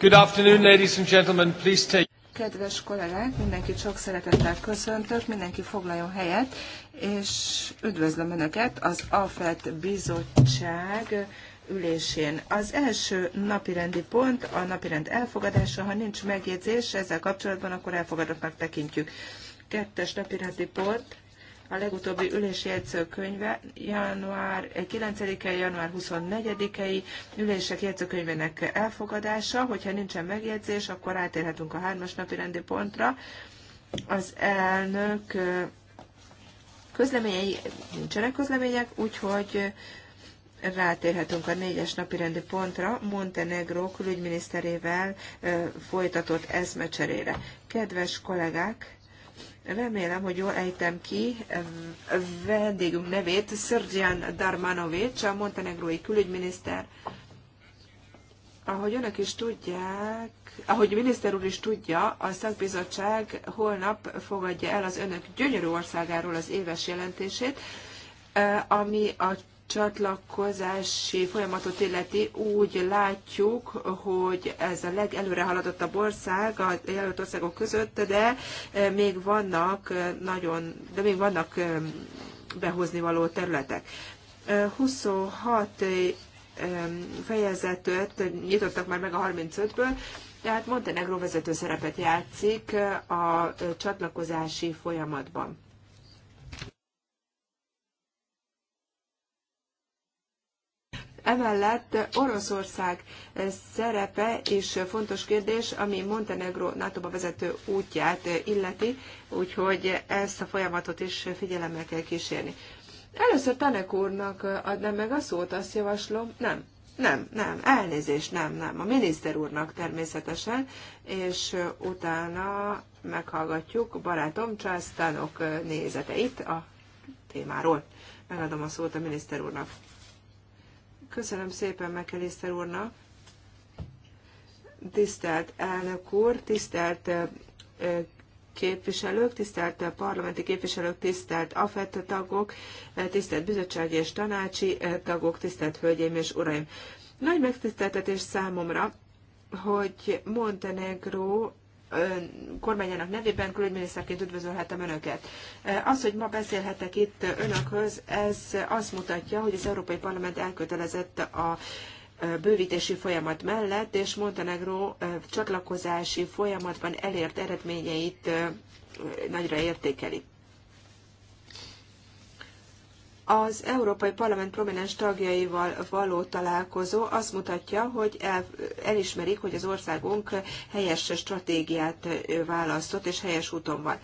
Good afternoon, ladies and gentlemen. Please take... Kedves kollégák, mindenki sok szeretettel köszöntök, mindenki foglaljon helyet, és üdvözlöm Önöket az AFET bizottság ülésén. Az első napirendi pont a napirend elfogadása, ha nincs megjegyzés ezzel kapcsolatban, akkor elfogadottnak tekintjük. Kettes napirendi pont a legutóbbi ülési jegyzőkönyve január 9-e, eh, január 24-i ülések jegyzőkönyvének elfogadása. Hogyha nincsen megjegyzés, akkor átérhetünk a hármas napi rendi pontra. Az elnök eh, közleményei, nincsenek közlemények, úgyhogy eh, rátérhetünk a négyes napi rendi pontra, Montenegro külügyminiszterével folytatott eszmecserére. Kedves kollégák, Remélem, hogy jól ejtem ki vendégünk nevét, Szörgyán Darmanovics, a montenegrói külügyminiszter. Ahogy önök is tudják, ahogy miniszter úr is tudja, a szakbizottság holnap fogadja el az önök gyönyörű országáról az éves jelentését, eh, ami a csatlakozási folyamatot illeti, úgy látjuk, hogy ez a legelőre haladottabb ország a jelölt országok között, de e, még vannak e, nagyon, de még vannak e, behozni való területek. 26 fejezetet nyitottak már meg a 35-ből, tehát Montenegro vezető szerepet játszik a csatlakozási folyamatban. Emellett Oroszország szerepe is fontos kérdés, ami Montenegro nato vezető útját illeti, úgyhogy ezt a folyamatot is figyelemmel kell kísérni. Először Tanek úrnak adnám meg a szót, azt javaslom. Nem, nem, nem, elnézést, nem, nem. A miniszter úrnak természetesen, és utána meghallgatjuk barátom Császtánok nézeteit a témáról. Megadom a szót a miniszter úrnak. Köszönöm szépen Mekeliszter úrnak. Tisztelt elnök úr, tisztelt képviselők, tisztelt parlamenti képviselők, tisztelt AFET tagok, tisztelt bizottsági és tanácsi tagok, tisztelt hölgyeim és uraim. Nagy megtiszteltetés számomra, hogy Montenegro kormányának nevében külügyminiszterként üdvözölhetem Önöket. Az, hogy ma beszélhetek itt Önökhöz, ez azt mutatja, hogy az Európai Parlament elkötelezett a bővítési folyamat mellett, és Montenegro csatlakozási folyamatban elért eredményeit nagyra értékeli. Az Európai Parlament prominens tagjaival való találkozó azt mutatja, hogy el, elismerik, hogy az országunk helyes stratégiát választott és helyes úton van.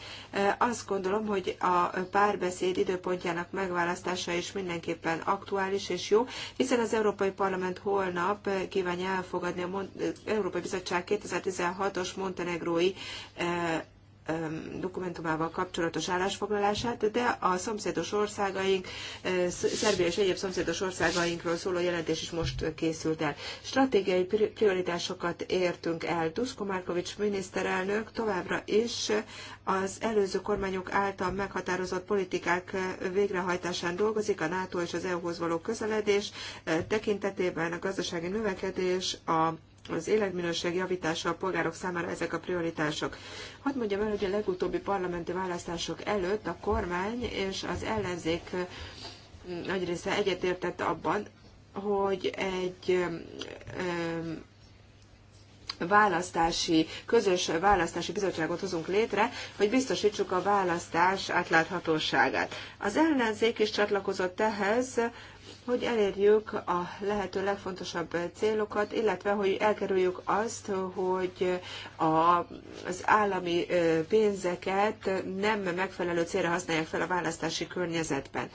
Azt gondolom, hogy a párbeszéd időpontjának megválasztása is mindenképpen aktuális és jó, hiszen az Európai Parlament holnap kívánja elfogadni a Mon- Európai Bizottság 2016-os montenegrói dokumentumával kapcsolatos állásfoglalását, de a szomszédos országaink, Szerbia és egyéb szomszédos országainkról szóló jelentés is most készült el. Stratégiai prioritásokat értünk el. Dusko Márkovics miniszterelnök továbbra is az előző kormányok által meghatározott politikák végrehajtásán dolgozik, a NATO és az EU-hoz való közeledés tekintetében a gazdasági növekedés, a az életminőség javítása a polgárok számára ezek a prioritások. Hadd mondjam el, hogy a legutóbbi parlamenti választások előtt a kormány és az ellenzék nagy része egyetértett abban, hogy egy választási, közös választási bizottságot hozunk létre, hogy biztosítsuk a választás átláthatóságát. Az ellenzék is csatlakozott ehhez, hogy elérjük a lehető legfontosabb célokat, illetve hogy elkerüljük azt, hogy a, az állami pénzeket nem megfelelő célra használják fel a választási környezetben.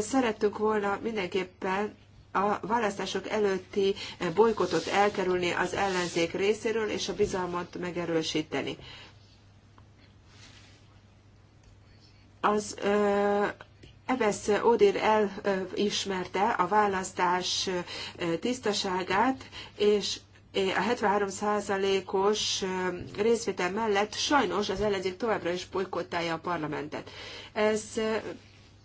Szerettünk volna mindenképpen a választások előtti bolykotot elkerülni az ellenzék részéről, és a bizalmat megerősíteni. Az Ebesz Odér elismerte a választás tisztaságát, és a 73%-os részvétel mellett sajnos az ellenzék továbbra is bolykottálja a parlamentet. Ez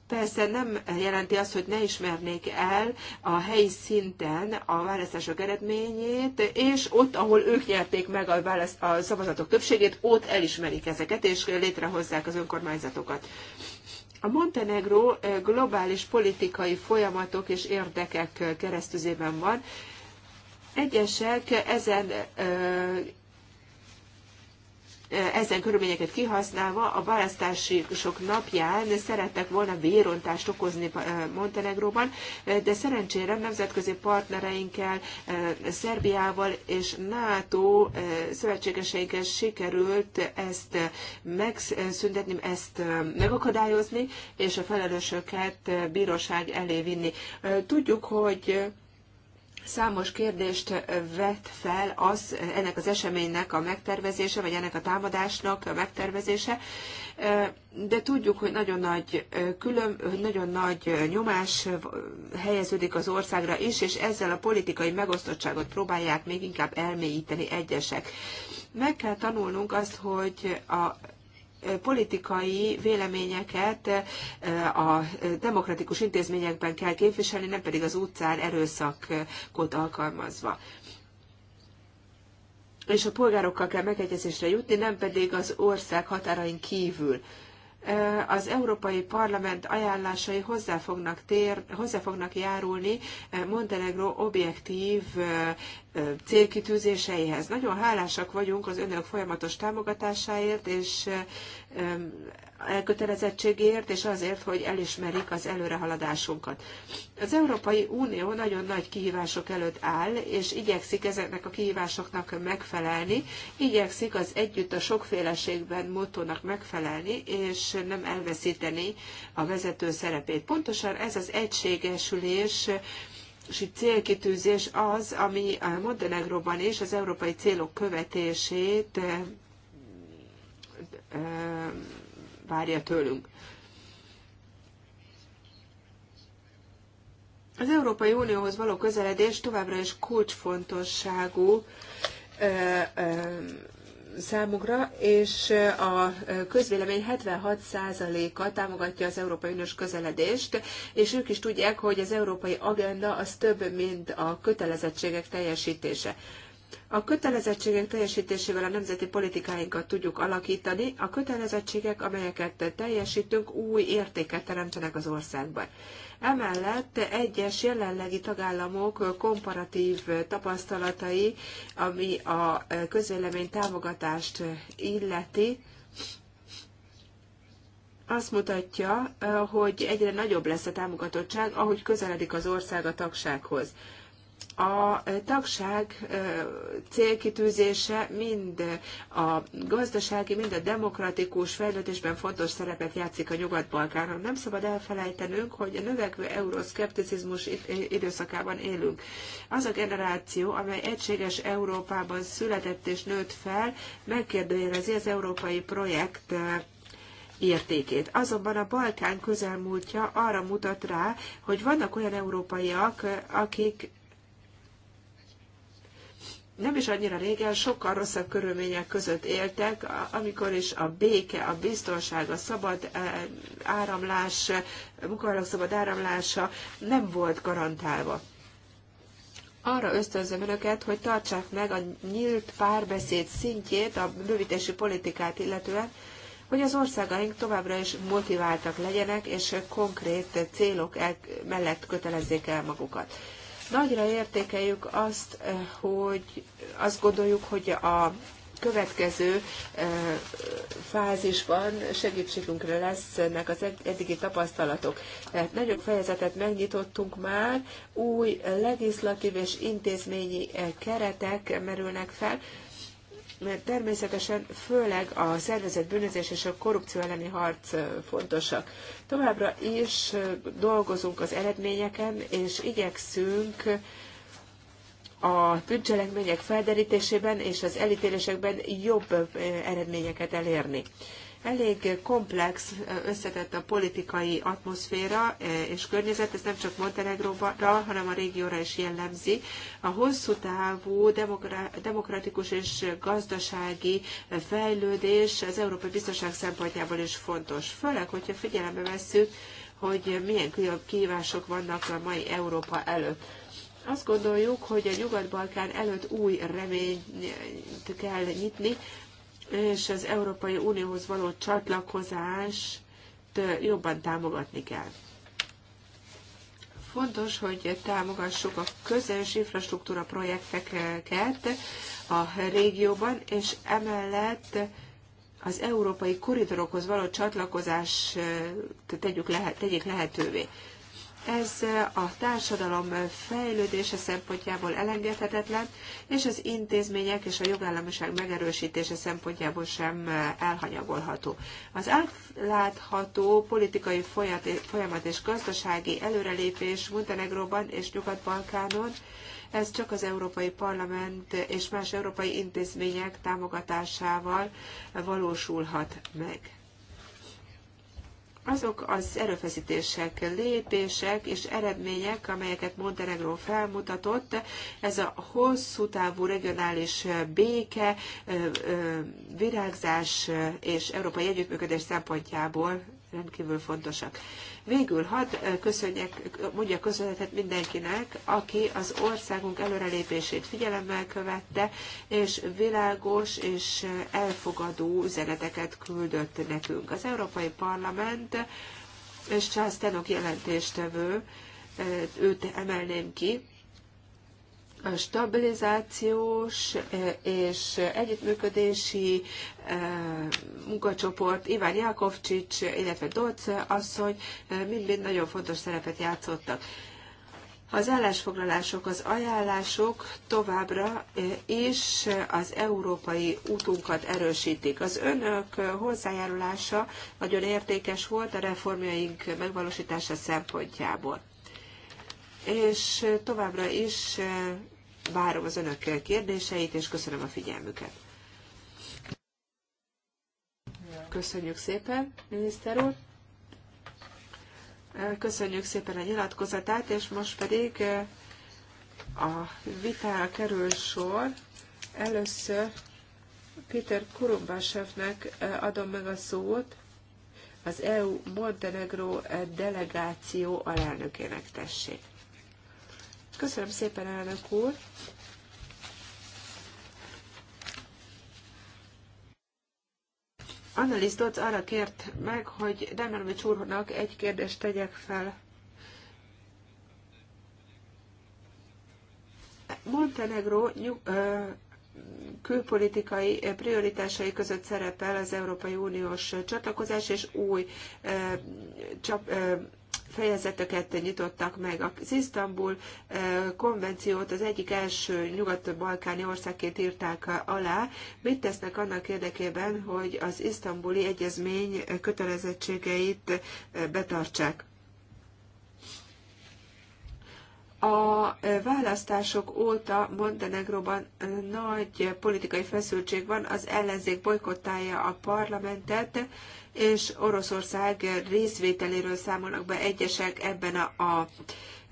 persze nem jelenti azt, hogy ne ismernék el a helyi szinten a választások eredményét, és ott, ahol ők nyerték meg a, választ, a szavazatok többségét, ott elismerik ezeket, és létrehozzák az önkormányzatokat. A Montenegró eh, globális politikai folyamatok és érdekek eh, keresztüzében van. Egyesek ezen eh, ezen körülményeket kihasználva a választási sok napján szerettek volna vérontást okozni eh, Montenegróban, eh, de szerencsére nemzetközi partnereinkkel, eh, Szerbiával és NATO szövetségeseinkkel sikerült ezt megszüntetni, ezt megakadályozni, és a felelősöket bíróság elé vinni. Tudjuk, hogy Számos kérdést vett fel az, ennek az eseménynek a megtervezése, vagy ennek a támadásnak a megtervezése, de tudjuk, hogy nagyon nagy, külön, nagyon nagy nyomás helyeződik az országra is, és ezzel a politikai megosztottságot próbálják még inkább elmélyíteni egyesek. Meg kell tanulnunk azt, hogy a politikai véleményeket eh, a demokratikus intézményekben kell képviselni, nem pedig az utcán erőszakot alkalmazva és a polgárokkal kell megegyezésre jutni, nem pedig az ország határain kívül. Eh, az Európai Parlament ajánlásai hozzá fognak, tér, hozzá fognak járulni eh, Montenegro objektív célkitűzéseihez. Nagyon hálásak vagyunk az önök folyamatos támogatásáért és elkötelezettségért, és azért, hogy elismerik az előrehaladásunkat. Az Európai Unió nagyon nagy kihívások előtt áll, és igyekszik ezeknek a kihívásoknak megfelelni, igyekszik az együtt a sokféleségben motónak megfelelni, és nem elveszíteni a vezető szerepét. Pontosan ez az egységesülés márciusi célkitűzés az, ami a Montenegróban is az európai célok követését várja tőlünk. Az Európai Unióhoz való közeledés továbbra is kulcsfontosságú számukra, és eh, a eh, közvélemény 76%-a támogatja az Európai Uniós közeledést, és ők is tudják, hogy az európai agenda az több, mint a kötelezettségek teljesítése. A kötelezettségek teljesítésével a nemzeti politikáinkat tudjuk alakítani. A kötelezettségek, amelyeket teljesítünk, új értéket teremtenek az országban. Emellett egyes jelenlegi tagállamok komparatív tapasztalatai, ami a közvélemény támogatást illeti, azt mutatja, hogy egyre nagyobb lesz a támogatottság, ahogy közeledik az ország a tagsághoz a tagság célkitűzése mind a gazdasági, mind a demokratikus fejlődésben fontos szerepet játszik a Nyugat-Balkánon. Nem szabad elfelejtenünk, hogy a növekvő euroszkepticizmus időszakában élünk. Az a generáció, amely egységes Európában született és nőtt fel, megkérdőjelezi az európai projekt értékét. Azonban a Balkán közelmúltja arra mutat rá, hogy vannak olyan európaiak, akik nem is annyira régen sokkal rosszabb körülmények között éltek, amikor is a béke, a biztonság, a szabad eh, áramlás, munkahelyek szabad áramlása nem volt garantálva. Arra ösztönzöm önöket, hogy tartsák meg a nyílt párbeszéd szintjét a bővítési politikát illetően, hogy az országaink továbbra is motiváltak legyenek, és konkrét célok mellett kötelezzék el magukat. Nagyra értékeljük azt, eh, hogy azt gondoljuk, hogy a következő eh, fázisban segítségünkre lesznek az eddigi tapasztalatok. Tehát nagyobb fejezetet megnyitottunk már, új legislatív és intézményi eh, keretek merülnek fel, mert természetesen főleg a szervezett bűnözés és a korrupció elleni harc fontosak. Továbbra is dolgozunk az eredményeken, és igyekszünk a bűncselekmények felderítésében és az elítélésekben jobb eredményeket elérni. Elég komplex, összetett a politikai atmoszféra eh, és környezet, ez nem csak Montenegróra, hanem a régióra is jellemzi. A hosszú távú demokratikus és gazdasági fejlődés az európai biztonság szempontjából is fontos, főleg, hogyha figyelembe vesszük, hogy milyen kívások vannak a mai Európa előtt. Azt gondoljuk, hogy a Nyugat-Balkán előtt új reményt kell nyitni, és az Európai Unióhoz való csatlakozást jobban támogatni kell. Fontos, hogy támogassuk a közös infrastruktúra projekteket a régióban, és emellett az európai koridorokhoz való csatlakozást tegyük lehet, tegyék lehetővé. Ez a társadalom fejlődése szempontjából elengedhetetlen, és az intézmények és a jogállamiság megerősítése szempontjából sem elhanyagolható. Az átlátható politikai folyamat és gazdasági előrelépés Montenegróban és Nyugat-Balkánon ez csak az Európai Parlament és más európai intézmények támogatásával valósulhat meg azok az erőfeszítések, lépések és eredmények, amelyeket Montenegró felmutatott, ez a hosszú távú regionális béke, virágzás és európai együttműködés szempontjából rendkívül fontosak. Végül hadd eh, köszönjek, mondja köszönetet mindenkinek, aki az országunk előrelépését figyelemmel követte, és világos és eh, elfogadó üzeneteket küldött nekünk. Az Európai Parlament és Charles Tenok jelentéstevő, eh, őt emelném ki, stabilizációs eh, és együttműködési eh, munkacsoport, Iván Jakovcsics, illetve Dolc asszony eh, mind-mind nagyon fontos szerepet játszottak. Az állásfoglalások, az ajánlások továbbra is az európai útunkat erősítik. Az önök hozzájárulása nagyon értékes volt a reformjaink megvalósítása szempontjából és továbbra is várom az önök kérdéseit, és köszönöm a figyelmüket. Köszönjük szépen, miniszter úr. Köszönjük szépen a nyilatkozatát, és most pedig eh, a vitára kerül sor. Először Péter Kurumbásevnek eh, adom meg a szót, az EU Montenegro eh, delegáció alelnökének tessék. Köszönöm szépen, elnök úr! Annelies Dodds arra kért meg, hogy Dajmanovics úrnak egy kérdést tegyek fel. Montenegro nyug, ö, külpolitikai prioritásai között szerepel az Európai Uniós csatlakozás és új ö, csap, ö, fejezeteket nyitottak meg. Az Isztambul eh, konvenciót az egyik első nyugat-balkáni országként írták eh, alá. Mit tesznek annak érdekében, hogy az isztambuli egyezmény eh, kötelezettségeit betartsák? A választások óta Montenegróban nagy politikai feszültség van, az ellenzék bolykottálja a parlamentet, és Oroszország részvételéről számolnak be egyesek ebben a, a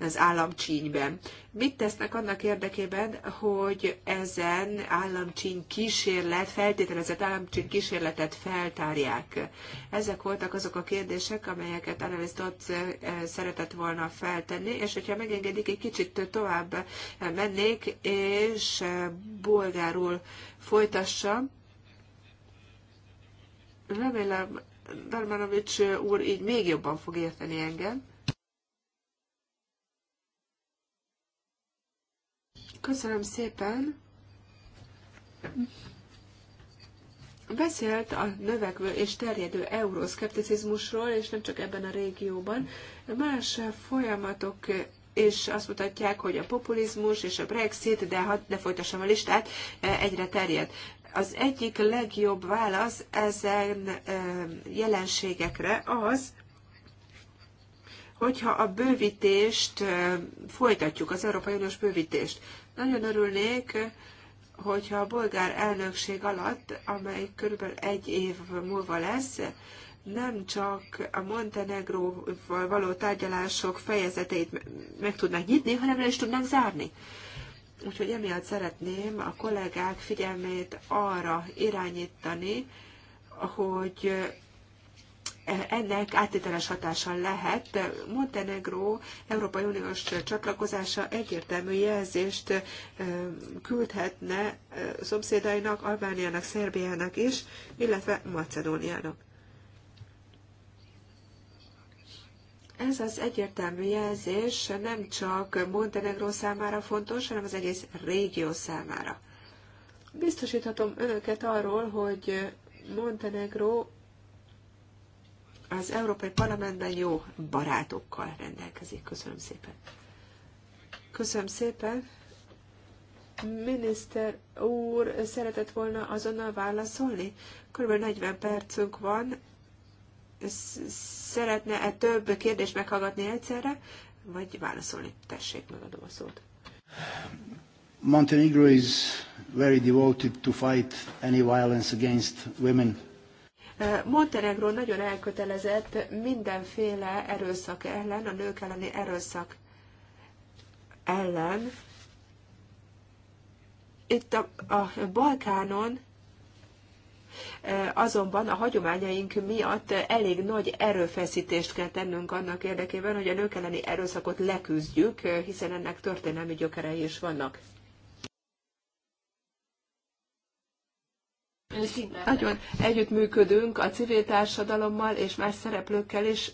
az államcsínyben. Mit tesznek annak érdekében, hogy ezen államcsíny kísérlet, feltételezett államcsíny kísérletet feltárják? Ezek voltak azok a kérdések, amelyeket Annelies Dodds eh, szeretett volna feltenni, és hogyha megengedik, egy kicsit tovább mennék, és bolgárul folytassam. Remélem, Darmanovics úr így még jobban fog érteni engem. Köszönöm szépen. Beszélt a növekvő és terjedő euroszkepticizmusról, és nem csak ebben a régióban. Más folyamatok és azt mutatják, hogy a populizmus és a Brexit, de, ha, de folytassam a listát, egyre terjed. Az egyik legjobb válasz ezen jelenségekre az, hogyha a bővítést folytatjuk, az Európai Uniós bővítést. Nagyon örülnék, hogyha a bolgár elnökség alatt, amely körülbelül egy év múlva lesz, nem csak a Montenegróval való tárgyalások fejezeteit meg tudnánk nyitni, hanem le is tudnánk zárni. Úgyhogy emiatt szeretném a kollégák figyelmét arra irányítani, hogy ennek áttételes hatása lehet. Montenegro Európai Uniós csatlakozása egyértelmű jelzést küldhetne szomszédainak, Albániának, Szerbiának is, illetve Macedóniának. Ez az egyértelmű jelzés nem csak Montenegró számára fontos, hanem az egész régió számára. Biztosíthatom önöket arról, hogy Montenegró az Európai Parlamentben jó barátokkal rendelkezik. Köszönöm szépen. Köszönöm szépen. Miniszter úr szeretett volna azonnal válaszolni. Körülbelül 40 percünk van, szeretne -e több kérdést meghallgatni egyszerre, vagy válaszolni? Tessék, megadom a szót. Montenegro is very devoted to fight any violence against women. Montenegro nagyon elkötelezett mindenféle erőszak ellen, a nők elleni erőszak ellen. Itt a, a Balkánon azonban a hagyományaink miatt elég nagy erőfeszítést kell tennünk annak érdekében, hogy a nők elleni erőszakot leküzdjük, hiszen ennek történelmi gyökerei is vannak. Nagyon együttműködünk a civil társadalommal és más szereplőkkel is,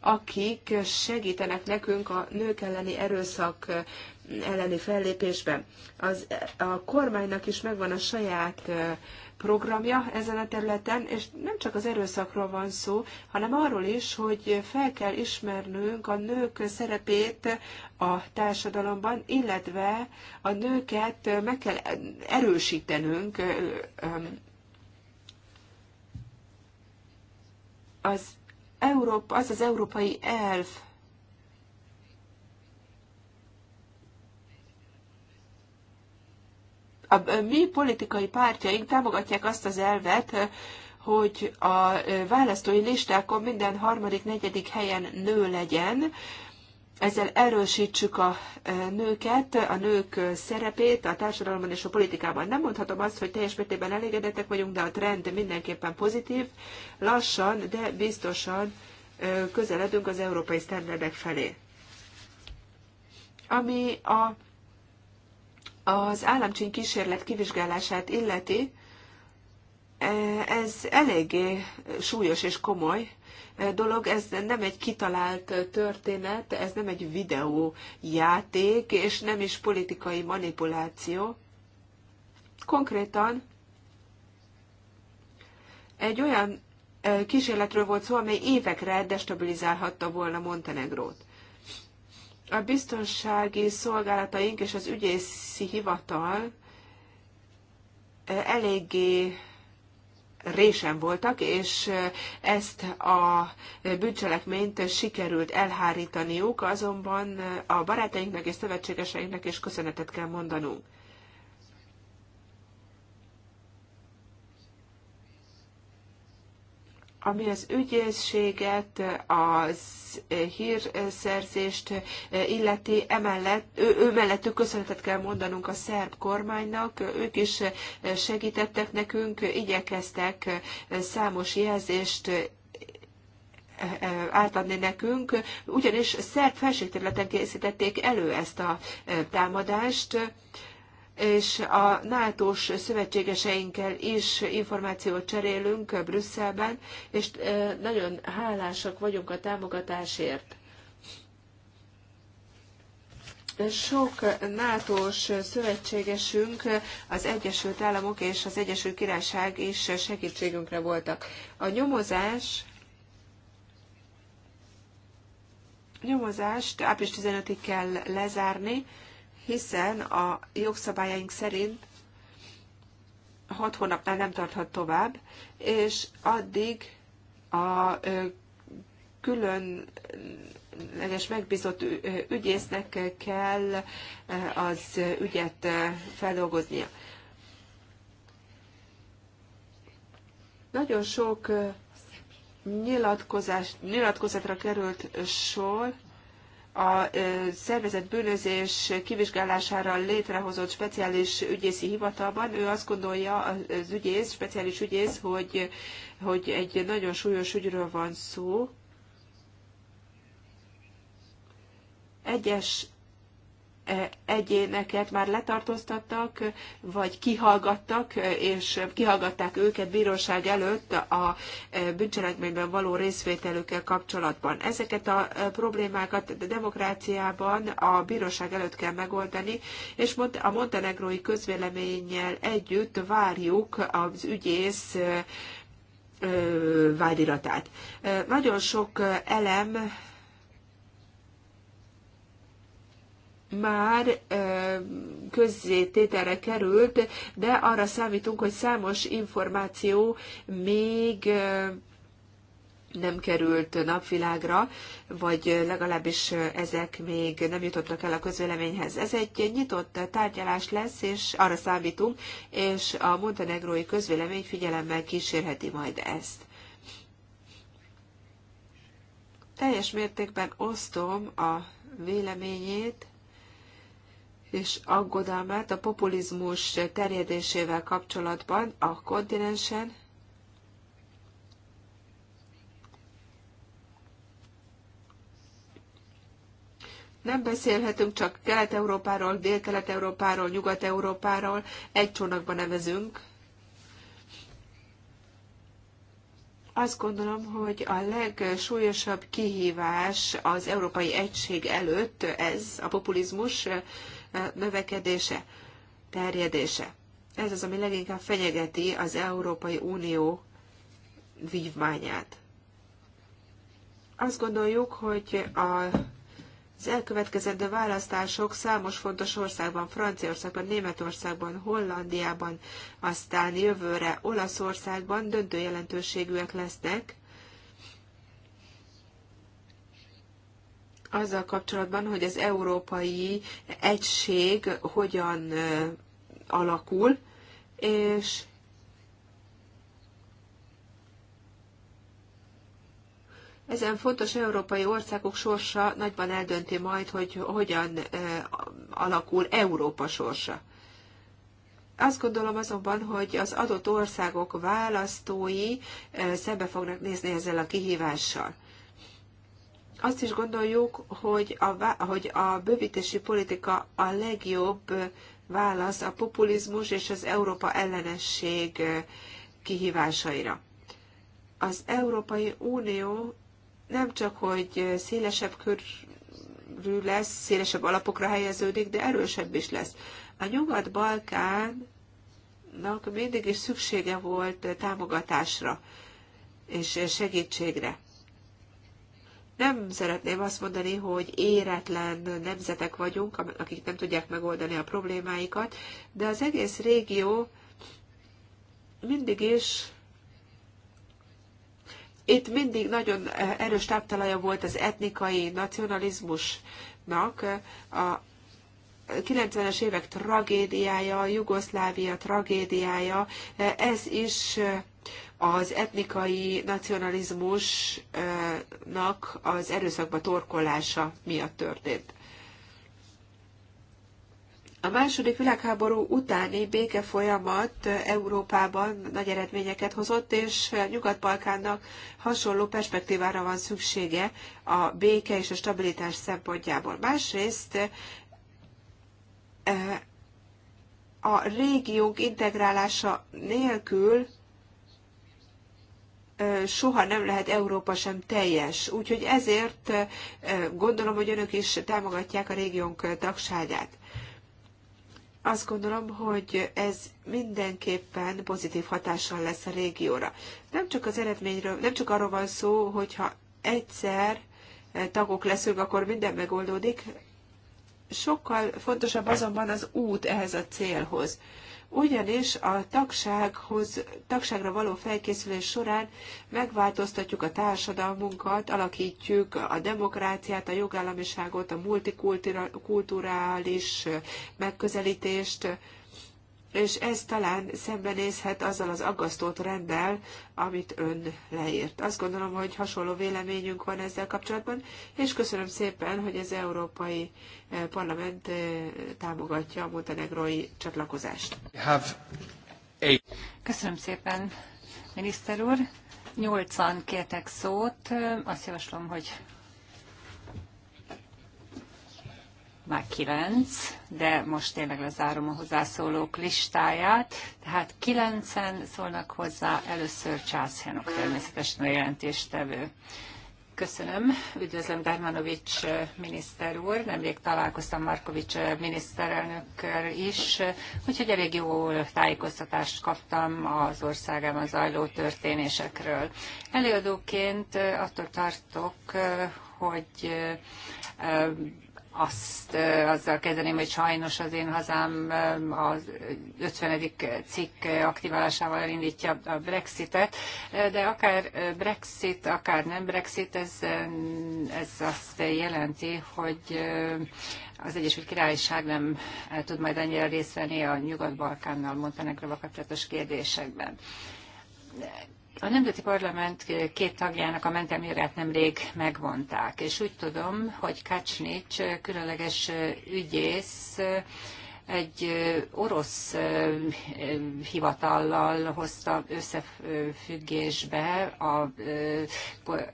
akik segítenek nekünk a nők elleni erőszak elleni fellépésben. Az, a kormánynak is megvan a saját programja ezen a területen, és nem csak az erőszakról van szó, hanem arról is, hogy fel kell ismernünk a nők szerepét a társadalomban, illetve a nőket meg kell erősítenünk az Európa, az az európai elf, a mi politikai pártjaink támogatják azt az elvet, hogy a választói listákon minden harmadik, negyedik helyen nő legyen, ezzel erősítsük a nőket, a nők szerepét a társadalomban és a politikában. Nem mondhatom azt, hogy teljes mértékben elégedettek vagyunk, de a trend mindenképpen pozitív. Lassan, de biztosan közeledünk az európai sztenderdek felé. Ami a az államcsíny kísérlet kivizsgálását illeti, e, ez eléggé súlyos és komoly e, dolog, ez nem egy kitalált történet, ez nem egy videójáték, és nem is politikai manipuláció. Konkrétan egy olyan e, kísérletről volt szó, amely évekre destabilizálhatta volna Montenegrót. A biztonsági szolgálataink és az ügyészi hivatal eh, eléggé résen voltak, és eh, ezt a bűncselekményt sikerült elhárítaniuk, azonban eh, a barátainknak és szövetségeseinknek is köszönetet kell mondanunk. ami az ügyészséget, az hírszerzést illeti, emellett, ő, ő mellettük köszönetet kell mondanunk a szerb kormánynak, ők is segítettek nekünk, igyekeztek számos jelzést eh, eh, átadni nekünk, ugyanis szerb felségterületen készítették elő ezt a eh, támadást, és a NATO-s szövetségeseinkkel is információt cserélünk Brüsszelben, és nagyon hálásak vagyunk a támogatásért. Sok NATO-s szövetségesünk, az Egyesült Államok és az Egyesült Királyság is segítségünkre voltak. A nyomozás nyomozást április 15-ig kell lezárni, hiszen a jogszabályaink szerint hat hónapnál nem tarthat tovább, és addig a különleges megbízott ügyésznek kell az ügyet feldolgoznia. Nagyon sok nyilatkozás, nyilatkozatra került sor, a szervezett bűnözés kivizsgálására létrehozott speciális ügyészi hivatalban. Ő azt gondolja, az ügyész, speciális ügyész, hogy, hogy egy nagyon súlyos ügyről van szó. Egyes egyéneket már letartóztattak, vagy kihallgattak, és kihallgatták őket bíróság előtt a bűncselekményben való részvételükkel kapcsolatban. Ezeket a problémákat a demokráciában a bíróság előtt kell megoldani, és a montenegrói közvéleménnyel együtt várjuk az ügyész vádiratát. Nagyon sok elem már közzétételre került, de arra számítunk, hogy számos információ még nem került napvilágra, vagy legalábbis ezek még nem jutottak el a közvéleményhez. Ez egy nyitott tárgyalás lesz, és arra számítunk, és a montenegrói közvélemény figyelemmel kísérheti majd ezt. Teljes mértékben osztom a véleményét, és aggodalmát a populizmus terjedésével kapcsolatban a kontinensen, Nem beszélhetünk csak Kelet-Európáról, Dél-Kelet-Európáról, Nyugat-Európáról, egy csónakban nevezünk. Azt gondolom, hogy a legsúlyosabb kihívás az európai egység előtt ez, a populizmus, növekedése, terjedése. Ez az, ami leginkább fenyegeti az Európai Unió vívmányát. Azt gondoljuk, hogy a az elkövetkezendő választások számos fontos országban, Franciaországban, Németországban, Hollandiában, aztán jövőre Olaszországban döntő jelentőségűek lesznek azzal kapcsolatban, hogy az európai egység hogyan alakul, és Ezen fontos európai országok sorsa nagyban eldönti majd, hogy hogyan alakul Európa sorsa. Azt gondolom azonban, hogy az adott országok választói szembe fognak nézni ezzel a kihívással azt is gondoljuk, hogy a, hogy a bővítési politika a legjobb válasz a populizmus és az Európa ellenesség kihívásaira. Az Európai Unió nem csak, hogy szélesebb körű lesz, szélesebb alapokra helyeződik, de erősebb is lesz. A Nyugat-Balkánnak mindig is szüksége volt támogatásra és segítségre. Nem szeretném azt mondani, hogy éretlen nemzetek vagyunk, akik nem tudják megoldani a problémáikat, de az egész régió mindig is itt mindig nagyon erős táptalaja volt az etnikai nacionalizmusnak, a 90-es évek tragédiája, Jugoszlávia tragédiája, ez is az etnikai nacionalizmusnak az erőszakba torkolása miatt történt. A második világháború utáni béke folyamat Európában nagy eredményeket hozott, és Nyugat-Balkánnak hasonló perspektívára van szüksége a béke és a stabilitás szempontjából. Másrészt eh, a régiók integrálása nélkül soha nem lehet Európa sem teljes. Úgyhogy ezért gondolom, hogy önök is támogatják a régiónk tagságát. Azt gondolom, hogy ez mindenképpen pozitív hatással lesz a régióra. Nem csak az eredményről, nem csak arról van szó, hogyha egyszer tagok leszünk, akkor minden megoldódik. Sokkal fontosabb azonban az út ehhez a célhoz ugyanis a tagsághoz, tagságra való felkészülés során megváltoztatjuk a társadalmunkat, alakítjuk a demokráciát, a jogállamiságot, a multikulturális megközelítést, és ez talán szembenézhet azzal az aggasztó rendel, amit ön leírt. Azt gondolom, hogy hasonló véleményünk van ezzel kapcsolatban, és köszönöm szépen, hogy az Európai eh, Parlament eh, támogatja a montenegrói csatlakozást. Köszönöm szépen, miniszter úr. Nyolcan kértek szót. Eh, azt javaslom, hogy már kilenc, de most tényleg lezárom a hozzászólók listáját. Tehát kilencen szólnak hozzá, először Csász Henok természetesen a jelentéstevő. Köszönöm. Üdvözlöm Dermanovics miniszter úr. Nemrég találkoztam Markovics miniszterelnökkel is, úgyhogy elég jó tájékoztatást kaptam az országában zajló történésekről. Előadóként attól tartok, hogy azt azzal kezdeném, hogy sajnos az én hazám az 50. cikk aktiválásával elindítja a Brexitet, de akár Brexit, akár nem Brexit, ez, ez azt jelenti, hogy az Egyesült Királyság nem tud majd annyira részt venni a Nyugat-Balkánnal, Montenegroval kapcsolatos kérdésekben a Nemzeti Parlament két tagjának a jogát nemrég megvonták, és úgy tudom, hogy Kacsnics különleges ügyész egy orosz hivatallal hozta összefüggésbe a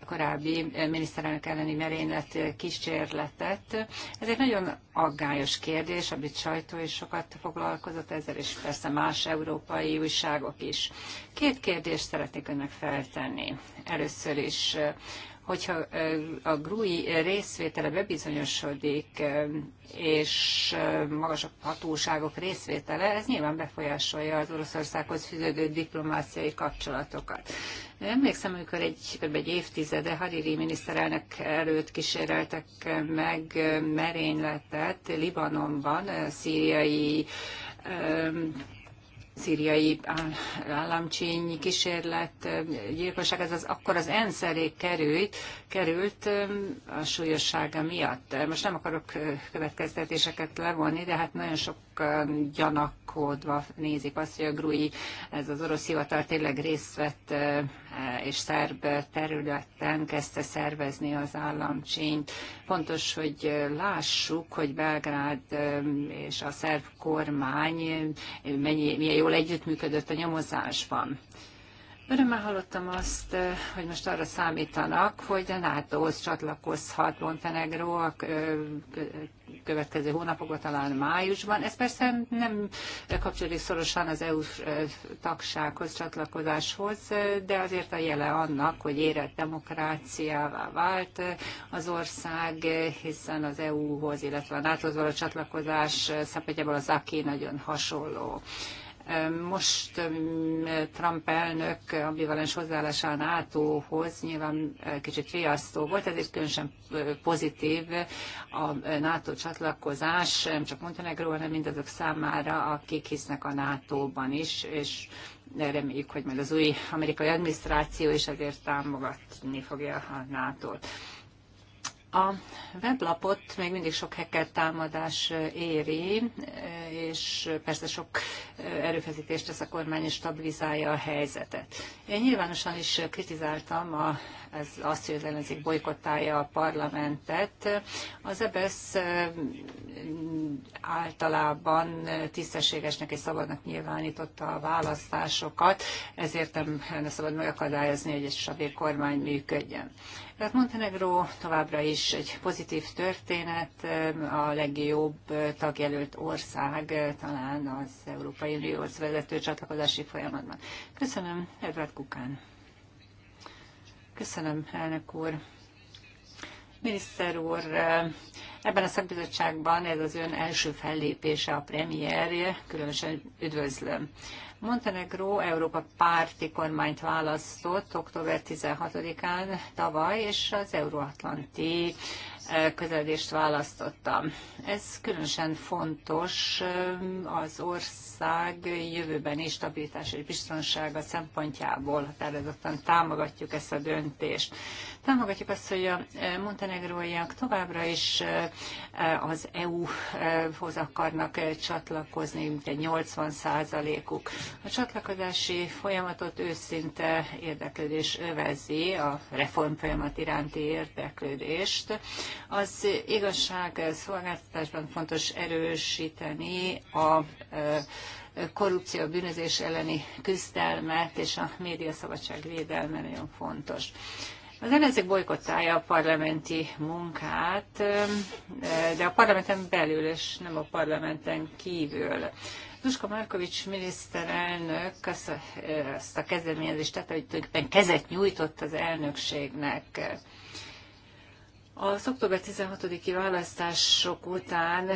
korábbi miniszterelnök elleni merénylet kísérletet. Ez egy nagyon aggályos kérdés, amit sajtó is sokat foglalkozott ezzel, és persze más európai újságok is. Két kérdést szeretnék önnek feltenni. Először is hogyha a grúi részvétele bebizonyosodik, és magasabb hatóságok részvétele, ez nyilván befolyásolja az Oroszországhoz fűződő diplomáciai kapcsolatokat. Emlékszem, amikor egy, kb. egy évtizede Hariri miniszterelnök előtt kíséreltek meg merényletet Libanonban, szíriai szíriai államcsényi kísérlet, gyilkosság, ez az, akkor az ENSZ elé került, került a súlyossága miatt. Most nem akarok következtetéseket levonni, de hát nagyon sok gyanakodva nézik azt, hogy a Grui, ez az orosz hivatal tényleg részt vett és szerb területen kezdte szervezni az államcsényt. Fontos, hogy lássuk, hogy Belgrád um, és a szerb kormány um, mennyi, milyen jól együttműködött a nyomozásban. Örömmel hallottam azt, eh, hogy most arra számítanak, hogy a NATO-hoz csatlakozhat Montenegro a eh, következő hónapokban, talán májusban. Ez persze nem kapcsolódik szorosan az EU eh, tagsághoz, csatlakozáshoz, de azért a jele annak, hogy érett demokráciává vált az ország, hiszen az EU-hoz, illetve a NATO-hoz való csatlakozás szempontjából az aki nagyon hasonló. Most um, Trump elnök ambivalens hozzáállása a NATO-hoz nyilván eh, kicsit riasztó volt, ezért különösen eh, pozitív a eh, NATO csatlakozás, nem csak Montenegro, hanem mindazok számára, akik hisznek a NATO-ban is, és reméljük, hogy majd az új amerikai adminisztráció is ezért támogatni fogja a NATO-t. A weblapot még mindig sok hacker támadás éri, és persze sok erőfeszítést tesz a kormány, és stabilizálja a helyzetet. Én nyilvánosan is kritizáltam a ez azt, hogy az ellenzék bolykottálja a parlamentet. Az EBSZ e általában tisztességesnek és szabadnak nyilvánította a választásokat, ezért nem lenne szabad megakadályozni, hogy egy stabil kormány működjön. Tehát Montenegro továbbra is egy pozitív történet, a legjobb tagjelölt ország talán az Európai Unióhoz vezető csatlakozási folyamatban. Köszönöm, Edward Kukán. Köszönöm, elnök úr. Miniszter úr, ebben a szakbizottságban ez az ön első fellépése a premierje, különösen üdvözlöm. Montenegro Európa párti kormányt választott október 16-án tavaly, és az euróatlanti közeledést választottam. Ez különösen fontos az ország jövőbeni stabilitás és biztonsága szempontjából határozottan támogatjuk ezt a döntést. Támogatjuk azt, hogy a e, montenegróiak továbbra is e, e, az EU-hoz akarnak csatlakozni, mint 80 százalékuk. A csatlakozási folyamatot őszinte érdeklődés övezi, a reform folyamat iránti érdeklődést. Az igazság szolgáltatásban fontos erősíteni a korrupció, bűnözés elleni küzdelmet és a médiaszabadság védelme nagyon fontos. Az ellenzék bolykottálja a parlamenti munkát, de a parlamenten belül, és nem a parlamenten kívül. Duska Markovics miniszterelnök azt a, eh, a kezdeményezést tette, hogy tulajdonképpen kezet nyújtott az elnökségnek. Az október 16-i választások után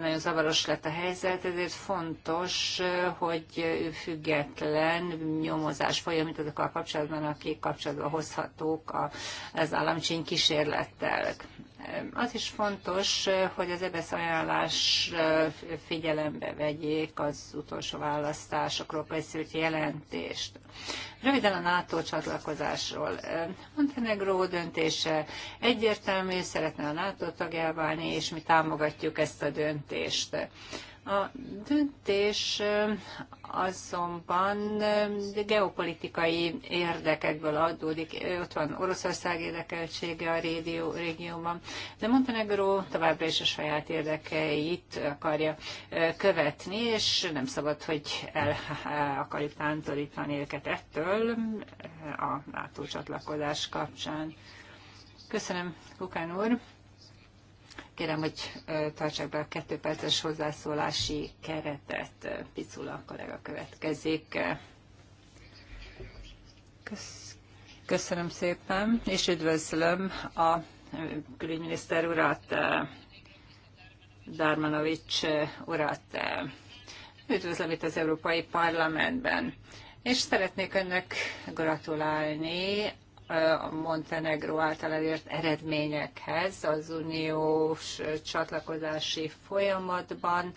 nagyon zavaros lett a helyzet, ezért fontos, hogy független nyomozás folyamít azokkal kapcsolatban, akik kapcsolatba hozhatók az államcsény kísérlettel. Az is fontos, hogy az EBSZ ajánlás figyelembe vegyék az utolsó választásokról készült jelentést. Röviden a NATO csatlakozásról. Montenegro döntése egyértelmű, szeretne a NATO tagjává válni, és mi támogatjuk ezt a döntést. A döntés azonban geopolitikai érdekekből adódik. Ott van Oroszország érdekeltsége a régió, régióban, de Montenegro továbbra is a saját érdekeit akarja követni, és nem szabad, hogy el akarjuk tántorítani őket ettől a NATO csatlakozás kapcsán. Köszönöm, Kukán úr! Kérem, hogy tartsák be a kettőperces hozzászólási keretet. Picula kollega következik. Köszönöm szépen, és üdvözlöm a külügyminiszter urat, Darmanovics urat. Üdvözlöm itt az Európai Parlamentben, és szeretnék önnek gratulálni a Montenegro által elért eredményekhez az uniós csatlakozási folyamatban.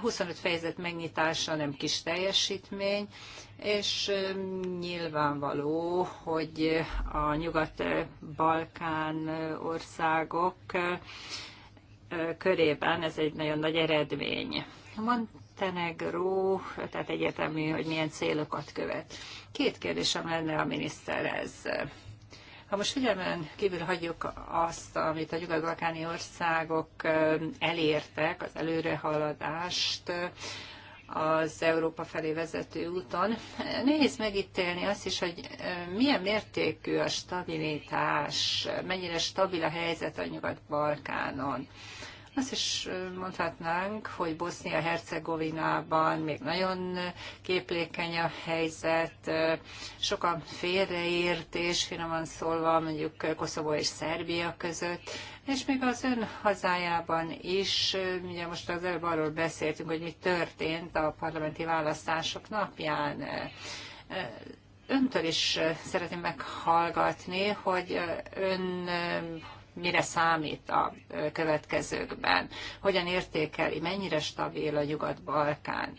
25 fejezet megnyitása nem kis teljesítmény, és nyilvánvaló, hogy a nyugat-balkán országok körében ez egy nagyon nagy eredmény. Montenegró, tehát egyetemű, hogy milyen célokat követ. Két kérdésem lenne a miniszterhez. Ha most figyelmen kívül hagyjuk azt, amit a nyugat-balkáni országok elértek, az előrehaladást, az Európa felé vezető úton. Nehéz megítélni azt is, hogy milyen mértékű a stabilitás, mennyire stabil a helyzet a Nyugat-Balkánon. Azt is mondhatnánk, hogy Bosznia-Hercegovinában még nagyon képlékeny a helyzet, sok a félreértés, finoman szólva mondjuk Koszovó és Szerbia között, és még az ön hazájában is, ugye most az előbb arról beszéltünk, hogy mi történt a parlamenti választások napján, öntől is szeretném meghallgatni, hogy ön mire számít a következőkben, hogyan értékeli, mennyire stabil a Nyugat-Balkán.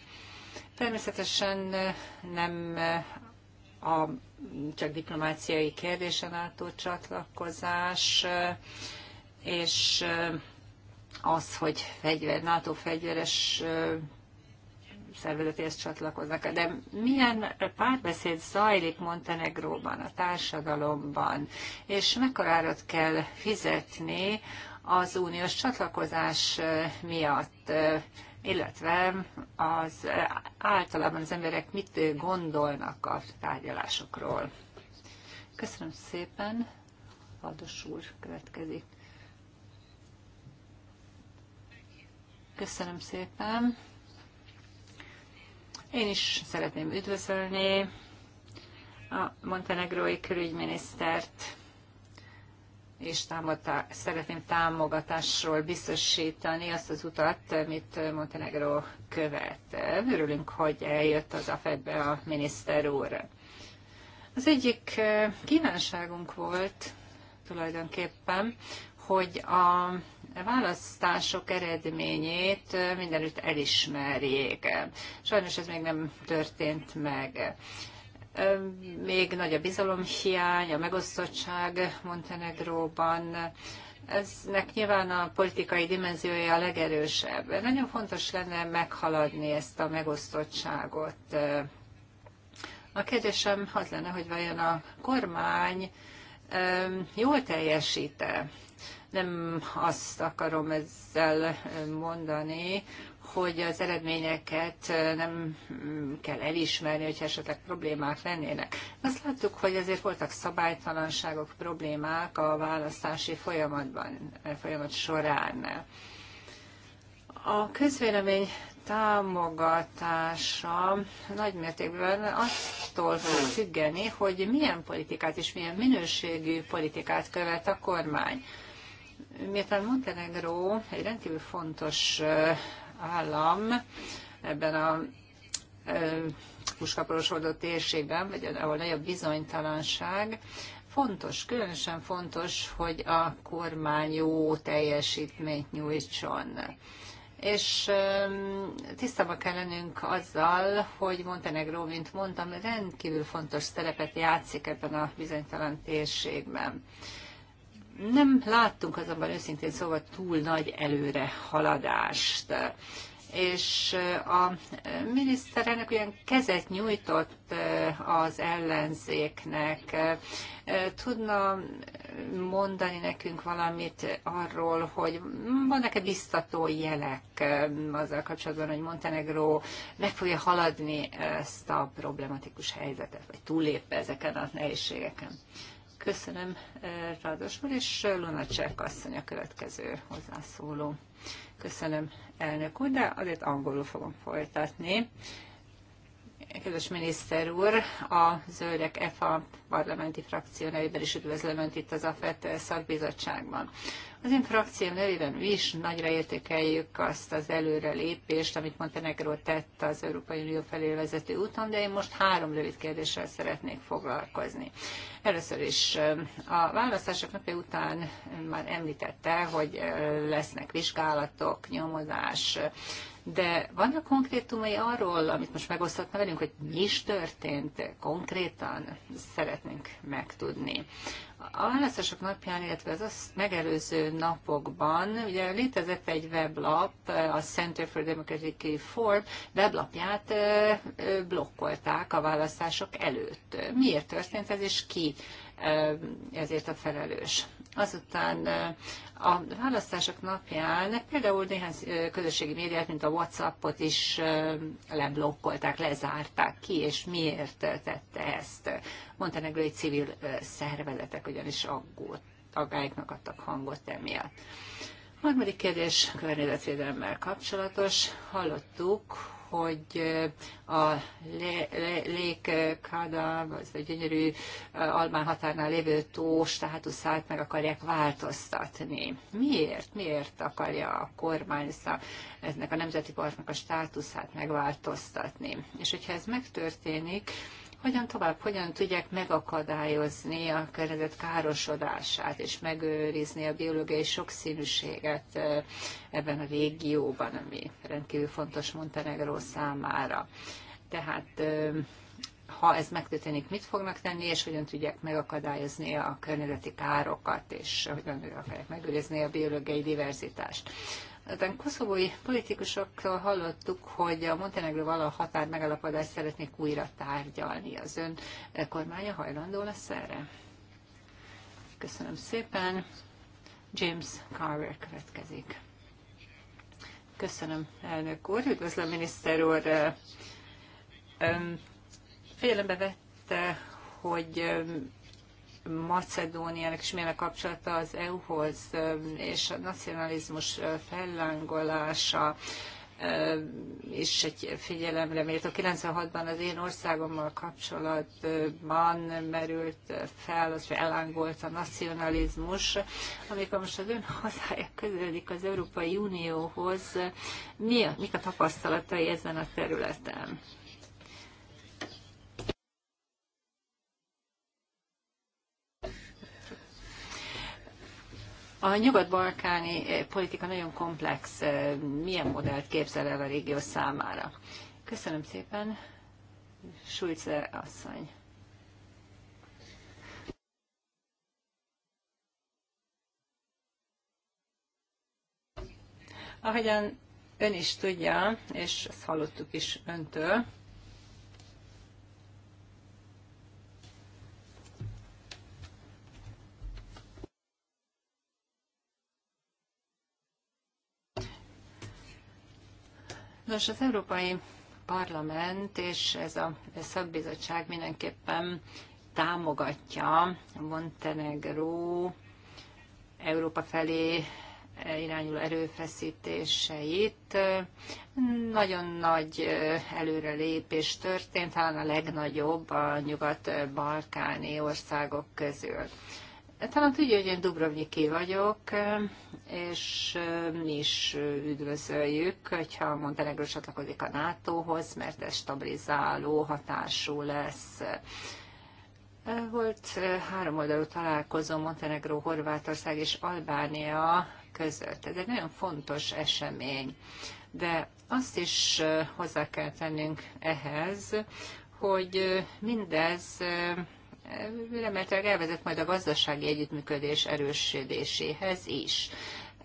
Természetesen nem a csak diplomáciai kérdésen átó csatlakozás, és az, hogy fegyver, NATO fegyveres szervezetéhez csatlakoznak. De milyen párbeszéd zajlik Montenegróban, a társadalomban, és mekkorárat kell fizetni az uniós csatlakozás eh, miatt, eh, illetve az eh, általában az emberek mit gondolnak a tárgyalásokról. Köszönöm szépen. Valdos úr következik. Köszönöm szépen. Én is szeretném üdvözölni a montenegrói külügyminisztert, és támogatá- szeretném támogatásról biztosítani azt az utat, amit Montenegro követ. Örülünk, hogy eljött az AFED-be a miniszter úr. Az egyik kívánságunk volt tulajdonképpen, hogy a választások eredményét mindenütt elismerjék. Sajnos ez még nem történt meg. Még nagy a bizalomhiány, a megosztottság Montenegróban. Eznek nyilván a politikai dimenziója a legerősebb. Nagyon fontos lenne meghaladni ezt a megosztottságot. A kérdésem az lenne, hogy vajon a kormány jól teljesíte nem azt akarom ezzel mondani, hogy az eredményeket nem kell elismerni, hogyha esetleg problémák lennének. Azt láttuk, hogy azért voltak szabálytalanságok, problémák a választási folyamatban, folyamat során. A közvélemény támogatása nagy mértékben attól fog függeni, hogy milyen politikát és milyen minőségű politikát követ a kormány miután Montenegro egy rendkívül fontos állam ebben a puskaporosodó térségben, vagy ahol nagyobb bizonytalanság, fontos, különösen fontos, hogy a kormány jó teljesítményt nyújtson. És tisztában kell lennünk azzal, hogy Montenegro, mint mondtam, rendkívül fontos szerepet játszik ebben a bizonytalan térségben. Nem láttunk azonban őszintén szóval túl nagy előre haladást és eh, a eh, miniszterelnök olyan kezet nyújtott eh, az ellenzéknek. Tudna mondani nekünk valamit arról, hogy vannak-e biztató jelek azzal kapcsolatban, hogy Montenegró meg fogja haladni ezt a problematikus helyzetet, vagy túllépve ezeken a nehézségeken? Köszönöm, eh, Rádos úr, és Lunacek asszony a következő hozzászóló. Köszönöm, elnök úr, de azért angolul fogom folytatni. Kedves miniszter úr, a Zöldek EFA parlamenti frakció nevében is üdvözlöm Önt itt az AFET szakbizottságban. Az én frakcióm nevében mi is nagyra értékeljük azt az előrelépést, amit Montenegro tett az Európai Unió felé vezető úton, de én most három rövid kérdéssel szeretnék foglalkozni. Először is a választások napja után már említette, hogy lesznek vizsgálatok, nyomozás, de vannak konkrétumai arról, amit most megosztott velünk, hogy mi is történt konkrétan, szeretnénk megtudni. A választások napján, illetve az azt megelőző napokban, ugye létezett egy weblap, a Center for Democratic Reform weblapját blokkolták a választások előtt. Miért történt ez, és ki ezért a felelős. Azután a választások napján például néhány közösségi médiát, mint a WhatsAppot is leblokkolták, lezárták ki, és miért tette ezt. Montenegrói civil szervezetek ugyanis aggódtak aggályoknak adtak hangot emiatt. Harmadik kérdés környezetvédelemmel kapcsolatos. Hallottuk, hogy eh, a Lékkada, eh, az a gyönyörű eh, Almán határnál lévő tó státuszát meg akarják változtatni. Miért? Miért akarja a kormány ezt a, ennek a nemzeti parknak a státuszát megváltoztatni? És hogyha ez megtörténik, hogyan tovább, hogyan tudják megakadályozni a környezet károsodását, és megőrizni a biológiai sokszínűséget eh, ebben a régióban, ami rendkívül fontos Montenegró számára. Tehát eh, ha ez megtörténik, mit fognak tenni, és hogyan tudják megakadályozni a környezeti károkat, és hogyan akarják megőrizni a biológiai diverzitást. A koszovói politikusoktól hallottuk, hogy a Montenegro vala határ megalapodást szeretnék újra tárgyalni. Az ön kormánya hajlandó lesz erre? Köszönöm szépen. James Carver következik. Köszönöm, elnök úr. Üdvözlöm, miniszter úr. Ön figyelembe vette, hogy Macedóniának is milyen a kapcsolata az EU-hoz, és a nacionalizmus fellángolása és egy figyelemre méltó. 96-ban az én országommal kapcsolatban merült fel, az fellángolt a nacionalizmus. Amikor most az ön hazája közeledik az Európai Unióhoz, mi a, mik a tapasztalatai ezen a területen? A nyugat-balkáni eh, politika nagyon komplex. Eh, milyen modellt képzel el a régió számára? Köszönöm szépen, Sulce asszony. Ahogyan ön is tudja, és ezt hallottuk is öntől, Nos, az Európai Parlament és ez a szakbizottság mindenképpen támogatja Montenegró Európa felé irányuló erőfeszítéseit. Nagyon nagy előrelépés történt, talán a legnagyobb a nyugat-balkáni országok közül. Talán tudja, hogy én Dubrovniki vagyok, és mi is üdvözöljük, hogyha Montenegro csatlakozik a NATO-hoz, mert ez stabilizáló hatású lesz. Volt eh, három oldalú találkozó Montenegro, Horvátország és Albánia között. Ez egy nagyon fontos esemény, de azt is eh, hozzá kell tennünk ehhez, hogy eh, mindez remélhetőleg elvezet majd a gazdasági együttműködés erősödéséhez is.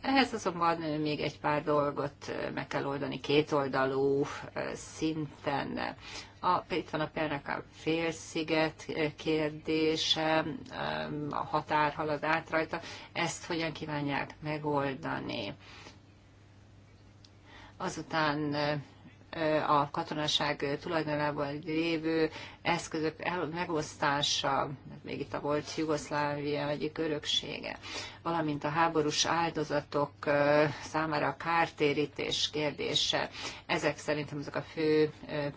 Ehhez azonban még egy pár dolgot meg kell oldani kétoldalú szinten. A, itt van a a félsziget kérdése, a határ halad át rajta. Ezt hogyan kívánják megoldani? Azután a katonaság tulajdonában lévő eszközök megosztása, még itt a volt Jugoszlávia egyik öröksége, valamint a háborús áldozatok számára a kártérítés kérdése. Ezek szerintem azok a fő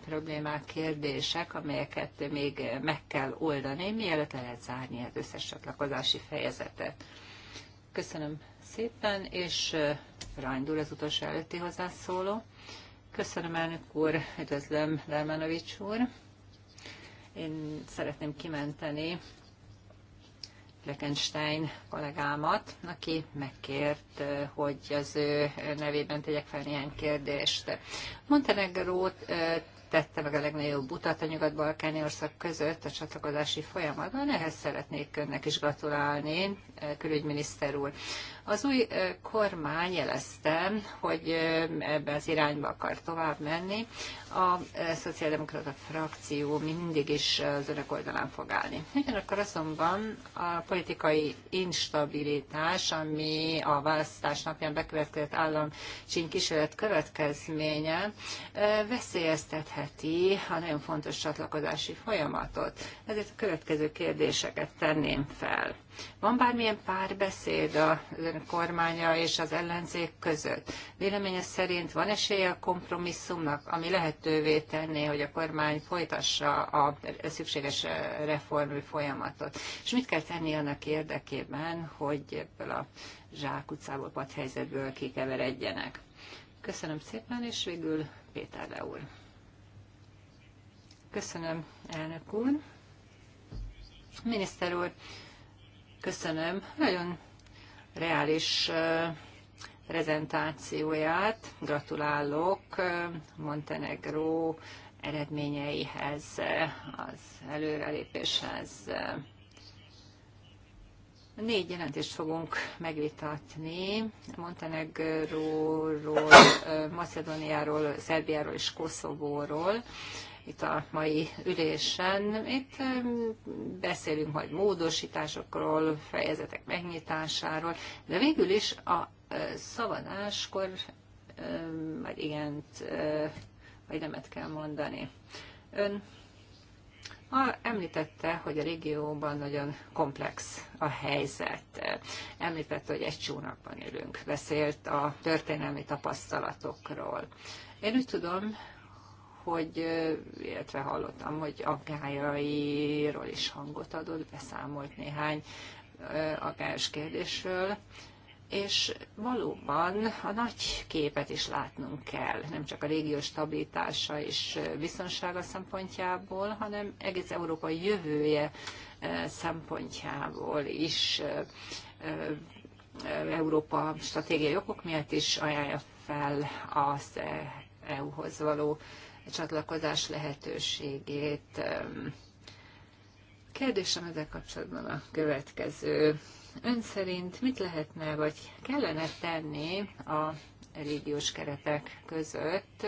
problémák, kérdések, amelyeket még meg kell oldani, mielőtt lehet zárni az összes csatlakozási fejezetet. Köszönöm szépen, és Rándul az utolsó előtti hozzászóló. Köszönöm, elnök úr, üdvözlöm, Delmanovics úr. Én szeretném kimenteni Fleckenstein kollégámat, aki megkért, eh, hogy az ő nevében tegyek fel ilyen kérdést. Montenegrót eh, tette meg a legnagyobb utat a nyugat-balkáni ország között a csatlakozási folyamatban. Ehhez szeretnék önnek is gratulálni, eh, külügyminiszter úr. Az új kormány jelezte, hogy ebbe az irányba akar tovább menni. A szociáldemokrata frakció mindig is az önök oldalán fog állni. Ugyanakkor azonban a politikai instabilitás, ami a választás napján bekövetkezett államcsíny kísérlet következménye, veszélyeztetheti a nagyon fontos csatlakozási folyamatot. Ezért a következő kérdéseket tenném fel van bármilyen párbeszéd a kormánya és az ellenzék között? Véleménye szerint van esélye a kompromisszumnak, ami lehetővé tenné, hogy a kormány folytassa a szükséges reformű folyamatot? És mit kell tenni annak érdekében, hogy ebből a zsákutcából, padhelyzetből kikeveredjenek? Köszönöm szépen, és végül Péter Le úr. Köszönöm, elnök úr. Miniszter úr, köszönöm. Nagyon reális prezentációját. Gratulálok Montenegro eredményeihez, az előrelépéshez. Négy jelentést fogunk megvitatni. Montenegróról, Macedóniáról, Szerbiáról és Koszovóról itt a mai ülésen. Itt beszélünk majd módosításokról, fejezetek megnyitásáról, de végül is a szavazáskor majd igen, vagy nemet kell mondani. Ön A Említette, hogy a régióban nagyon komplex a helyzet. Említette, hogy egy csónakban ülünk. Beszélt a történelmi tapasztalatokról. Én úgy tudom, hogy, illetve hallottam, hogy aggájairól is hangot adott, beszámolt néhány aggályos kérdésről, és valóban a nagy képet is látnunk kell, nem csak a régió stabilitása és biztonsága szempontjából, hanem egész Európa jövője szempontjából is Európa stratégiai okok miatt is ajánlja fel az EU-hoz e való csatlakozás lehetőségét. Kérdésem ezzel kapcsolatban a következő. Ön szerint mit lehetne, vagy kellene tenni a régiós keretek között,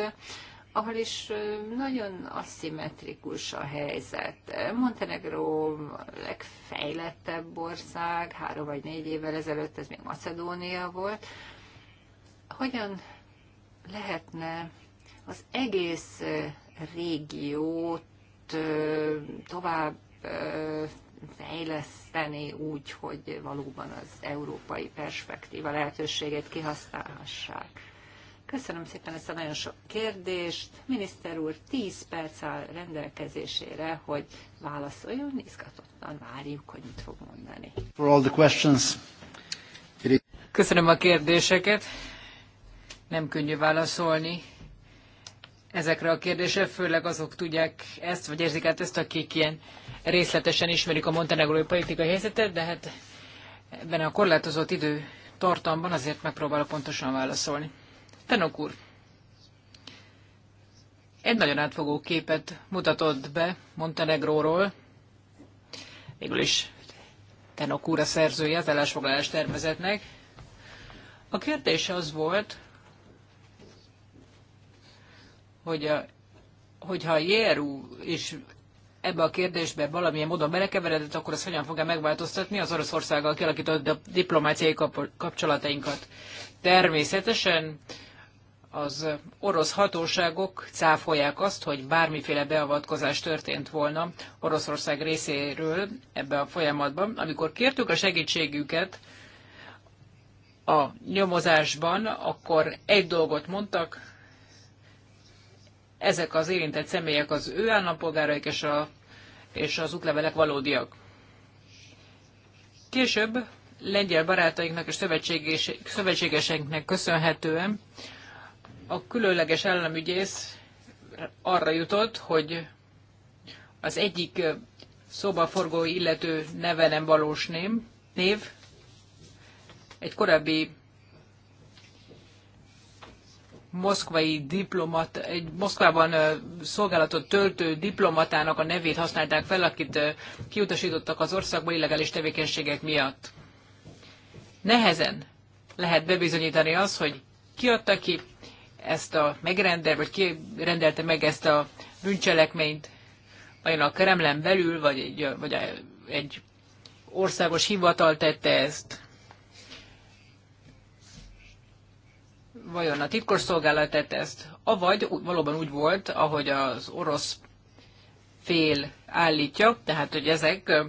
ahol is nagyon aszimmetrikus a helyzet. a legfejlettebb ország, három vagy négy évvel ezelőtt ez még Macedónia volt. Hogyan lehetne az egész régiót tovább fejleszteni úgy, hogy valóban az európai perspektíva lehetőségét kihasználhassák. Köszönöm szépen ezt a nagyon sok kérdést. Miniszter úr 10 perc áll rendelkezésére, hogy válaszoljon. Izgatottan várjuk, hogy mit fog mondani. For all the questions. Köszönöm a kérdéseket. Nem könnyű válaszolni ezekre a kérdésre, főleg azok tudják ezt, vagy érzik át ezt, akik ilyen részletesen ismerik a montenegrói politikai helyzetet, de hát ebben a korlátozott idő tartamban azért megpróbálok pontosan válaszolni. Tenok úr, egy nagyon átfogó képet mutatott be Montenegróról. Végül is Tenok úr a szerzője az ellásfoglalás tervezetnek. A kérdése az volt, hogy a, hogyha a JRU is ebbe a kérdésbe valamilyen módon belekeveredett, akkor ez hogyan fogja megváltoztatni az Oroszországgal kialakított diplomáciai kapcsolatainkat. Természetesen az orosz hatóságok cáfolják azt, hogy bármiféle beavatkozás történt volna Oroszország részéről ebbe a folyamatban. Amikor kértük a segítségüket a nyomozásban, akkor egy dolgot mondtak, ezek az érintett személyek az ő állampolgáraik és, a, és az útlevelek valódiak. Később lengyel barátainknak és szövetségeseinknek szövetségeseknek köszönhetően a különleges államügyész arra jutott, hogy az egyik szobaforgó illető neve nem valós név, név egy korábbi moszkvai diplomat, egy Moszkvában szolgálatot töltő diplomatának a nevét használták fel, akit kiutasítottak az országba illegális tevékenységek miatt. Nehezen lehet bebizonyítani az, hogy ki adta ki ezt a megrendel, vagy ki rendelte meg ezt a bűncselekményt, vajon a Kremlen belül, vagy egy, vagy egy országos hivatal tette ezt. vajon a titkos szolgálat tette ezt, avagy valóban úgy volt, ahogy az orosz fél állítja, tehát hogy ezek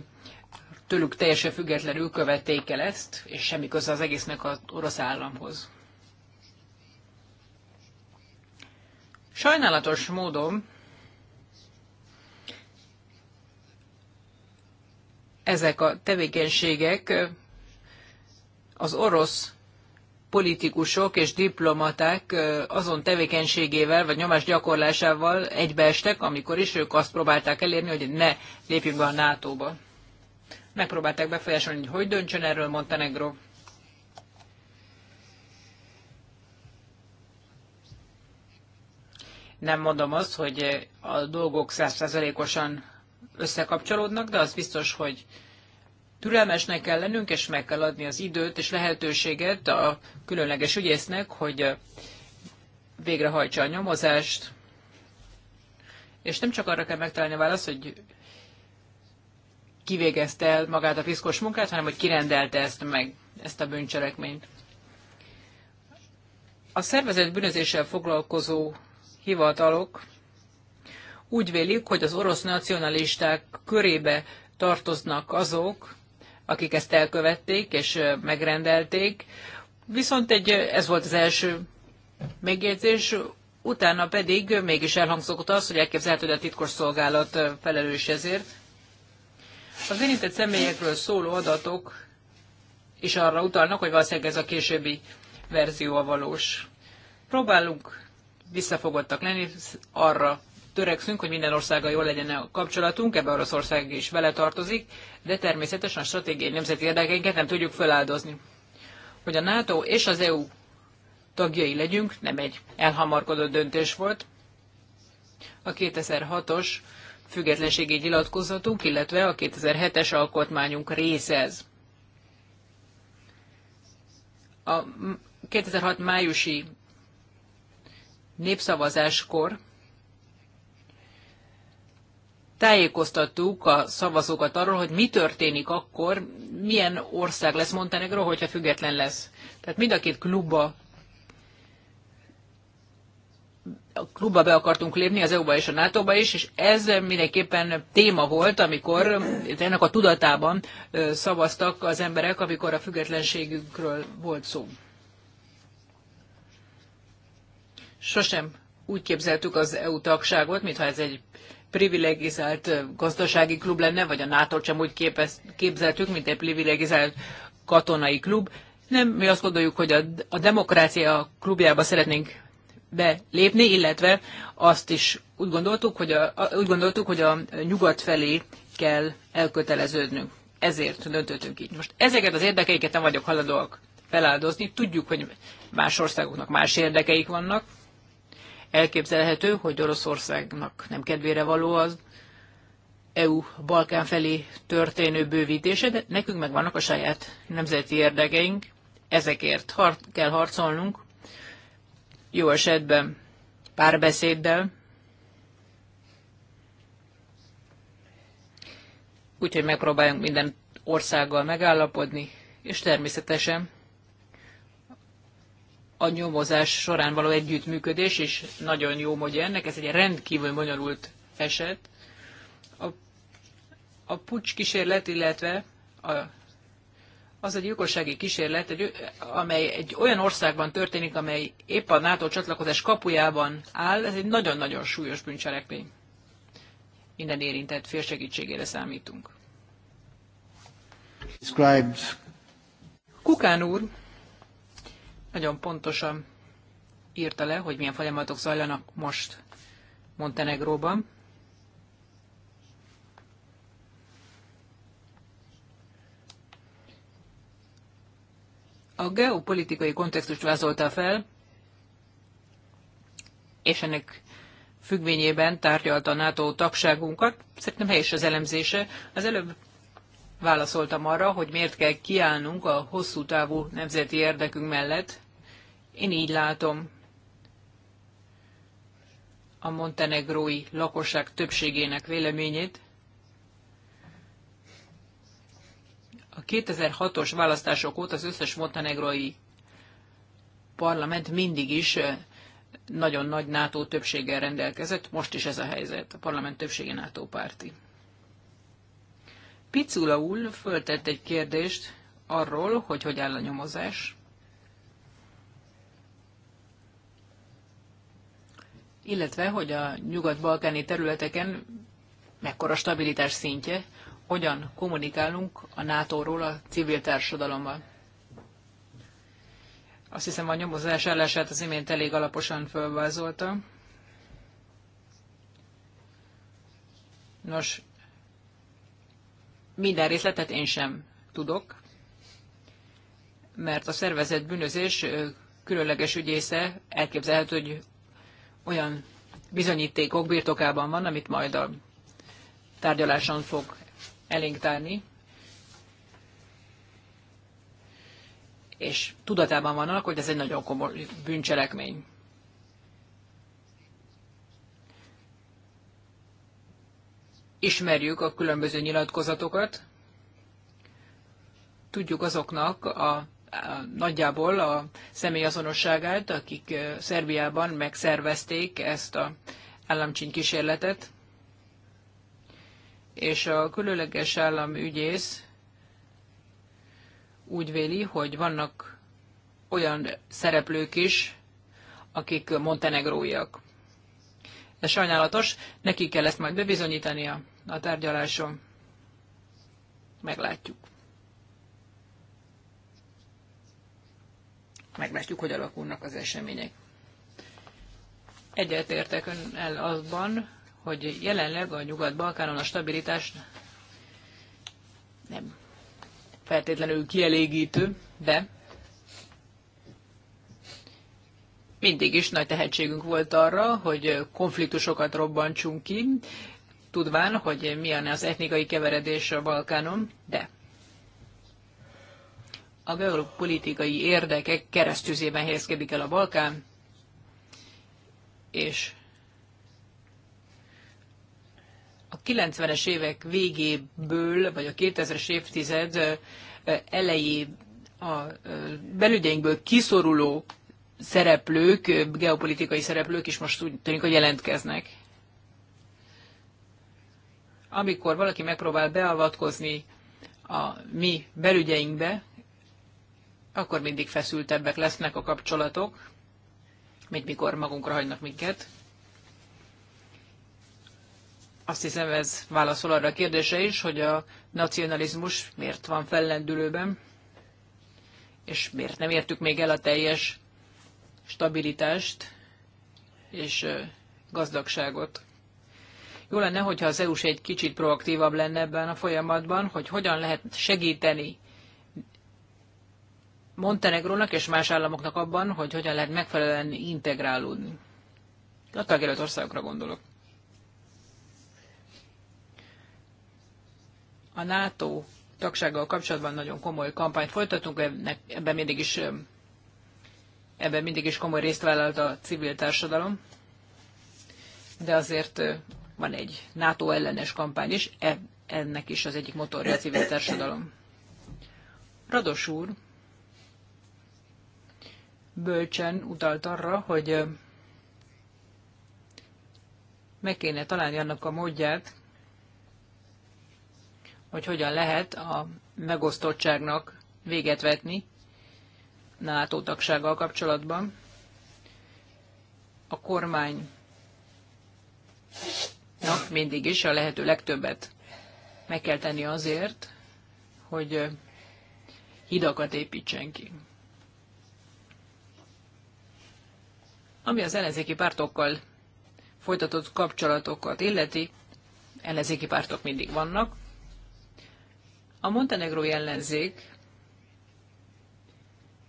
tőlük teljesen függetlenül követték el ezt, és semmi köze az egésznek az orosz államhoz. Sajnálatos módon ezek a tevékenységek az orosz politikusok és diplomaták azon tevékenységével vagy nyomás gyakorlásával egybeestek, amikor is ők azt próbálták elérni, hogy ne lépjünk be a NATO-ba. Megpróbálták befolyásolni, hogy hogy döntsön erről Montenegro. Nem mondom azt, hogy a dolgok százszerzelékosan összekapcsolódnak, de az biztos, hogy türelmesnek kell lennünk, és meg kell adni az időt és lehetőséget a különleges ügyésznek, hogy végrehajtsa a nyomozást, és nem csak arra kell megtalálni a választ, hogy kivégezte el magát a piszkos munkát, hanem hogy kirendelte ezt meg, ezt a bűncselekményt. A szervezet bűnözéssel foglalkozó hivatalok úgy vélik, hogy az orosz nacionalisták körébe tartoznak azok, akik ezt elkövették és megrendelték. Viszont egy, ez volt az első megjegyzés, utána pedig mégis elhangzott az, hogy elképzelhető, hogy a titkosszolgálat felelős ezért. Az érintett személyekről szóló adatok is arra utalnak, hogy valószínűleg ez a későbbi verzió a valós. Próbálunk visszafogottak lenni, arra törekszünk, hogy minden országgal jól legyen a kapcsolatunk, ebbe Oroszország is vele tartozik, de természetesen a stratégiai nemzeti érdekeinket nem tudjuk feláldozni. Hogy a NATO és az EU tagjai legyünk, nem egy elhamarkodott döntés volt. A 2006-os függetlenségi nyilatkozatunk, illetve a 2007-es alkotmányunk része ez. A 2006 májusi népszavazáskor tájékoztattuk a szavazókat arról, hogy mi történik akkor, milyen ország lesz Montenegro, hogyha független lesz. Tehát mind a két klubba a klubba be akartunk lépni, az EU-ba és a NATO-ba is, és ez mindenképpen téma volt, amikor ennek a tudatában szavaztak az emberek, amikor a függetlenségükről volt szó. Sosem úgy képzeltük az EU tagságot, mintha ez egy privilegizált gazdasági klub lenne, vagy a nato sem úgy képez, képzeltük, mint egy privilegizált katonai klub. Nem, mi azt gondoljuk, hogy a, a demokrácia klubjába szeretnénk belépni, illetve azt is úgy gondoltuk, hogy a, úgy gondoltuk, hogy a nyugat felé kell elköteleződnünk. Ezért döntöttünk így. Most ezeket az érdekeiket nem vagyok hajlandóak feláldozni. Tudjuk, hogy más országoknak más érdekeik vannak, elképzelhető, hogy Oroszországnak nem kedvére való az EU-Balkán felé történő bővítése, de nekünk meg vannak a saját nemzeti érdekeink, ezekért har- kell harcolnunk, jó esetben párbeszéddel, úgyhogy megpróbáljunk minden országgal megállapodni, és természetesen a nyomozás során való együttműködés, és nagyon jó módja ennek, ez egy rendkívül bonyolult eset. A, a pucs kísérlet, illetve a, az egy gyilkossági kísérlet, egy, amely egy olyan országban történik, amely épp a NATO csatlakozás kapujában áll, ez egy nagyon-nagyon súlyos bűncselekmény. Minden érintett fél segítségére számítunk. Kukán úr nagyon pontosan írta le, hogy milyen folyamatok zajlanak most Montenegróban. A geopolitikai kontextust vázolta fel, és ennek függvényében tárgyalta a NATO tagságunkat. Szerintem helyes az elemzése. Az előbb válaszoltam arra, hogy miért kell kiállnunk a hosszú távú nemzeti érdekünk mellett, én így látom. A montenegrói lakosság többségének véleményét. A 2006-os választások óta az összes montenegrói parlament mindig is eh, nagyon nagy NATO többséggel rendelkezett, most is ez a helyzet, a parlament többsége NATO párti. Picula úr föltett egy kérdést arról, hogy hogy áll a nyomozás. illetve hogy a nyugat-balkáni területeken mekkora stabilitás szintje, hogyan kommunikálunk a NATO-ról a civil társadalomban. Azt hiszem a nyomozás állását az imént elég alaposan fölvázolta. Nos, minden részletet én sem tudok, mert a szervezet bűnözés különleges ügyésze elképzelhető, hogy olyan bizonyítékok birtokában van, amit majd a tárgyaláson fog elénk tárni, és tudatában vannak, hogy ez egy nagyon komoly bűncselekmény. Ismerjük a különböző nyilatkozatokat, tudjuk azoknak a nagyjából a személyazonosságát, akik Szerbiában megszervezték ezt a államcsíny kísérletet, és a különleges államügyész úgy véli, hogy vannak olyan szereplők is, akik montenegróiak. Ez sajnálatos, neki kell ezt majd bebizonyítania a tárgyaláson. Meglátjuk. meglátjuk, hogy alakulnak az események. Egyetértek el azban, hogy jelenleg a Nyugat-Balkánon a stabilitás nem feltétlenül kielégítő, de mindig is nagy tehetségünk volt arra, hogy konfliktusokat robbantsunk ki, tudván, hogy milyen az etnikai keveredés a Balkánon, de a geopolitikai érdekek keresztüzében helyezkedik el a Balkán, és a 90-es évek végéből, vagy a 2000-es évtized elejé a belügyeinkből kiszoruló szereplők, geopolitikai szereplők is most úgy tűnik, hogy jelentkeznek. Amikor valaki megpróbál beavatkozni a mi belügyeinkbe, akkor mindig feszültebbek lesznek a kapcsolatok, mint mikor magunkra hagynak minket. Azt hiszem ez válaszol arra a kérdése is, hogy a nacionalizmus miért van fellendülőben, és miért nem értük még el a teljes stabilitást és gazdagságot. Jó lenne, hogyha az EU-s egy kicsit proaktívabb lenne ebben a folyamatban, hogy hogyan lehet segíteni Montenegrónak és más államoknak abban, hogy hogyan lehet megfelelően integrálódni. A tagjelölt országokra gondolok. A NATO tagsággal kapcsolatban nagyon komoly kampányt folytatunk, ebben mindig is, ebben mindig is komoly részt vállalt a civil társadalom, de azért van egy NATO ellenes kampány is, e, ennek is az egyik motorja a civil társadalom. Rados úr bölcsen utalt arra, hogy meg kéne találni annak a módját, hogy hogyan lehet a megosztottságnak véget vetni NATO tagsággal kapcsolatban. A kormánynak mindig is a lehető legtöbbet meg kell tenni azért, hogy hidakat építsen ki. Ami az ellenzéki pártokkal folytatott kapcsolatokat illeti, ellenzéki pártok mindig vannak. A Montenegró ellenzék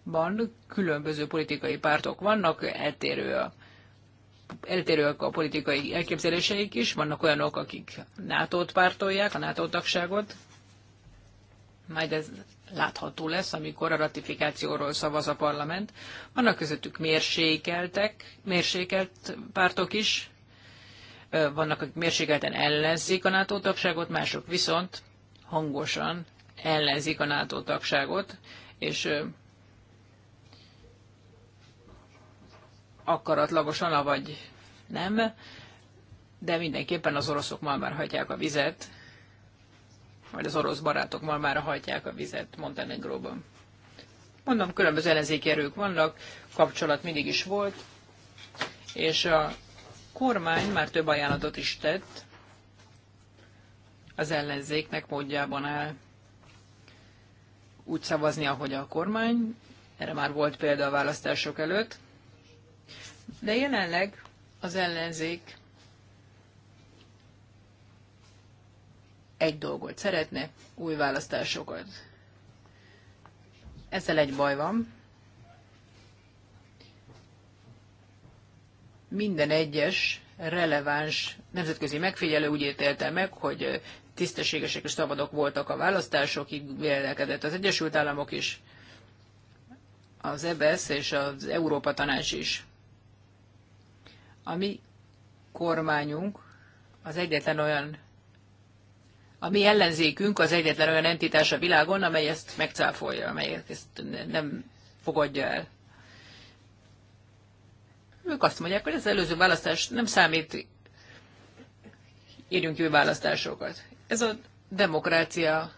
van, különböző politikai pártok vannak, eltérő a, eltérőek a politikai elképzeléseik is, vannak olyanok, akik NATO-t pártolják, a NATO tagságot, majd ez látható lesz, amikor a ratifikációról szavaz a parlament. Vannak közöttük mérsékeltek, mérsékelt pártok is, vannak, akik mérsékelten ellenzik a NATO tagságot, mások viszont hangosan ellenzik a NATO tagságot, és akaratlagosan, vagy nem, de mindenképpen az oroszok ma már hagyják a vizet, vagy az orosz barátok ma már hajtják a vizet Montenegróban. Mondom, különböző ellenzéki erők vannak, kapcsolat mindig is volt, és a kormány már több ajánlatot is tett, az ellenzéknek módjában áll úgy szavazni, ahogy a kormány. Erre már volt példa a választások előtt. De jelenleg az ellenzék egy dolgot szeretne, új választásokat. Ezzel egy baj van. Minden egyes releváns nemzetközi megfigyelő úgy ítélte meg, hogy tisztességesek és szabadok voltak a választások, így vélekedett az Egyesült Államok is, az EBS e és az Európa Tanács is. A mi kormányunk az egyetlen olyan a mi ellenzékünk az egyetlen olyan entitás a világon, amely ezt megcáfolja, amely ezt nem fogadja el. Ők azt mondják, hogy az előző választás nem számít, írjunk jó választásokat. Ez a demokrácia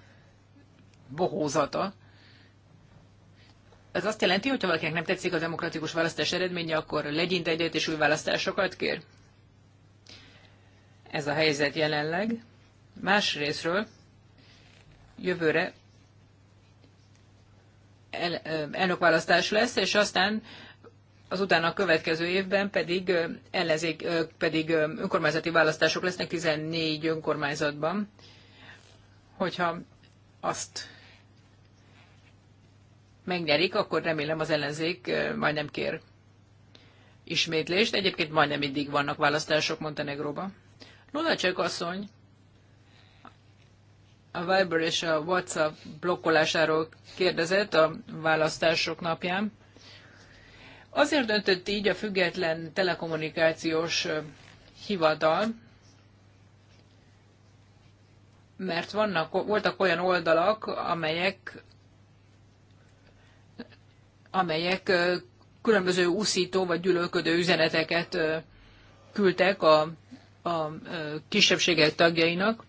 bohózata. Ez azt jelenti, hogy ha valakinek nem tetszik a demokratikus választás eredménye, akkor legyint egyet és új választásokat kér. Ez a helyzet jelenleg. Másrésztről jövőre el, elnökválasztás lesz, és aztán az utána a következő évben pedig, ellenzék, pedig önkormányzati választások lesznek 14 önkormányzatban. Hogyha azt megnyerik, akkor remélem az ellenzék majdnem kér ismétlést. Egyébként majdnem mindig vannak választások Montenegróban. Lunacek asszony a Viber és a WhatsApp blokkolásáról kérdezett a választások napján. Azért döntött így a független telekommunikációs hivatal, mert vannak, voltak olyan oldalak, amelyek, amelyek különböző úszító vagy gyűlölködő üzeneteket küldtek a, a kisebbségek tagjainak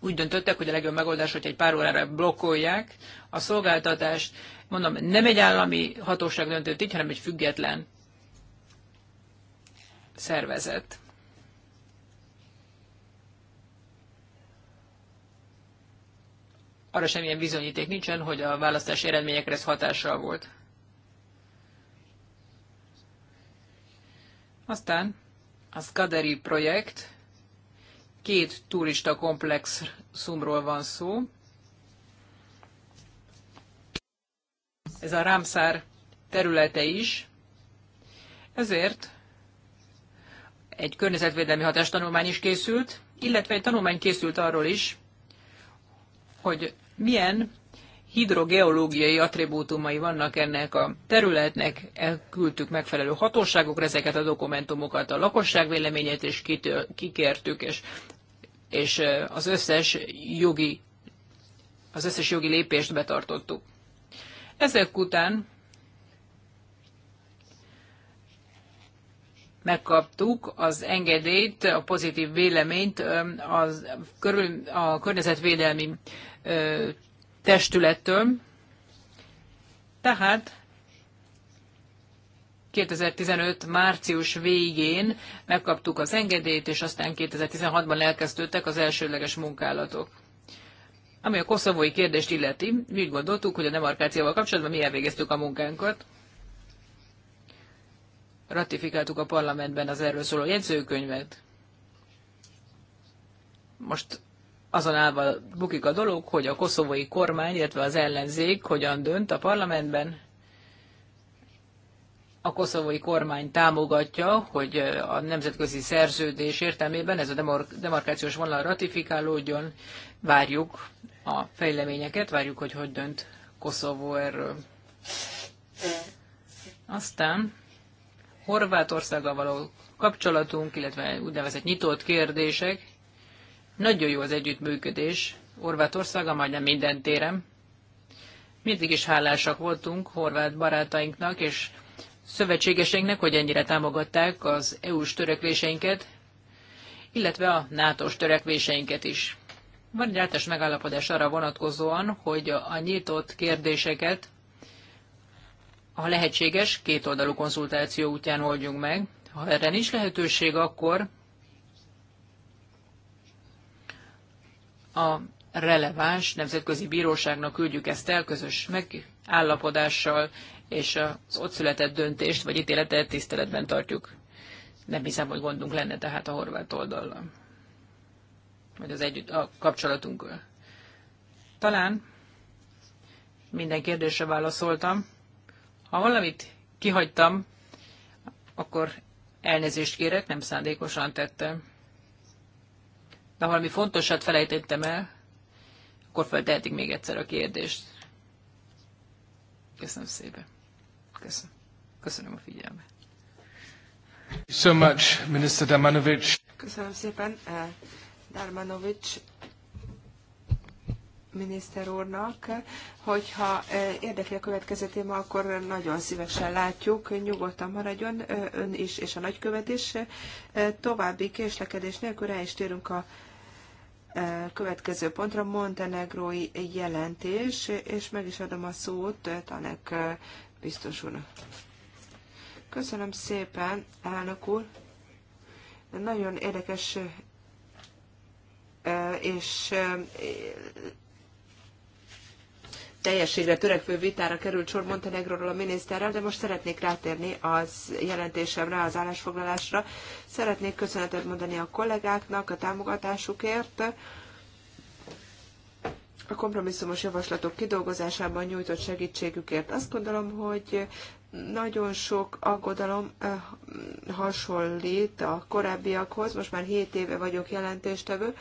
úgy döntöttek, hogy a legjobb megoldás, hogy egy pár órára blokkolják a szolgáltatást. Mondom, nem egy állami hatóság döntött így, hanem egy független szervezet. Arra semmilyen bizonyíték nincsen, hogy a választási eredményekre ez hatással volt. Aztán a Skaderi projekt két turista komplexumról van szó. Ez a Rámszár területe is. Ezért egy környezetvédelmi hatástanulmány is készült, illetve egy tanulmány készült arról is, hogy milyen hidrogeológiai attribútumai vannak ennek a területnek. Elküldtük megfelelő hatóságokra ezeket a dokumentumokat, a lakosság véleményét is kikértük, és és az összes jogi, az összes jogi lépést betartottuk. Ezek után megkaptuk az engedélyt, a pozitív véleményt az, körül, a környezetvédelmi testülettől. Tehát 2015 március végén megkaptuk az engedélyt, és aztán 2016-ban elkezdődtek az elsődleges munkálatok. Ami a koszovói kérdést illeti, mi úgy gondoltuk, hogy a demarkációval kapcsolatban mi elvégeztük a munkánkat. Ratifikáltuk a parlamentben az erről szóló jegyzőkönyvet. Most azon állva bukik a dolog, hogy a koszovói kormány, illetve az ellenzék hogyan dönt a parlamentben, a koszovói kormány támogatja, hogy a nemzetközi szerződés értelmében ez a demarkációs vonal ratifikálódjon. Várjuk a fejleményeket, várjuk, hogy hogy dönt Koszovó erről. Aztán Horvátországgal való kapcsolatunk, illetve úgynevezett nyitott kérdések. Nagyon jó az együttműködés Horvátországgal, majdnem minden téren. Mindig is hálásak voltunk horvát barátainknak, és szövetségeseinknek, hogy ennyire támogatták az EU-s törekvéseinket, illetve a NATO-s törekvéseinket is. Van egy általános megállapodás arra vonatkozóan, hogy a nyitott kérdéseket ha lehetséges, kétoldalú konzultáció útján oldjunk meg. Ha erre nincs lehetőség, akkor a releváns nemzetközi bíróságnak küldjük ezt el közös megállapodással, és az ott született döntést vagy ítéletet tiszteletben tartjuk. Nem hiszem, hogy gondunk lenne tehát a horvát oldallal, vagy az együtt a kapcsolatunk. Talán minden kérdésre válaszoltam. Ha valamit kihagytam, akkor elnézést kérek, nem szándékosan tettem. De ha valami fontosat felejtettem el, akkor feltehetik még egyszer a kérdést. Köszönöm szépen. Köszönöm, Köszönöm a figyelmet. So much, Minister Köszönöm szépen eh, Darmanovic miniszter úrnak, hogyha eh, érdekli a következő téma, akkor nagyon szívesen látjuk, nyugodtan maradjon eh, ön is és a nagykövet is. További késlekedés nélkül rá is térünk a következő pontra, Montenegrói jelentés, és meg is adom a szót Tanek biztos úr. Köszönöm szépen, elnök úr. Nagyon érdekes és teljességre törekvő vitára került sor Montenegróról a miniszterrel, de most szeretnék rátérni az jelentésemre, az állásfoglalásra. Szeretnék köszönetet mondani a kollégáknak a támogatásukért a kompromisszumos javaslatok kidolgozásában nyújtott segítségükért. Azt gondolom, hogy nagyon sok aggodalom eh, hasonlít a korábbiakhoz, most már 7 éve vagyok jelentéstevő,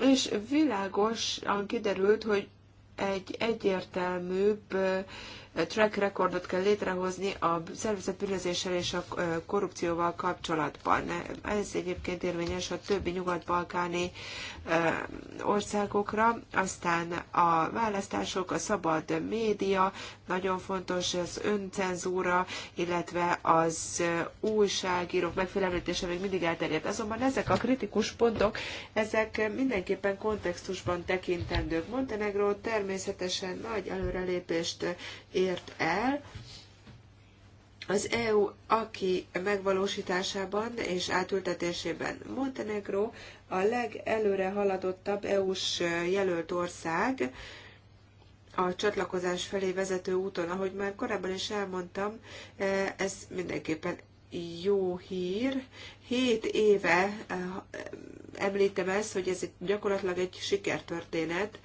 és világosan kiderült, hogy egy egyértelműbb eh, track recordot kell létrehozni a szervezet bűnözéssel és a korrupcióval kapcsolatban. Ez egyébként érvényes a többi nyugat-balkáni országokra. Aztán a választások, a szabad média, nagyon fontos az öncenzúra, illetve az újságírók megfelelődése még mindig elterjedt. Azonban ezek a kritikus pontok, ezek mindenképpen kontextusban tekintendők. Montenegro természetesen nagy előrelépést ért el, az EU aki megvalósításában és átültetésében Montenegro a legelőre haladottabb EU-s jelölt ország a csatlakozás felé vezető úton, ahogy már korábban is elmondtam, e, ez mindenképpen jó hír. Hét éve e, e, említem ezt, hogy ez gyakorlatilag egy sikertörténet,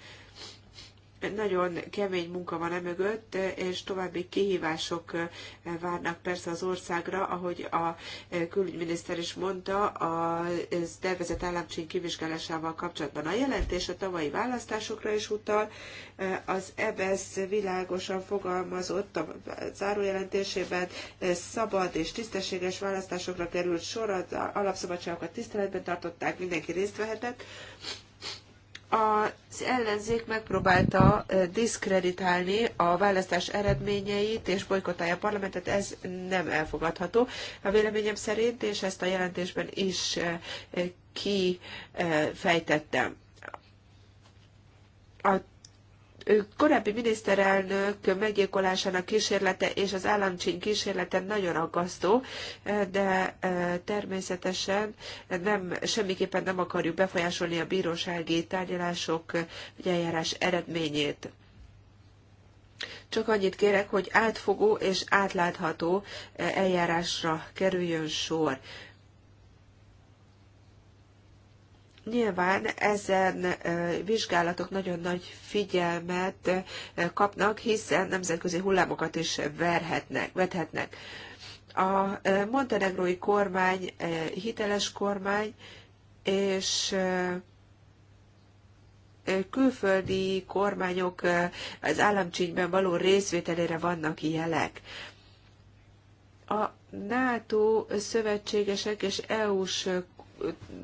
nagyon kemény munka van e mögött, és további kihívások eh, várnak persze az országra, ahogy a eh, külügyminiszter is mondta, a tervezett államcsin kivizsgálásával kapcsolatban a jelentés a tavalyi választásokra is utal. Eh, az EBSZ e világosan fogalmazott a zárójelentésében, szabad és tisztességes választásokra került sor, az alapszabadságokat tiszteletben tartották, mindenki részt vehetett az ellenzék megpróbálta diszkreditálni a választás eredményeit és bolykotálja a parlamentet, ez nem elfogadható. A véleményem szerint, és ezt a jelentésben is kifejtettem. A korábbi miniszterelnök meggyilkolásának kísérlete és az államcsíny kísérlete nagyon aggasztó, de eh, természetesen nem, semmiképpen nem akarjuk befolyásolni a bírósági tárgyalások vagy eljárás eredményét. Csak annyit kérek, hogy átfogó és átlátható eh, eljárásra kerüljön sor. Nyilván ezen vizsgálatok nagyon nagy figyelmet kapnak, hiszen nemzetközi hullámokat is verhetnek, vethetnek. A montenegrói kormány hiteles kormány, és külföldi kormányok az államcsínyben való részvételére vannak jelek. A NATO szövetségesek és EU-s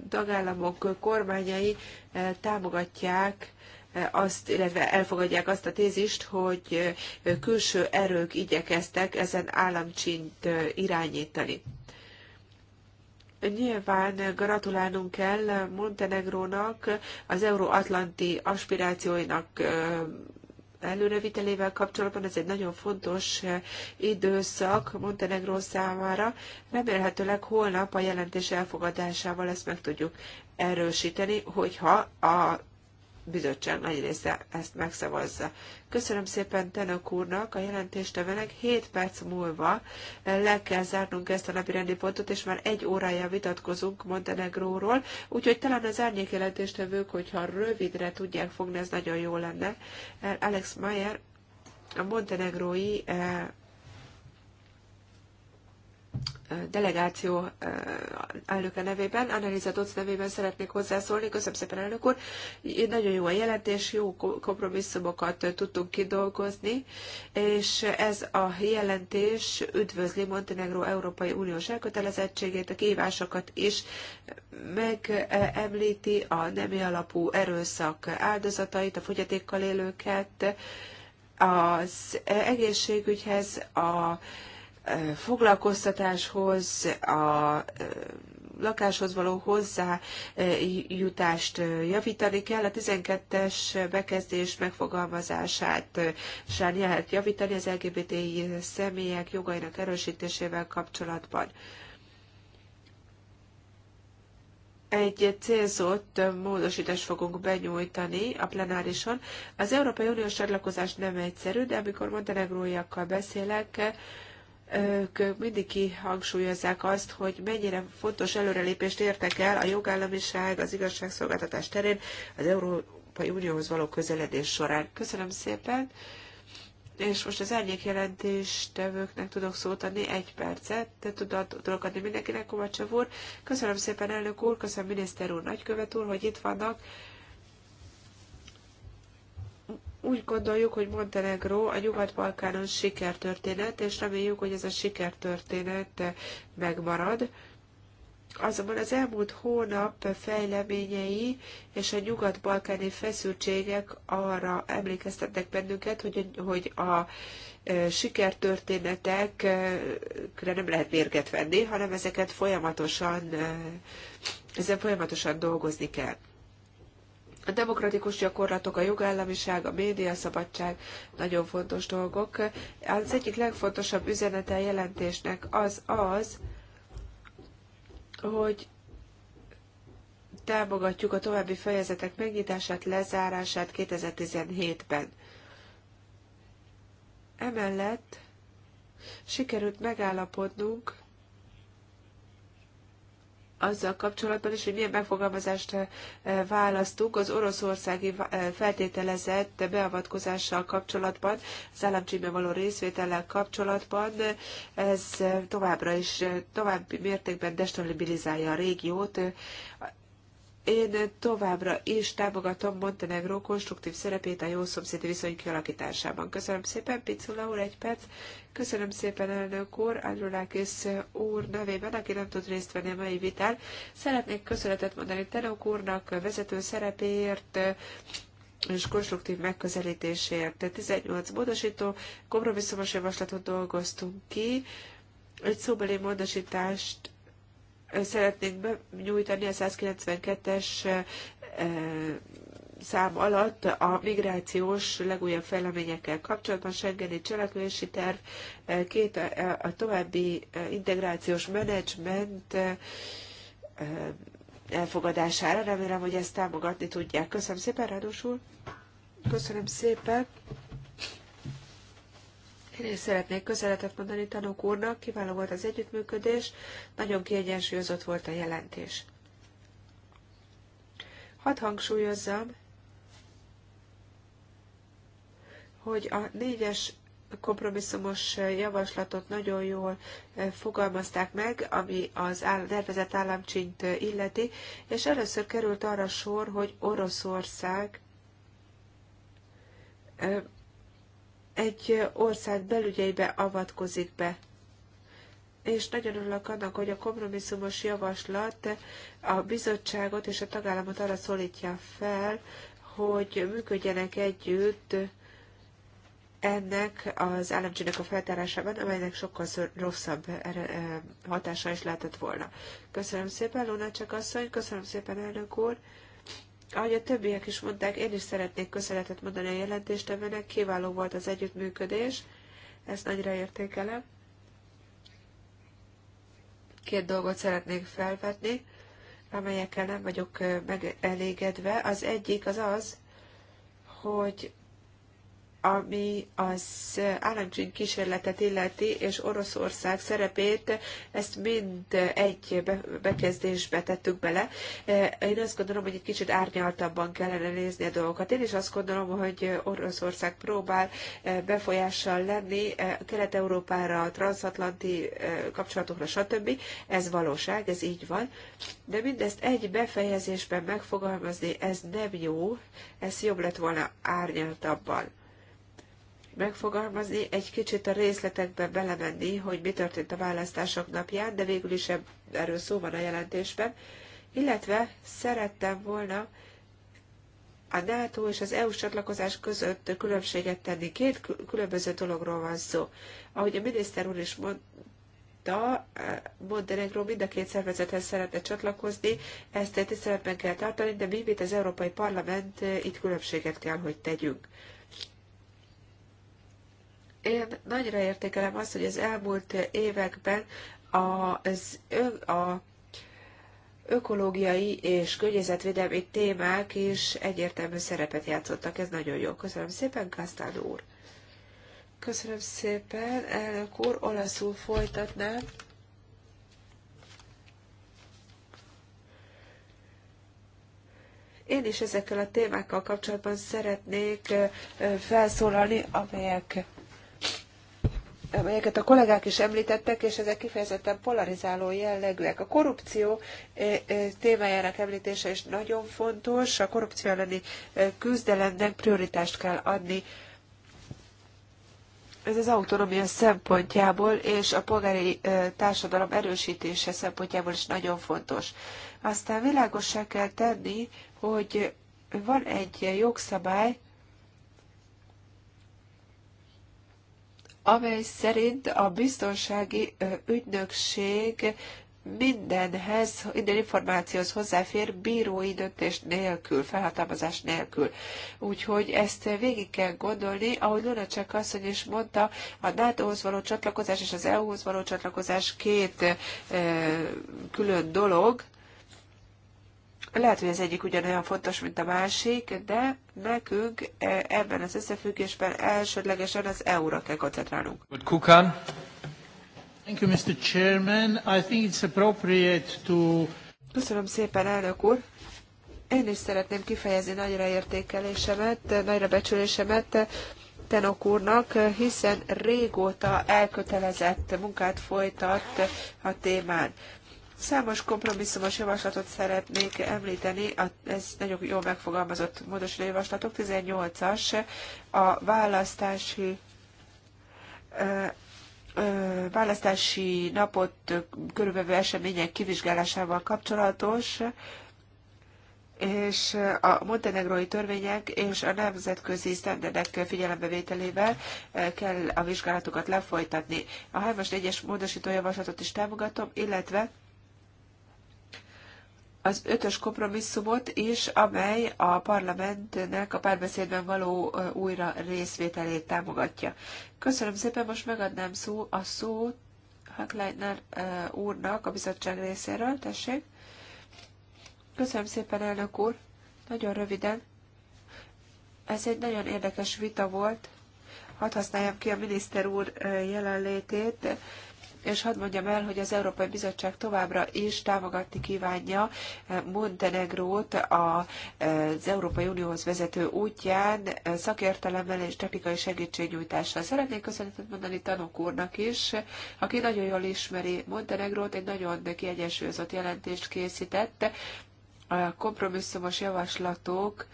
tagállamok kormányai eh, támogatják eh, azt, illetve elfogadják azt a tézist, hogy eh, külső erők igyekeztek ezen államcsint irányítani. Nyilván gratulálnunk kell Montenegrónak az euróatlanti aspirációinak előrevitelével kapcsolatban ez egy nagyon fontos eh, időszak Montenegró számára. Remélhetőleg holnap a jelentés elfogadásával ezt meg tudjuk erősíteni, hogyha a bizottság nagy része ezt megszavazza. Köszönöm szépen Tenök úrnak, a jelentéstevenek 7 perc múlva le kell zárnunk ezt a napi rendi pontot, és már egy órája vitatkozunk Montenegróról, úgyhogy talán az árnyék jelentéstevők, hogyha rövidre tudják fogni, ez nagyon jó lenne. Alex Mayer, a montenegrói eh, delegáció elnöke nevében, Annalisa Dodds nevében szeretnék hozzászólni. Köszönöm szépen, elnök úr. Nagyon jó a jelentés, jó kompromisszumokat tudtunk kidolgozni, és ez a jelentés üdvözli Montenegro Európai Uniós elkötelezettségét, a kívásokat is megemlíti a nemi alapú erőszak áldozatait, a fogyatékkal élőket, az egészségügyhez, a foglalkoztatáshoz, a lakáshoz való hozzájutást javítani kell, a 12-es bekezdés megfogalmazását sem lehet javítani az LGBTI személyek jogainak erősítésével kapcsolatban. egy célzott módosítást fogunk benyújtani a plenárison. Az Európai Uniós csatlakozás nem egyszerű, de amikor montenegróiakkal beszélek, ők mindig kihangsúlyozzák azt, hogy mennyire fontos előrelépést értek el a jogállamiság, az igazságszolgáltatás terén az Európai Unióhoz való közeledés során. Köszönöm szépen, és most az árnyék jelentéstevőknek tudok szót adni egy percet, de tudok adni mindenkinek, Kovácsav úr. Köszönöm szépen, elnök úr, köszönöm miniszter úr, nagykövet úr, hogy itt vannak úgy gondoljuk, hogy Montenegro a Nyugat-Balkánon sikertörténet, és reméljük, hogy ez a sikertörténet megmarad. Azonban az elmúlt hónap fejleményei és a nyugat-balkáni feszültségek arra emlékeztetnek bennünket, hogy, hogy a e, sikertörténetekre nem lehet mérget venni, hanem ezeket folyamatosan, e, ezen folyamatosan dolgozni kell. A demokratikus gyakorlatok, a jogállamiság, a médiaszabadság nagyon fontos dolgok. Az egyik legfontosabb üzenete a jelentésnek az az, hogy támogatjuk a további fejezetek megnyitását, lezárását 2017-ben. Emellett sikerült megállapodnunk azzal kapcsolatban is, hogy milyen megfogalmazást eh, választunk az oroszországi eh, feltételezett beavatkozással kapcsolatban, az államcsíme való részvétellel kapcsolatban, ez eh, továbbra is, további mértékben destabilizálja a régiót, én továbbra is támogatom Montenegró konstruktív szerepét a jó szomszédi viszony kialakításában. Köszönöm szépen, Picula úr, egy perc. Köszönöm szépen, elnök úr, Andrulákis úr nevében, aki nem tud részt venni a mai vitán. Szeretnék köszönetet mondani Tenok úrnak vezető szerepéért, és konstruktív megközelítésért. 18 módosító kompromisszumos javaslatot dolgoztunk ki, egy szóbeli módosítást szeretnénk nyújtani a 192-es eh, eh, szám alatt a migrációs legújabb fejleményekkel kapcsolatban Schengeni cselekvési terv, eh, két a további integrációs menedzsment elfogadására. Remélem, hogy ezt támogatni tudják. Köszönöm szépen, Rádos úr. Köszönöm szépen. Én is szeretnék köszönetet mondani tanúk úrnak, kiváló volt az együttműködés, nagyon kiegyensúlyozott volt a jelentés. Hadd hangsúlyozzam, hogy a négyes kompromisszumos javaslatot nagyon jól eh, fogalmazták meg, ami az áll, államcsint eh, illeti, és először került arra sor, hogy Oroszország eh, egy ország belügyeibe avatkozik be. És nagyon örülök annak, hogy a kompromisszumos javaslat a bizottságot és a tagállamot arra szólítja fel, hogy működjenek együtt ennek az államcsinak a feltárásában, amelynek sokkal rosszabb eh, hatása is lehetett volna. Köszönöm szépen, Luna csak asszony, köszönöm szépen, elnök úr. Ahogy a többiek is mondták, én is szeretnék köszönetet mondani a jelentéstevőnek, kiváló volt az együttműködés, ezt nagyra értékelem. Két dolgot szeretnék felvetni, amelyekkel nem vagyok megelégedve. Az egyik az az, hogy ami az államcsíny kísérletet illeti, és Oroszország szerepét, ezt mind egy bekezdésbe tettük bele. E, én azt gondolom, hogy egy kicsit árnyaltabban kellene nézni a dolgokat. Én is azt gondolom, hogy Oroszország próbál e, befolyással lenni e, Kelet-Európára, transatlanti kapcsolatokra, stb. Ez valóság, ez így van. De mindezt egy befejezésben megfogalmazni, ez nem jó, ez jobb lett volna árnyaltabban megfogalmazni, egy kicsit a részletekbe belemenni, hogy mi történt a választások napján, de végül is erről szó van a jelentésben, illetve szerettem volna a NATO és az EU csatlakozás között különbséget tenni. Két különböző dologról van szó. Ahogy a miniszter úr is mondta, eh, Montenegro mind a két szervezethez szeretne csatlakozni, ezt tiszteletben kell tartani, de mi, mint az Európai Parlament, eh, itt különbséget kell, hogy tegyünk. Én nagyra értékelem azt, hogy az elmúlt években az, a ökológiai és környezetvédelmi témák is egyértelmű szerepet játszottak. Ez nagyon jó. Köszönöm szépen, Kasztán úr. Köszönöm szépen, elnök úr. Olaszul folytatnám. Én is ezekkel a témákkal kapcsolatban szeretnék felszólalni, amelyek amelyeket a kollégák is említettek, és ezek kifejezetten polarizáló jellegűek. A korrupció eh, eh, témájának említése is nagyon fontos, a korrupció elleni eh, küzdelemnek prioritást kell adni. Ez az autonómia szempontjából és a polgári társadalom erősítése szempontjából is nagyon fontos. Aztán világossá kell tenni, hogy van egy jogszabály, amely szerint a biztonsági ügynökség mindenhez, minden információhoz hozzáfér bírói döntés nélkül, felhatalmazás nélkül. Úgyhogy ezt végig kell gondolni, ahogy Luna csak asszony is mondta, a NATO-hoz való csatlakozás és az EU-hoz való csatlakozás két e, külön dolog, lehet, hogy az egyik ugyanolyan fontos, mint a másik, de nekünk e, ebben az összefüggésben elsődlegesen az EU-ra kell koncentrálnunk. Kukan. Thank you, Mr. Chairman. I think it's appropriate to... Köszönöm szépen, elnök úr. Én is szeretném kifejezni nagyra értékelésemet, nagyra becsülésemet Tenok úrnak, hiszen régóta elkötelezett munkát folytat a témán. Számos kompromisszumos javaslatot szeretnék említeni, ez nagyon jól megfogalmazott módosító javaslatok, 18-as a választási választási napot körülvevő események kivizsgálásával kapcsolatos, és a montenegrói törvények és a nemzetközi sztenderdek figyelembevételével kell a vizsgálatokat lefolytatni. A 3-as 4-es módosítójavaslatot is támogatom, illetve az ötös kompromisszumot is, amely a parlamentnek a párbeszédben való újra részvételét támogatja. Köszönöm szépen, most megadnám szó a szó Hackleitner úrnak a bizottság részéről, tessék. Köszönöm szépen, elnök úr. Nagyon röviden. Ez egy nagyon érdekes vita volt. Hadd használjam ki a miniszter úr jelenlétét és hadd mondjam el, hogy az Európai Bizottság továbbra is támogatni kívánja eh, Montenegrót az Európai Unióhoz vezető útján eh, szakértelemmel és technikai segítségnyújtással. Szeretnék köszönetet mondani Tanok úrnak is, aki nagyon jól ismeri Montenegrót, egy nagyon kiegyensúlyozott jelentést készített. A kompromisszumos javaslatok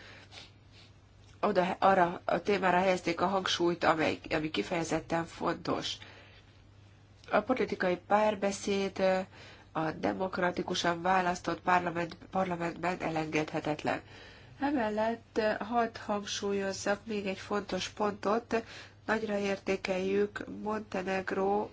oda, arra a témára helyezték a hangsúlyt, amely, ami kifejezetten fontos. A politikai párbeszéd a demokratikusan választott parlament, parlamentben elengedhetetlen. Emellett hadd hangsúlyozzak még egy fontos pontot, nagyra értékeljük Montenegro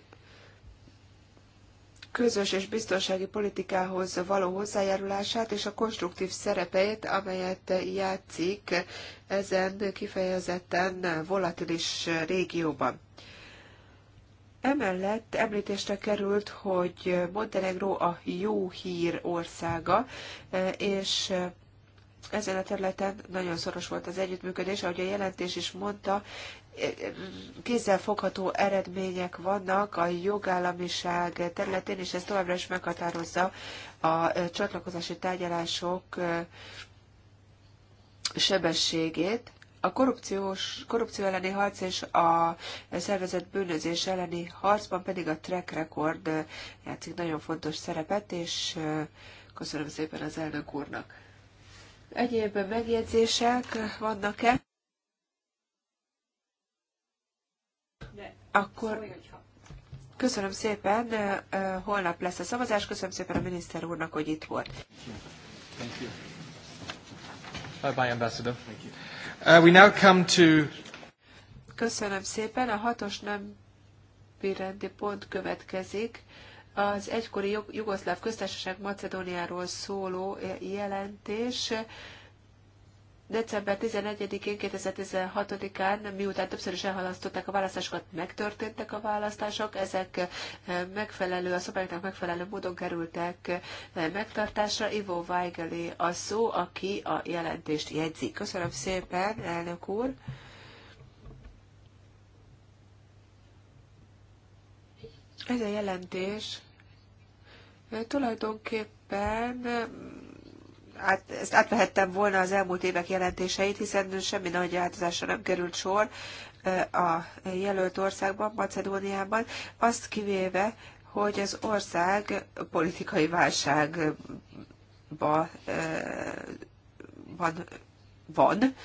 közös és biztonsági politikához való hozzájárulását és a konstruktív szerepeit, amelyet játszik ezen kifejezetten volatilis régióban. Emellett említésre került, hogy Montenegro a jó hír országa, e, és e, ezen a területen nagyon szoros volt az együttműködés, ahogy a jelentés is mondta, e, kézzelfogható eredmények vannak a jogállamiság területén, és ez továbbra is meghatározza a csatlakozási tárgyalások sebességét. A korrupciós, korrupció elleni harc és a szervezett bűnözés elleni harcban pedig a track record játszik nagyon fontos szerepet, és köszönöm szépen az elnök úrnak. Egyéb megjegyzések vannak-e? Akkor szóval köszönöm szépen, holnap lesz a szavazás, köszönöm szépen a miniszter úrnak, hogy itt volt. Thank you. Bye bye, ambassador. Thank you. Uh, we now come to... Köszönöm szépen. A hatos nem rendi pont következik. Az egykori Jugoszláv köztársaság Macedóniáról szóló eh, jelentés december 11-én, 2016-án, miután többször is elhalasztották a választásokat, megtörténtek a választások, ezek eh, megfelelő, a szabályoknak megfelelő módon kerültek eh, megtartásra. Ivo Weigeli a szó, aki a jelentést jegyzi. Köszönöm szépen, elnök úr! Ez a jelentés eh, tulajdonképpen át, ezt átvehettem volna az elmúlt évek jelentéseit, hiszen semmi nagy változásra nem került sor a jelölt országban, Macedóniában, azt kivéve, hogy az ország politikai válságba van, van.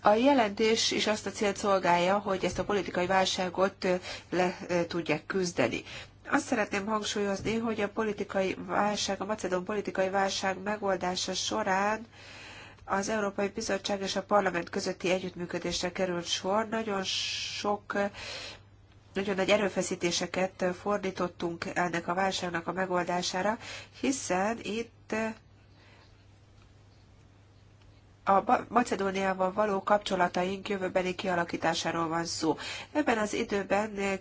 A jelentés is azt a célt szolgálja, hogy ezt a politikai válságot le tudják küzdeni. Azt szeretném hangsúlyozni, hogy a politikai válság, a macedon politikai válság megoldása során az Európai Bizottság és a Parlament közötti együttműködésre került sor. Nagyon sok nagyon nagy erőfeszítéseket fordítottunk ennek a válságnak a megoldására, hiszen itt a Macedóniával való kapcsolataink jövőbeli kialakításáról van szó. Ebben az időben eh,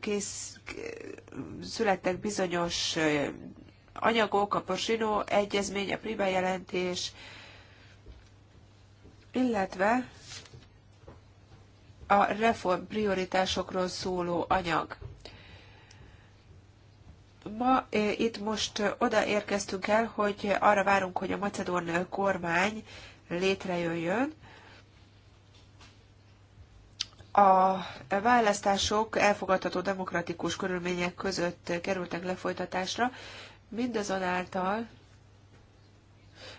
kész, születtek bizonyos eh, anyagok, a Porsinó egyezmény, a Pribe jelentés, illetve a reform prioritásokról szóló anyag. Ma eh, itt most odaérkeztünk el, hogy arra várunk, hogy a macedón kormány létrejöjjön. A választások elfogadható demokratikus körülmények között kerültek lefolytatásra, mindazonáltal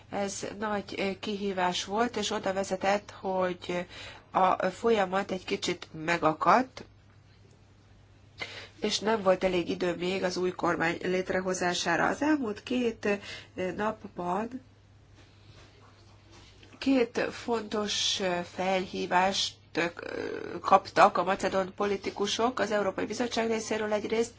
ez nagy kihívás volt, és oda vezetett, hogy a folyamat egy kicsit megakadt, és nem volt elég idő még az új kormány létrehozására. Az elmúlt két napban két fontos felhívást kaptak a macedon politikusok az Európai Bizottság részéről egyrészt,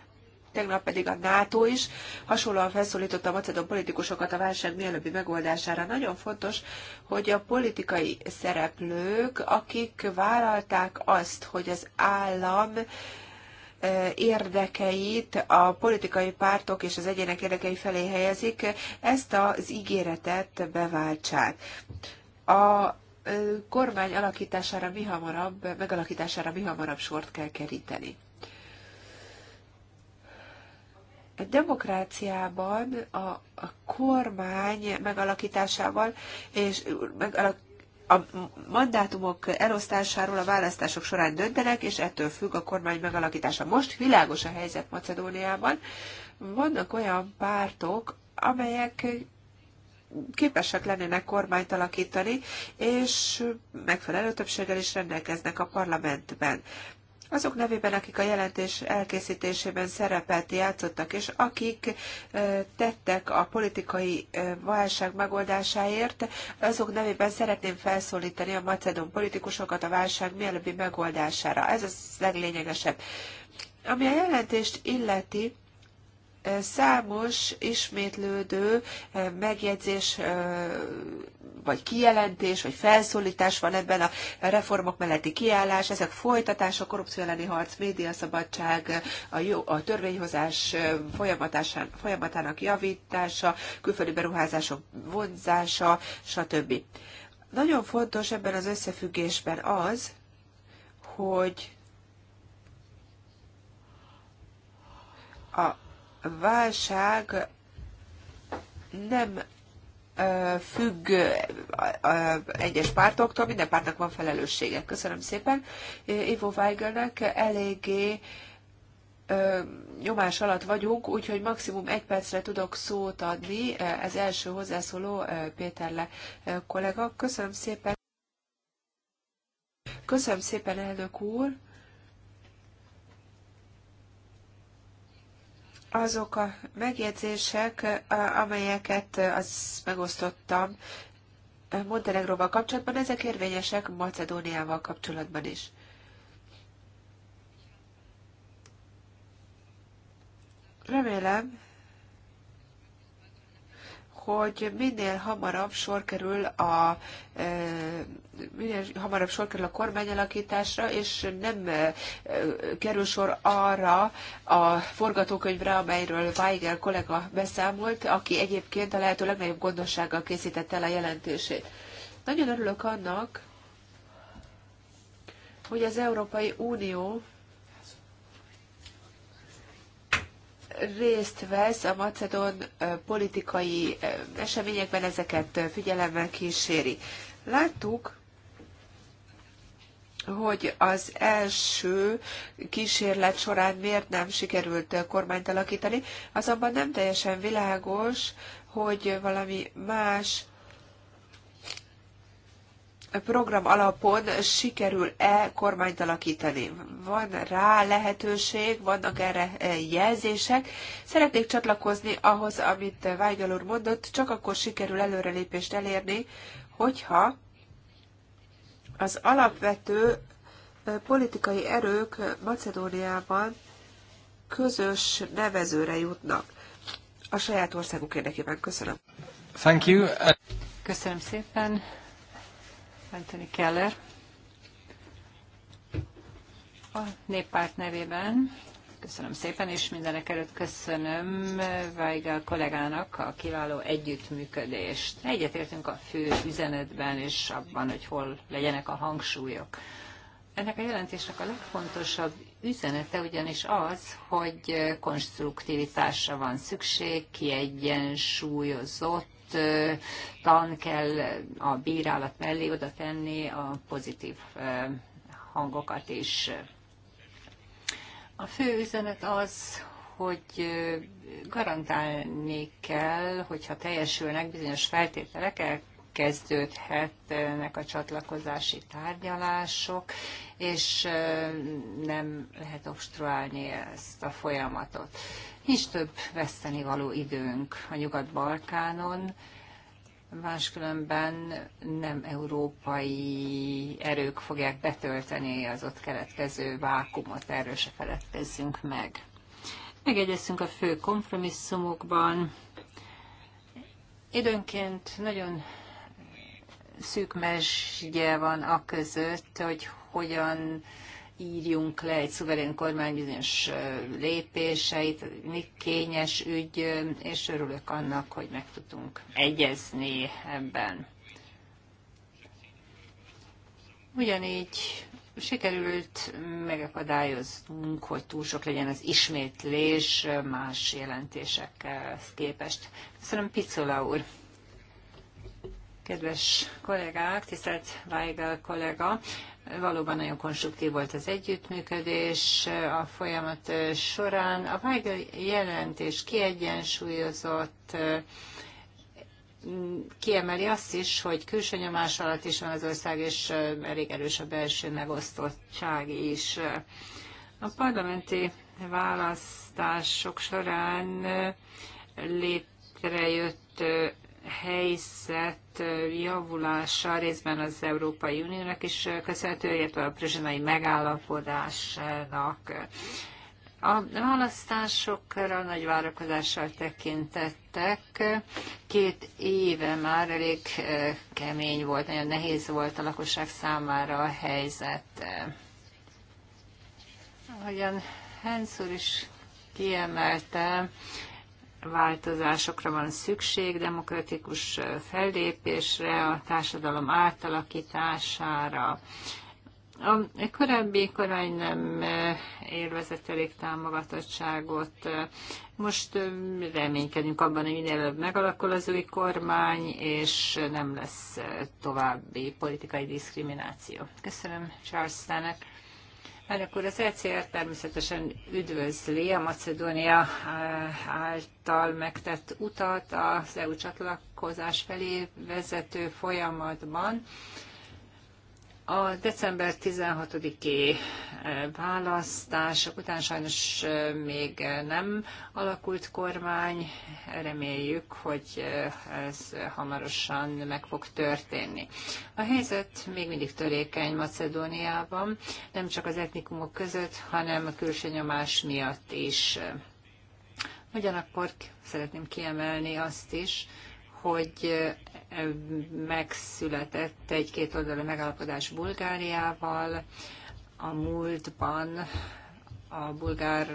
tegnap pedig a NATO is hasonlóan felszólította a macedon politikusokat a válság mielőbbi megoldására. Nagyon fontos, hogy a politikai szereplők, akik vállalták azt, hogy az állam érdekeit a politikai pártok és az egyének érdekei felé helyezik, ezt az ígéretet beváltsák a kormány alakítására mi hamarabb, megalakítására mi hamarabb sort kell keríteni. Egy demokráciában a, a kormány megalakításával és megalak, a mandátumok elosztásáról a választások során döntenek, és ettől függ a kormány megalakítása. Most világos a helyzet Macedóniában. Vannak olyan pártok, amelyek képesek lennének kormányt alakítani, és megfelelő többséggel is rendelkeznek a parlamentben. Azok nevében, akik a jelentés elkészítésében szerepelt játszottak, és akik tettek a politikai válság megoldásáért, azok nevében szeretném felszólítani a macedon politikusokat a válság mielőbbi megoldására. Ez az leglényegesebb. Ami a jelentést illeti, Számos ismétlődő megjegyzés, vagy kijelentés, vagy felszólítás van ebben a reformok melletti kiállás, ezek folytatása, korrupció elleni harc, médiaszabadság, a, jó, a törvényhozás folyamatának javítása, külföldi beruházások vonzása, stb. Nagyon fontos ebben az összefüggésben az, hogy válság nem függ egyes pártoktól, minden pártnak van felelőssége. Köszönöm szépen. Ivo Weigelnek eléggé nyomás alatt vagyunk, úgyhogy maximum egy percre tudok szót adni. Ez első hozzászóló Péterle kollega. Köszönöm szépen. Köszönöm szépen, elnök úr. azok a megjegyzések, amelyeket az megosztottam Montenegróval kapcsolatban, ezek érvényesek Macedóniával kapcsolatban is. Remélem, hogy minél hamarabb sor kerül a e, minél hamarabb sor kerül a kormányalakításra, és nem e, kerül sor arra a forgatókönyvre, amelyről Weigel kollega beszámolt, aki egyébként a lehető legnagyobb gondossággal készítette el a jelentését. Nagyon örülök annak, hogy az Európai Unió részt vesz a Macedon politikai eseményekben, ezeket figyelemmel kíséri. Láttuk, hogy az első kísérlet során miért nem sikerült kormányt alakítani, azonban nem teljesen világos, hogy valami más program alapon sikerül-e kormányt alakítani? Van rá lehetőség, vannak erre eh, jelzések. Szeretnék csatlakozni ahhoz, amit Vágyal úr mondott, csak akkor sikerül előrelépést elérni, hogyha az alapvető eh, politikai erők Macedóniában közös nevezőre jutnak. A saját országuk érdekében köszönöm. Thank you. Köszönöm szépen. Anthony Keller. A néppárt nevében köszönöm szépen, és mindenek előtt köszönöm Weigel kollégának a kiváló együttműködést. Egyetértünk a fő üzenetben, és abban, hogy hol legyenek a hangsúlyok. Ennek a jelentésnek a legfontosabb üzenete ugyanis az, hogy konstruktivitásra van szükség, kiegyensúlyozott tan kell a bírálat mellé oda tenni a pozitív hangokat is. A fő üzenet az, hogy garantálni kell, hogyha teljesülnek bizonyos feltételek, kezdődhetnek a csatlakozási tárgyalások, és nem lehet obstruálni ezt a folyamatot. Nincs több vesztenivaló időnk a Nyugat-Balkánon, máskülönben nem európai erők fogják betölteni az ott keletkező vákumot, erről se feledkezzünk meg. Megegyeztünk a fő kompromisszumokban. Időnként nagyon szűk mesgye van a között, hogy hogyan írjunk le egy szuverén kormány bizonyos lépéseit, még kényes ügy, és örülök annak, hogy meg tudunk egyezni ebben. Ugyanígy sikerült megakadályoznunk, hogy túl sok legyen az ismétlés más jelentésekkel képest. Köszönöm, Picola úr! Kedves kollégák, tisztelt Weigel kollega, Valóban nagyon konstruktív volt az együttműködés a folyamat során. A vágya jelentés kiegyensúlyozott, kiemeli azt is, hogy külső nyomás alatt is van az ország, és elég erős a belső megosztottság is. A parlamenti választások során létrejött helyzet javulása részben az Európai Uniónak is köszönhető, illetve a prizsinai megállapodásnak. A választásokra nagy várakozással tekintettek. Két éve már elég eh, kemény volt, nagyon nehéz volt a lakosság számára a helyzet. Ahogyan Hens is kiemelte, változásokra van szükség, demokratikus fellépésre, a társadalom átalakítására. A korábbi kormány nem élvezett elég támogatottságot. Most reménykedünk abban, hogy minél előbb megalakul az új kormány, és nem lesz további politikai diszkrimináció. Köszönöm Charles Stanek. Elnök úr, az ECR természetesen üdvözli a Macedónia eh, által megtett utat az EU csatlakozás felé vezető folyamatban. A december 16-i eh, választások után sajnos eh, még eh, nem alakult kormány. Reméljük, hogy ez hamarosan meg fog történni. A helyzet még mindig törékeny Macedóniában, nem csak az etnikumok között, hanem a külső nyomás miatt is. Ugyanakkor szeretném kiemelni azt is, hogy megszületett egy két oldalú megállapodás Bulgáriával. A múltban a bulgár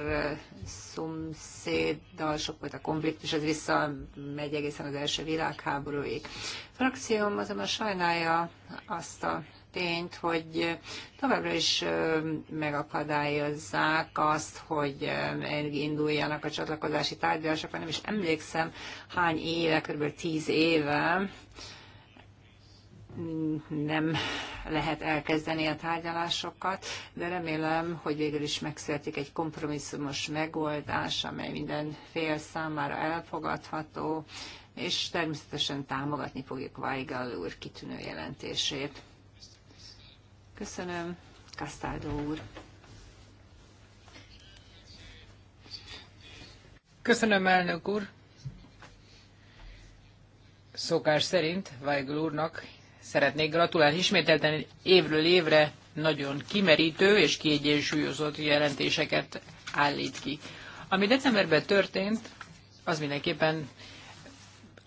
szomszéddal sok volt a konfliktus, ez megy egészen az első világháborúig. A frakcióm azonban sajnálja azt a tényt, hogy továbbra is megakadályozzák azt, hogy induljanak a csatlakozási tárgyalások, nem is emlékszem hány éve, kb. tíz éve nem lehet elkezdeni a tárgyalásokat, de remélem, hogy végül is megszületik egy kompromisszumos megoldás, amely minden fél számára elfogadható, és természetesen támogatni fogjuk Weigel úr kitűnő jelentését. Köszönöm. Kasztáldó úr. Köszönöm, elnök úr. Szokás szerint Weigl úrnak szeretnék gratulálni ismételten évről évre nagyon kimerítő és kiegyensúlyozott jelentéseket állít ki. Ami decemberben történt, az mindenképpen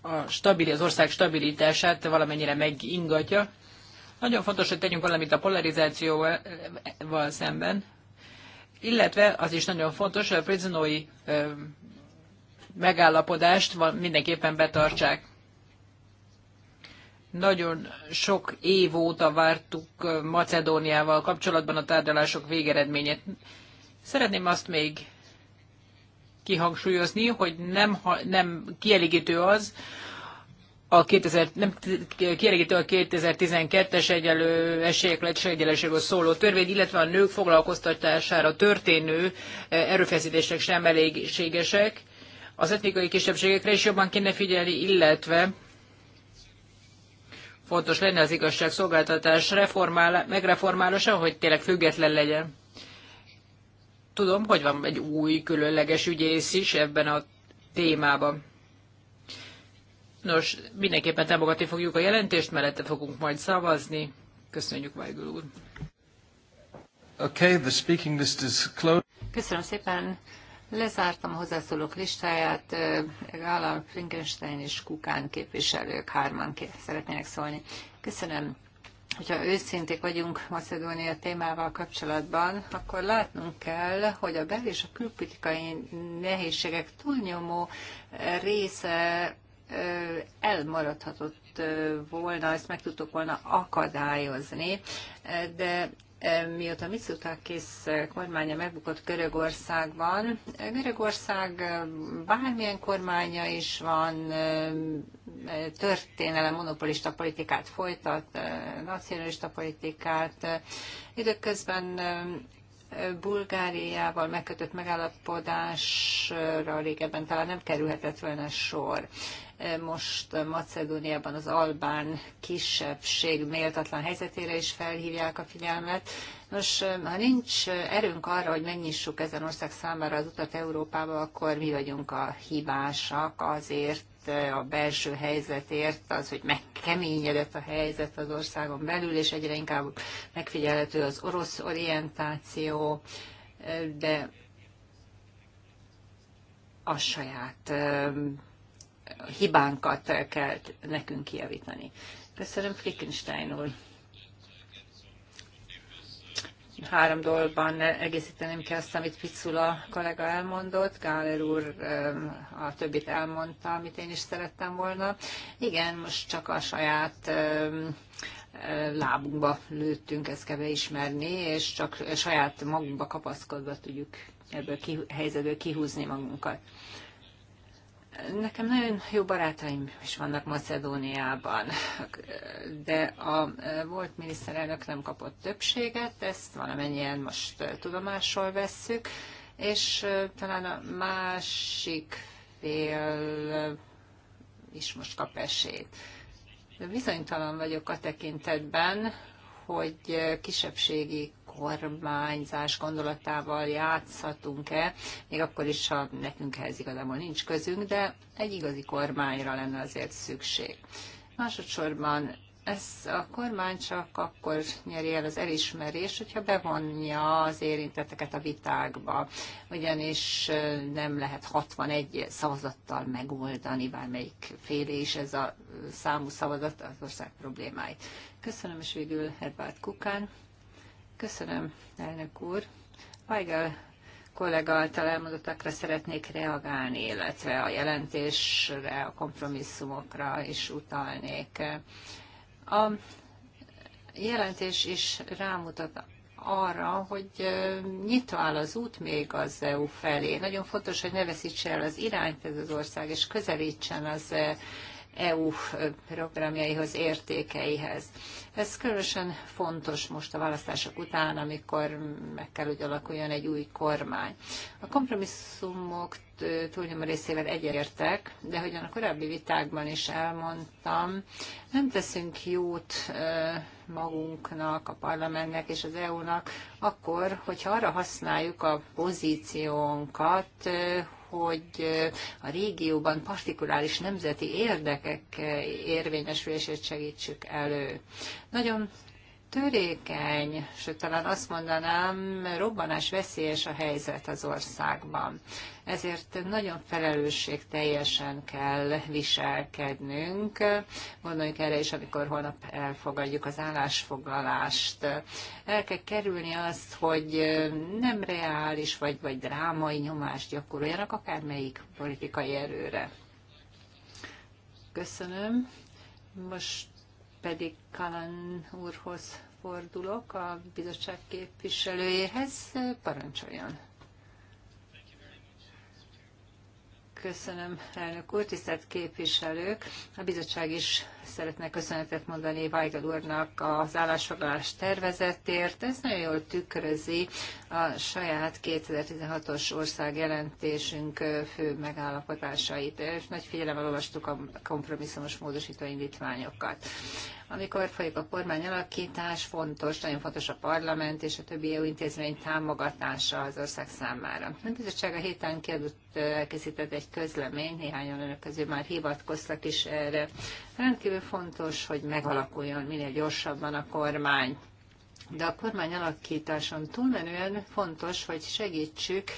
a stabil, az ország stabilitását valamennyire megingatja, nagyon fontos, hogy tegyünk valamit a polarizációval szemben, illetve az is nagyon fontos, hogy a prizonói megállapodást mindenképpen betartsák. Nagyon sok év óta vártuk Macedóniával kapcsolatban a tárgyalások végeredményét. Szeretném azt még kihangsúlyozni, hogy nem, nem kielégítő az, a 2000, nem kielégítő a 2012-es egyenlő esélyek egyenlőségről szóló törvény, illetve a nők foglalkoztatására történő eh, erőfeszítések sem elégségesek. Az etnikai kisebbségekre is jobban kéne figyelni, illetve fontos lenne az igazságszolgáltatás reformál, megreformálása, hogy tényleg független legyen. Tudom, hogy van egy új különleges ügyész is ebben a témában. Nos, mindenképpen támogatni fogjuk a jelentést, mellette fogunk majd szavazni. Köszönjük, Weigl úr. Okay, the speaking list is closed. Köszönöm szépen. Lezártam a hozzászólók listáját. Gála, Frankenstein és Kukán képviselők hárman ké szeretnének szólni. Köszönöm. Hogyha őszinték vagyunk Macedónia témával kapcsolatban, akkor látnunk kell, hogy a bel- és a külpolitikai nehézségek túlnyomó része elmaradhatott volna, ezt meg tudtuk volna akadályozni, de mióta Mitsotakis kormánya megbukott Görögországban. Görögország bármilyen kormánya is van, történelem monopolista politikát folytat, nacionalista politikát. Időközben Bulgáriával megkötött megállapodásra régebben talán nem kerülhetett volna sor most Macedóniában az albán kisebbség méltatlan helyzetére is felhívják a figyelmet. Nos, ha nincs erőnk arra, hogy megnyissuk ezen ország számára az utat Európába, akkor mi vagyunk a hibásak azért, a belső helyzetért, az, hogy megkeményedett a helyzet az országon belül, és egyre inkább megfigyelhető az orosz orientáció, de a saját hibánkat kell nekünk kijavítani. Köszönöm, Flickenstein úr. Három dolgban egészíteném ki azt, amit Picula kollega elmondott, Gáler úr a többit elmondta, amit én is szerettem volna. Igen, most csak a saját lábunkba lőttünk, ezt kell beismerni, és csak saját magunkba kapaszkodva tudjuk ebből a helyzetből kihúzni magunkat. Nekem nagyon jó barátaim is vannak Macedóniában, de a e, volt miniszterelnök nem kapott többséget, ezt valamennyien most e, tudomásról vesszük, és e, talán a másik fél is most kap esélyt. De bizonytalan vagyok a tekintetben, hogy kisebbségi kormányzás gondolatával játszhatunk-e, még akkor is, ha nekünk ehhez igazából nincs közünk, de egy igazi kormányra lenne azért szükség. Másodszorban ez a kormány csak akkor nyeri el az elismerés, hogyha bevonja az érintetteket a vitákba, ugyanis nem lehet 61 szavazattal megoldani bármelyik félé is ez a számú szavazat az ország problémáit. Köszönöm, és végül Herbert Kukán. Köszönöm, elnök úr. Weigel kollega által elmondottakra szeretnék reagálni, illetve a jelentésre, a kompromisszumokra is utalnék. A jelentés is rámutat arra, hogy nyitva áll az út még az EU felé. Nagyon fontos, hogy ne veszítse el az irányt ez az ország, és közelítsen az EU programjaihoz, értékeihez. Ez különösen fontos most a választások után, amikor meg kell, hogy alakuljon egy új kormány. A kompromisszumok túlnyomó részével egyértek, de hogyan a korábbi vitákban is elmondtam, nem teszünk jót magunknak, a parlamentnek és az EU-nak, akkor, hogyha arra használjuk a pozíciónkat, hogy a régióban partikuláris nemzeti érdekek érvényesülését segítsük elő. Nagyon törékeny, sőt talán azt mondanám, robbanás veszélyes a helyzet az országban. Ezért nagyon felelősség teljesen kell viselkednünk. Gondoljunk erre is, amikor holnap elfogadjuk az állásfoglalást. El kell kerülni azt, hogy nem reális vagy, vagy drámai nyomást gyakoroljanak akármelyik politikai erőre. Köszönöm. Most pedig Kalan úrhoz fordulok a bizottság képviselőjéhez. Parancsoljon! Köszönöm, elnök úr, tisztelt képviselők! A bizottság is szeretnék köszönetet mondani Vajdal úrnak az állásfoglalás tervezetért. Ez nagyon jól tükrözi a saját 2016-os ország jelentésünk fő megállapotásait. És nagy figyelemmel olvastuk a kompromisszumos módosító indítványokat. Amikor folyik a kormány alakítás, fontos, nagyon fontos a parlament és a többi EU intézmény támogatása az ország számára. A bizottság a héten kiadott, elkészített egy közlemény, néhányan önök közül már hivatkoztak is erre. Rendkívül fontos, hogy megalakuljon minél gyorsabban a kormány. De a kormány alakításon túlmenően fontos, hogy segítsük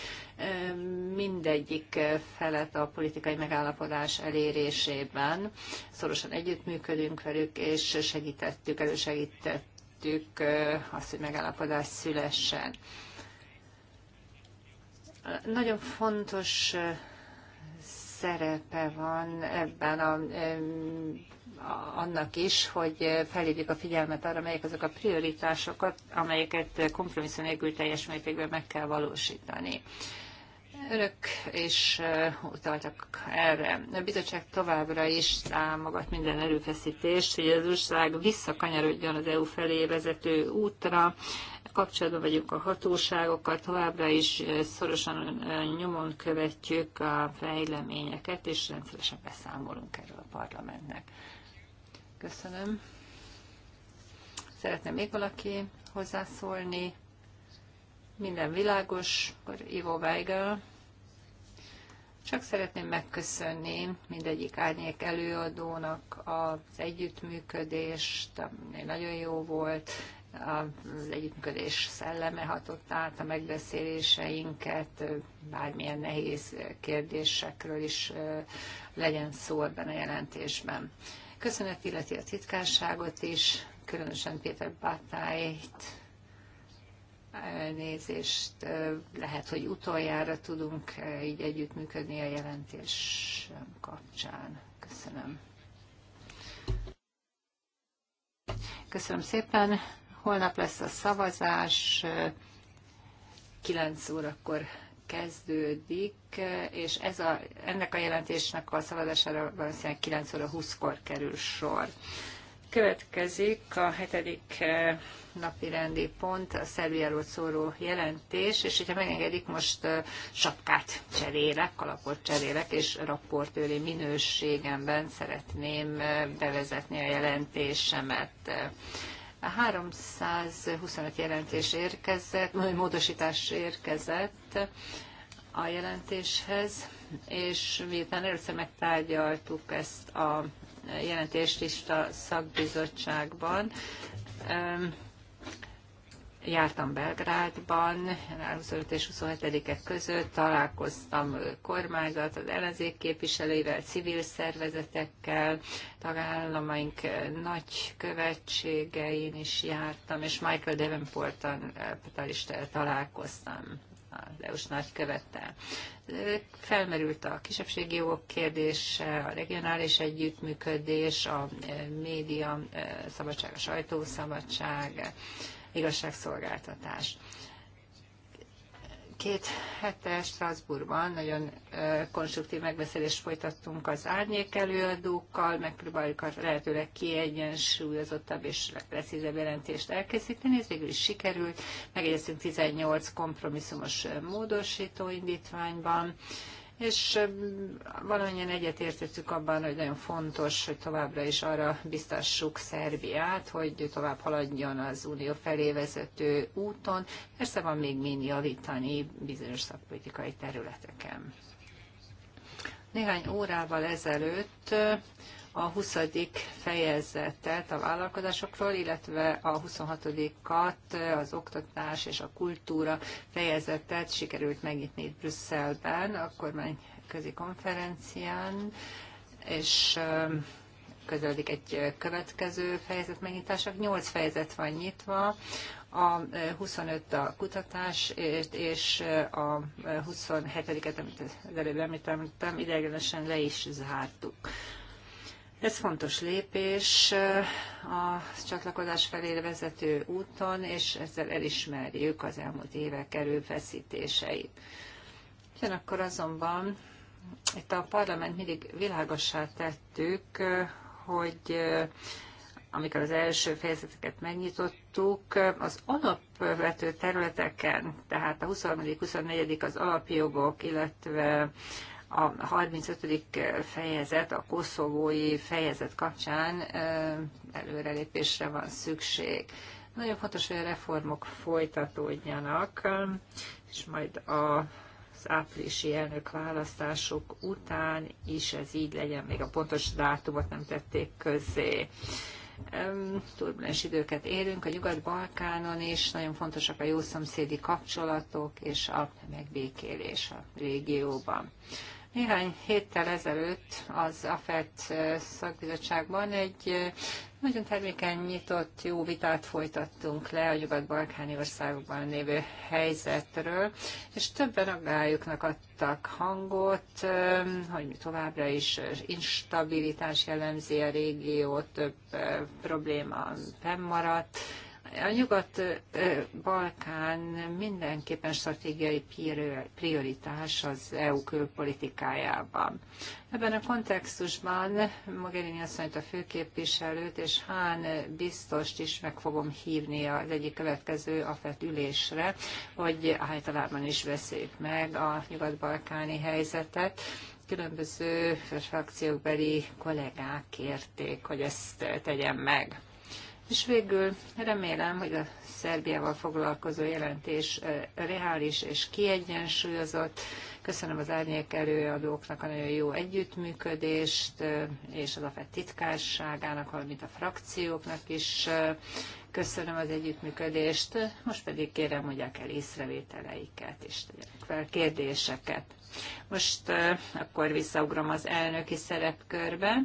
mindegyik felet a politikai megállapodás elérésében. Szorosan együttműködünk velük, és segítettük, elősegítettük azt, hogy megállapodás szülessen. Nagyon fontos szerepe van ebben a, annak is, hogy felhívjuk a figyelmet arra, melyek azok a prioritásokat, amelyeket kompromisszum nélkül teljes mértékben meg kell valósítani. Önök és utaltak erre. A bizottság továbbra is támogat minden erőfeszítést, hogy az ország visszakanyarodjon az EU felé vezető útra, Kapcsolatban vagyunk a hatóságokkal, továbbra is szorosan nyomon követjük a fejleményeket, és rendszeresen beszámolunk erről a parlamentnek. Köszönöm. Szeretne még valaki hozzászólni? Minden világos, akkor Ivo Weigel. Csak szeretném megköszönni mindegyik árnyék előadónak az együttműködést, ami nagyon jó volt, az együttműködés szelleme hatott át a megbeszéléseinket, bármilyen nehéz kérdésekről is legyen szó ebben a jelentésben. Köszönet illeti a titkárságot is, különösen Péter Bátáit, elnézést, lehet, hogy utoljára tudunk így együttműködni a jelentés kapcsán. Köszönöm. Köszönöm szépen. Holnap lesz a szavazás, 9 órakor kezdődik, és ez a, ennek a jelentésnek a szavazására valószínűleg 9 óra 20-kor kerül sor. Következik a hetedik eh, napi rendi pont, a Szerbiáról szóló jelentés, és hogyha megengedik, most eh, sapkát cserélek, kalapot cserélek, és raportőri minőségemben szeretném eh, bevezetni a jelentésemet. 325 jelentés érkezett, módosítás érkezett a jelentéshez, és miután először megtárgyaltuk ezt a jelentést is a szakbizottságban, jártam Belgrádban, 25 és 27-ek között találkoztam kormányzat, az ellenzék képviselőivel, civil szervezetekkel, tagállamaink nagy követségein is jártam, és Michael Davenporttal eh, is találkoztam az EU-s nagykövettel. Felmerült a kisebbségi jogok kérdése, a regionális együttműködés, a eh, média eh, szabadság, a sajtószabadság, igazságszolgáltatás. Két hete Strasbourgban nagyon konstruktív megbeszélést folytattunk az árnyék előadókkal, megpróbáljuk a lehetőleg kiegyensúlyozottabb és precízebb jelentést elkészíteni, ez végül is sikerült. Megegyeztünk 18 kompromisszumos módosító indítványban és valamennyien egyetértettük abban, hogy nagyon fontos, hogy továbbra is arra biztassuk Szerbiát, hogy tovább haladjon az unió felé vezető úton. Persze van még mind javítani bizonyos szakpolitikai területeken. Néhány órával ezelőtt a 20. fejezetet a vállalkozásokról, illetve a 26-at, az oktatás és a kultúra fejezetet sikerült megnyitni itt Brüsszelben, a kormányközi konferencián, és um, közeledik egy következő fejezet megnyitása. 8 fejezet van nyitva, a 25 a kutatás, és a 27-et, amit az előbb említettem, ideiglenesen le is zártuk. Ez fontos lépés eh, a csatlakozás felé vezető úton, és ezzel elismerjük az elmúlt évek erőfeszítéseit. Ugyanakkor azonban itt a parlament mindig világossá tettük, eh, hogy eh, amikor az első fejezeteket megnyitottuk, az alapvető területeken, tehát a 23. 24. az alapjogok, illetve a 35. fejezet, a koszovói fejezet kapcsán előrelépésre van szükség. Nagyon fontos, hogy a reformok folytatódjanak, és majd a az áprilisi elnök választások után is ez így legyen, még a pontos dátumot nem tették közzé. Turbulens időket élünk a Nyugat-Balkánon, és nagyon fontosak a jószomszédi kapcsolatok és a megbékélés a régióban. Néhány héttel ezelőtt az AFET szakbizottságban egy nagyon termékeny, nyitott, jó vitát folytattunk le a nyugat-balkáni országokban lévő helyzetről, és többen aggályoknak adtak hangot, hogy továbbra is instabilitás jellemzi a régiót, több probléma fennmaradt, a Nyugat-Balkán mindenképpen stratégiai prioritás az EU külpolitikájában. Ebben a kontextusban Mogherini asszonyt a főképviselőt és Hán biztost is meg fogom hívni az egyik következő AFET ülésre, hogy általában is veszélyt meg a nyugat-balkáni helyzetet, különböző frakciókbeli kollégák kérték, hogy ezt tegyem meg. És végül remélem, hogy a Szerbiával foglalkozó jelentés reális és kiegyensúlyozott. Köszönöm az árnyék előadóknak a nagyon jó együttműködést, és az AFET titkárságának, valamint a frakcióknak is köszönöm az együttműködést. Most pedig kérem, mondják el észrevételeiket, és tegyenek fel kérdéseket. Most akkor visszaugrom az elnöki szerepkörbe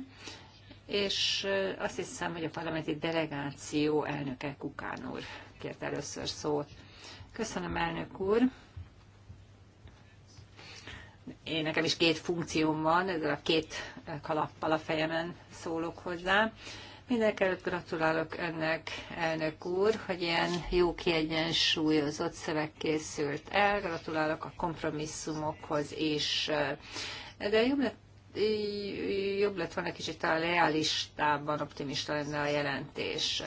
és azt hiszem, hogy a parlamenti delegáció elnöke Kukán úr kért először szót. Köszönöm, elnök úr! Én nekem is két funkcióm van, ez a két kalappal a fejemen szólok hozzá. Mindenkelőtt előtt gratulálok önnek, elnök úr, hogy ilyen jó kiegyensúlyozott szöveg készült el. Gratulálok a kompromisszumokhoz is. De jobb lett jobb lett volna kicsit a realistában optimista lenne a jelentés.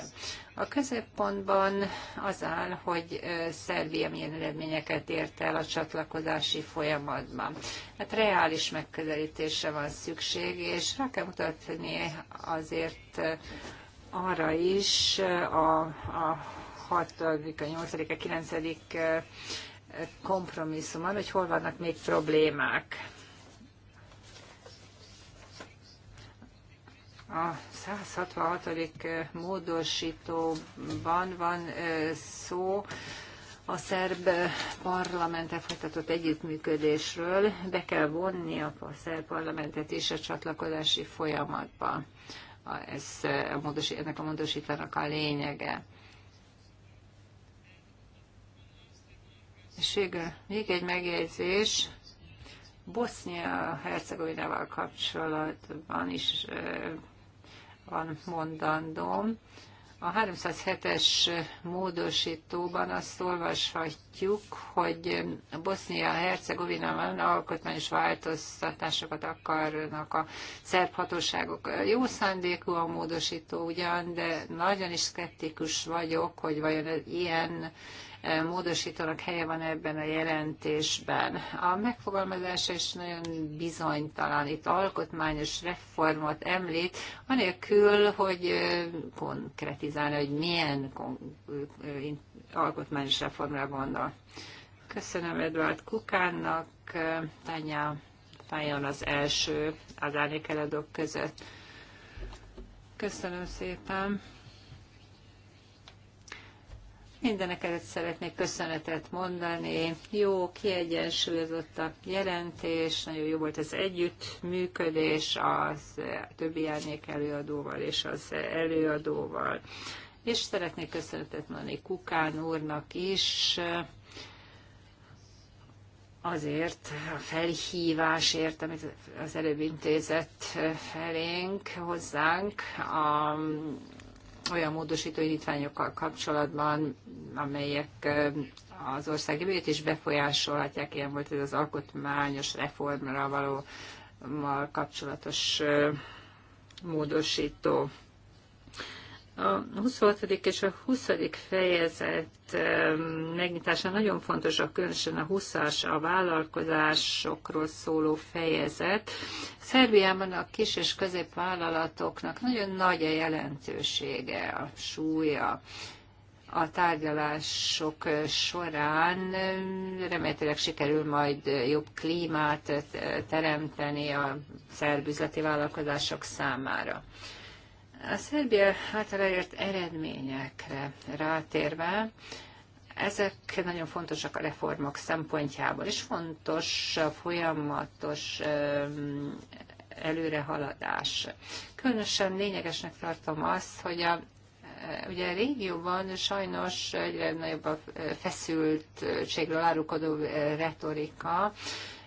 A középpontban az áll, hogy Szerbia milyen eredményeket ért el a csatlakozási folyamatban. Hát reális megközelítése van szükség, és rá kell mutatni azért arra is a, a 6., a 8., a 9. kompromisszumon, hogy hol vannak még problémák A 166. módosítóban van szó a szerb parlamentet folytatott együttműködésről. Be kell vonni a szerb parlamentet is a csatlakozási folyamatba. Ez a módos, ennek a módosítanak a lényege. És még egy megjegyzés. Bosznia-Hercegovinával kapcsolatban is van mondandóm. A 307-es módosítóban azt olvashatjuk, hogy Bosznia-Hercegovinában alkotmányos változtatásokat akarnak a szerb hatóságok. Jó szándékú a módosító ugyan, de nagyon is szkeptikus vagyok, hogy vajon ilyen módosítónak helye van ebben a jelentésben. A megfogalmazása is nagyon bizonytalan. Itt alkotmányos reformot említ, anélkül, hogy konkretizálni, hogy milyen alkotmányos reformra gondol. Köszönöm Edward Kukánnak, Tanya Fajon az első az árnyékeladók között. Köszönöm szépen. Mindenek előtt szeretnék köszönetet mondani. Jó, kiegyensúlyozott a jelentés, nagyon jó volt az együttműködés az többi árnyék előadóval és az előadóval. És szeretnék köszönetet mondani Kukán úrnak is, azért a felhívásért, amit az előbb intézett felénk, hozzánk, a olyan módosító indítványokkal kapcsolatban, amelyek az ország jövőjét is befolyásolhatják, ilyen volt ez az alkotmányos reformra való kapcsolatos módosító. A 26. és a 20. fejezet megnyitása nagyon fontos, a különösen a 20-as, a vállalkozásokról szóló fejezet. Szerbiában a kis és középvállalatoknak nagyon nagy a jelentősége, a súlya a tárgyalások során remélhetőleg sikerül majd jobb klímát eh, teremteni a szerb vállalkozások számára. A Szerbia által elért eredményekre rátérve, ezek nagyon fontosak a reformok szempontjából, és fontos a folyamatos előrehaladás. Különösen lényegesnek tartom azt, hogy a Ugye a régióban sajnos egyre nagyobb a feszültségről árukodó retorika,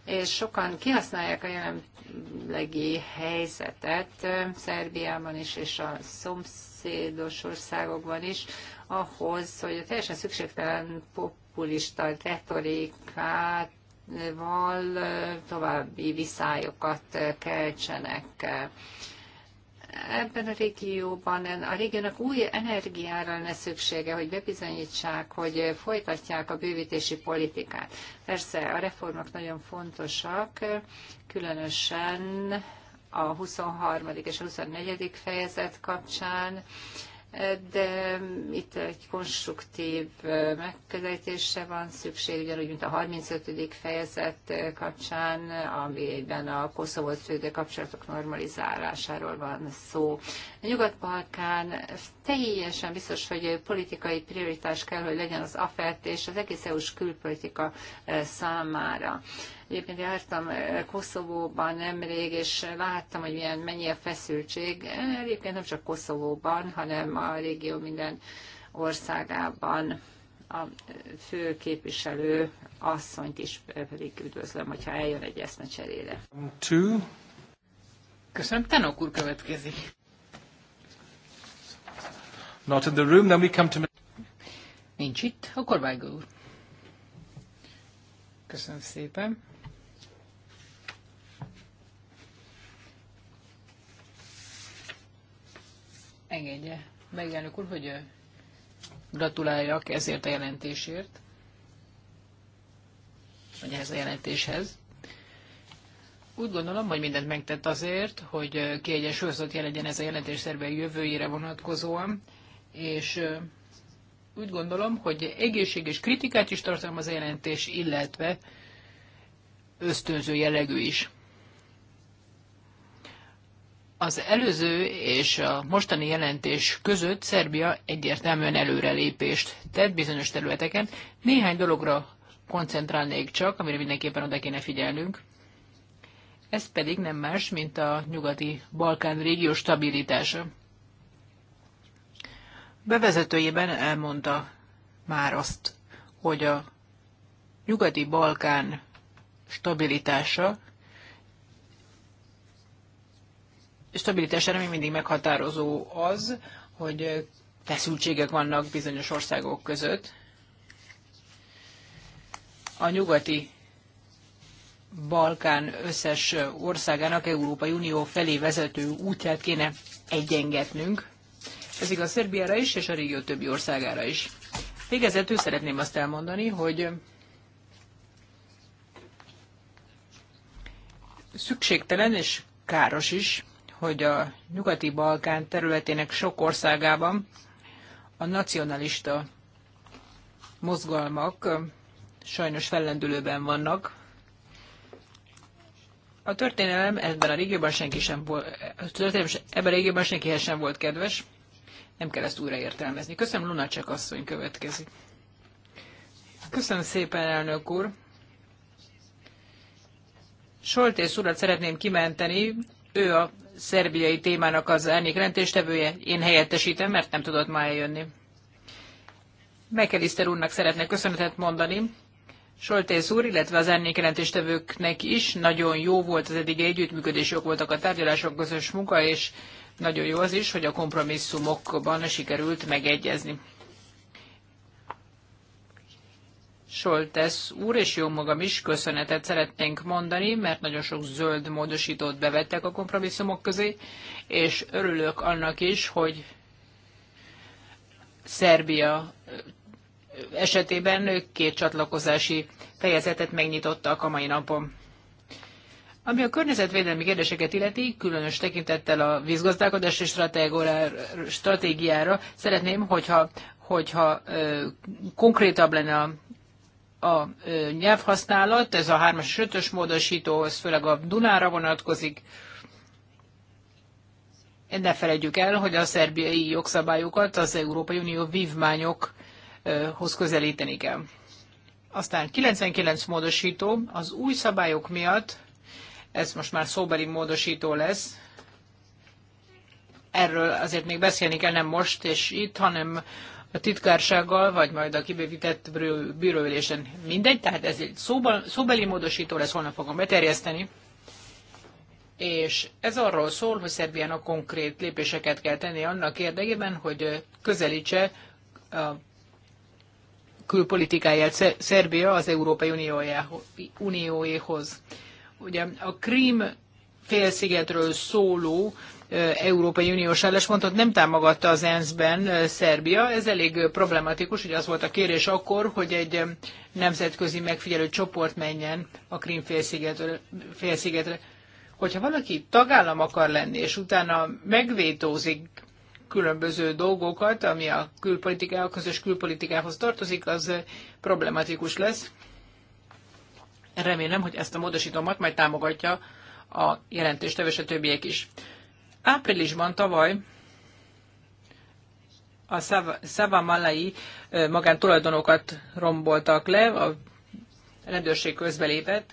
és sokan kihasználják a jelen jelenlegi helyzetet Szerbiában is, és a szomszédos országokban is, ahhoz, hogy a teljesen szükségtelen populista retorikát val további viszályokat keltsenek ebben a régióban a régiónak új energiára lenne szüksége, hogy bebizonyítsák, hogy folytatják a bővítési politikát. Persze a reformok nagyon fontosak, különösen a 23. és a 24. fejezet kapcsán, de itt egy konstruktív megközelítése van szükség, ugyanúgy, mint a 35. fejezet kapcsán, amiben a koszovó fődő kapcsolatok normalizálásáról van szó. A Nyugat-Balkán teljesen biztos, hogy politikai prioritás kell, hogy legyen az afert és az egész EU-s külpolitika számára. Egyébként jártam eh, Koszovóban nemrég, és láttam, hogy milyen mennyi a feszültség. Eh, egyébként nem csak Koszovóban, hanem a régió minden országában a fő képviselő asszonyt is eh, pedig üdvözlöm, hogyha eljön egy eszmecserére. Two. Köszönöm, Tenok úr következik. Not in the room, then we come to... Nincs itt, akkor vágó úr. Köszönöm szépen. Engedje meg, elnök úr, hogy gratuláljak ezért a jelentésért, vagy ehhez a jelentéshez. Úgy gondolom, hogy mindent megtett azért, hogy kiegyensúlyozott legyen ez a jelentés Szerbia jövőjére vonatkozóan, és úgy gondolom, hogy egészséges kritikát is tartalmaz a jelentés, illetve ösztönző jellegű is. Az előző és a mostani jelentés között Szerbia egyértelműen előrelépést tett bizonyos területeken. Néhány dologra koncentrálnék csak, amire mindenképpen oda kéne figyelnünk. Ez pedig nem más, mint a nyugati Balkán régió stabilitása. Bevezetőjében elmondta már azt, hogy a nyugati Balkán stabilitása stabilitására még mindig meghatározó az, hogy feszültségek vannak bizonyos országok között. A nyugati Balkán összes országának Európai Unió felé vezető útját kéne egyengetnünk. Ez igaz Szerbiára is, és a régió többi országára is. Végezetül szeretném azt elmondani, hogy szükségtelen és káros is hogy a nyugati Balkán területének sok országában a nacionalista mozgalmak sajnos fellendülőben vannak. A történelem ebben a régióban senki sem volt, a történelem ebben a régióban senkihez sem volt kedves. Nem kell ezt újraértelmezni. Köszönöm, csak asszony következik. Köszönöm szépen, elnök úr. Soltész urat szeretném kimenteni, ő a szerbiai témának az árnyék én helyettesítem, mert nem tudott ma eljönni. Mekeliszter úrnak szeretnék köszönetet mondani, Soltész úr, illetve az árnyékjelentéstevőknek is nagyon jó volt az eddigi együttműködés, jók voltak a tárgyalások, közös munka, és nagyon jó az is, hogy a kompromisszumokban sikerült megegyezni. Soltesz úr, és jó magam is köszönetet szeretnénk mondani, mert nagyon sok zöld módosítót bevettek a kompromisszumok közé, és örülök annak is, hogy Szerbia esetében két csatlakozási fejezetet megnyitottak a mai napon. Ami a környezetvédelmi kérdéseket illeti, különös tekintettel a vízgazdálkodási stratégiára, szeretném, hogyha, hogyha ö, konkrétabb lenne a a nyelvhasználat, ez a 3-as és 5-ös módosítóhoz, főleg a Dunára vonatkozik. Ne felejtjük el, hogy a szerbiai jogszabályokat az Európai Unió vívmányokhoz közelíteni kell. Aztán 99 módosító az új szabályok miatt, ez most már szóbeli módosító lesz, erről azért még beszélni kell nem most és itt, hanem a titkársággal, vagy majd a kibővített bűrőülésen mindegy, tehát ez egy szóba, szóbeli módosító lesz, holnap fogom beterjeszteni. És ez arról szól, hogy Szerbiának konkrét lépéseket kell tenni annak érdekében, hogy közelítse a külpolitikáját Szerbia az Európai Unióéhoz. Ugye a Krím félszigetről szóló Európai Uniós álláspontot nem támogatta az ENSZ-ben Szerbia. Ez elég problematikus, hogy az volt a kérés akkor, hogy egy nemzetközi megfigyelő csoport menjen a Krim félszigetre. Hogyha valaki tagállam akar lenni, és utána megvétózik különböző dolgokat, ami a külpolitikához, közös külpolitikához tartozik, az problematikus lesz. Remélem, hogy ezt a módosítomat majd támogatja a jelentéstevő és a többiek is. Áprilisban tavaly a Szavamalai magántulajdonokat romboltak le, a rendőrség közbelépett.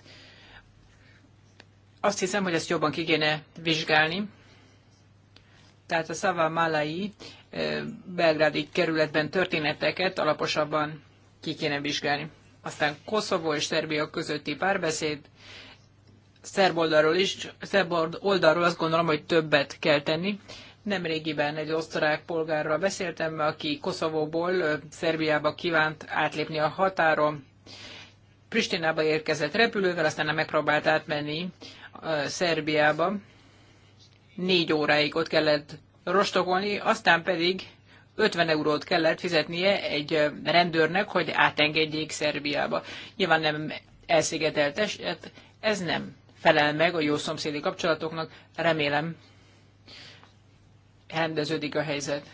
Azt hiszem, hogy ezt jobban ki kéne vizsgálni. Tehát a Malai belgrádi kerületben történeteket alaposabban ki kéne vizsgálni. Aztán Koszovó és Szerbia közötti párbeszéd szerb oldalról is, szerb oldalról azt gondolom, hogy többet kell tenni. Nemrégiben egy osztrák polgárral beszéltem, aki Koszovóból Szerbiába kívánt átlépni a határon. Pristinába érkezett repülővel, aztán megpróbált átmenni Szerbiába. Négy óráig ott kellett rostogolni, aztán pedig 50 eurót kellett fizetnie egy rendőrnek, hogy átengedjék Szerbiába. Nyilván nem elszigetelt eset, hát ez nem felel meg a jó szomszédi kapcsolatoknak. Remélem, rendeződik a helyzet.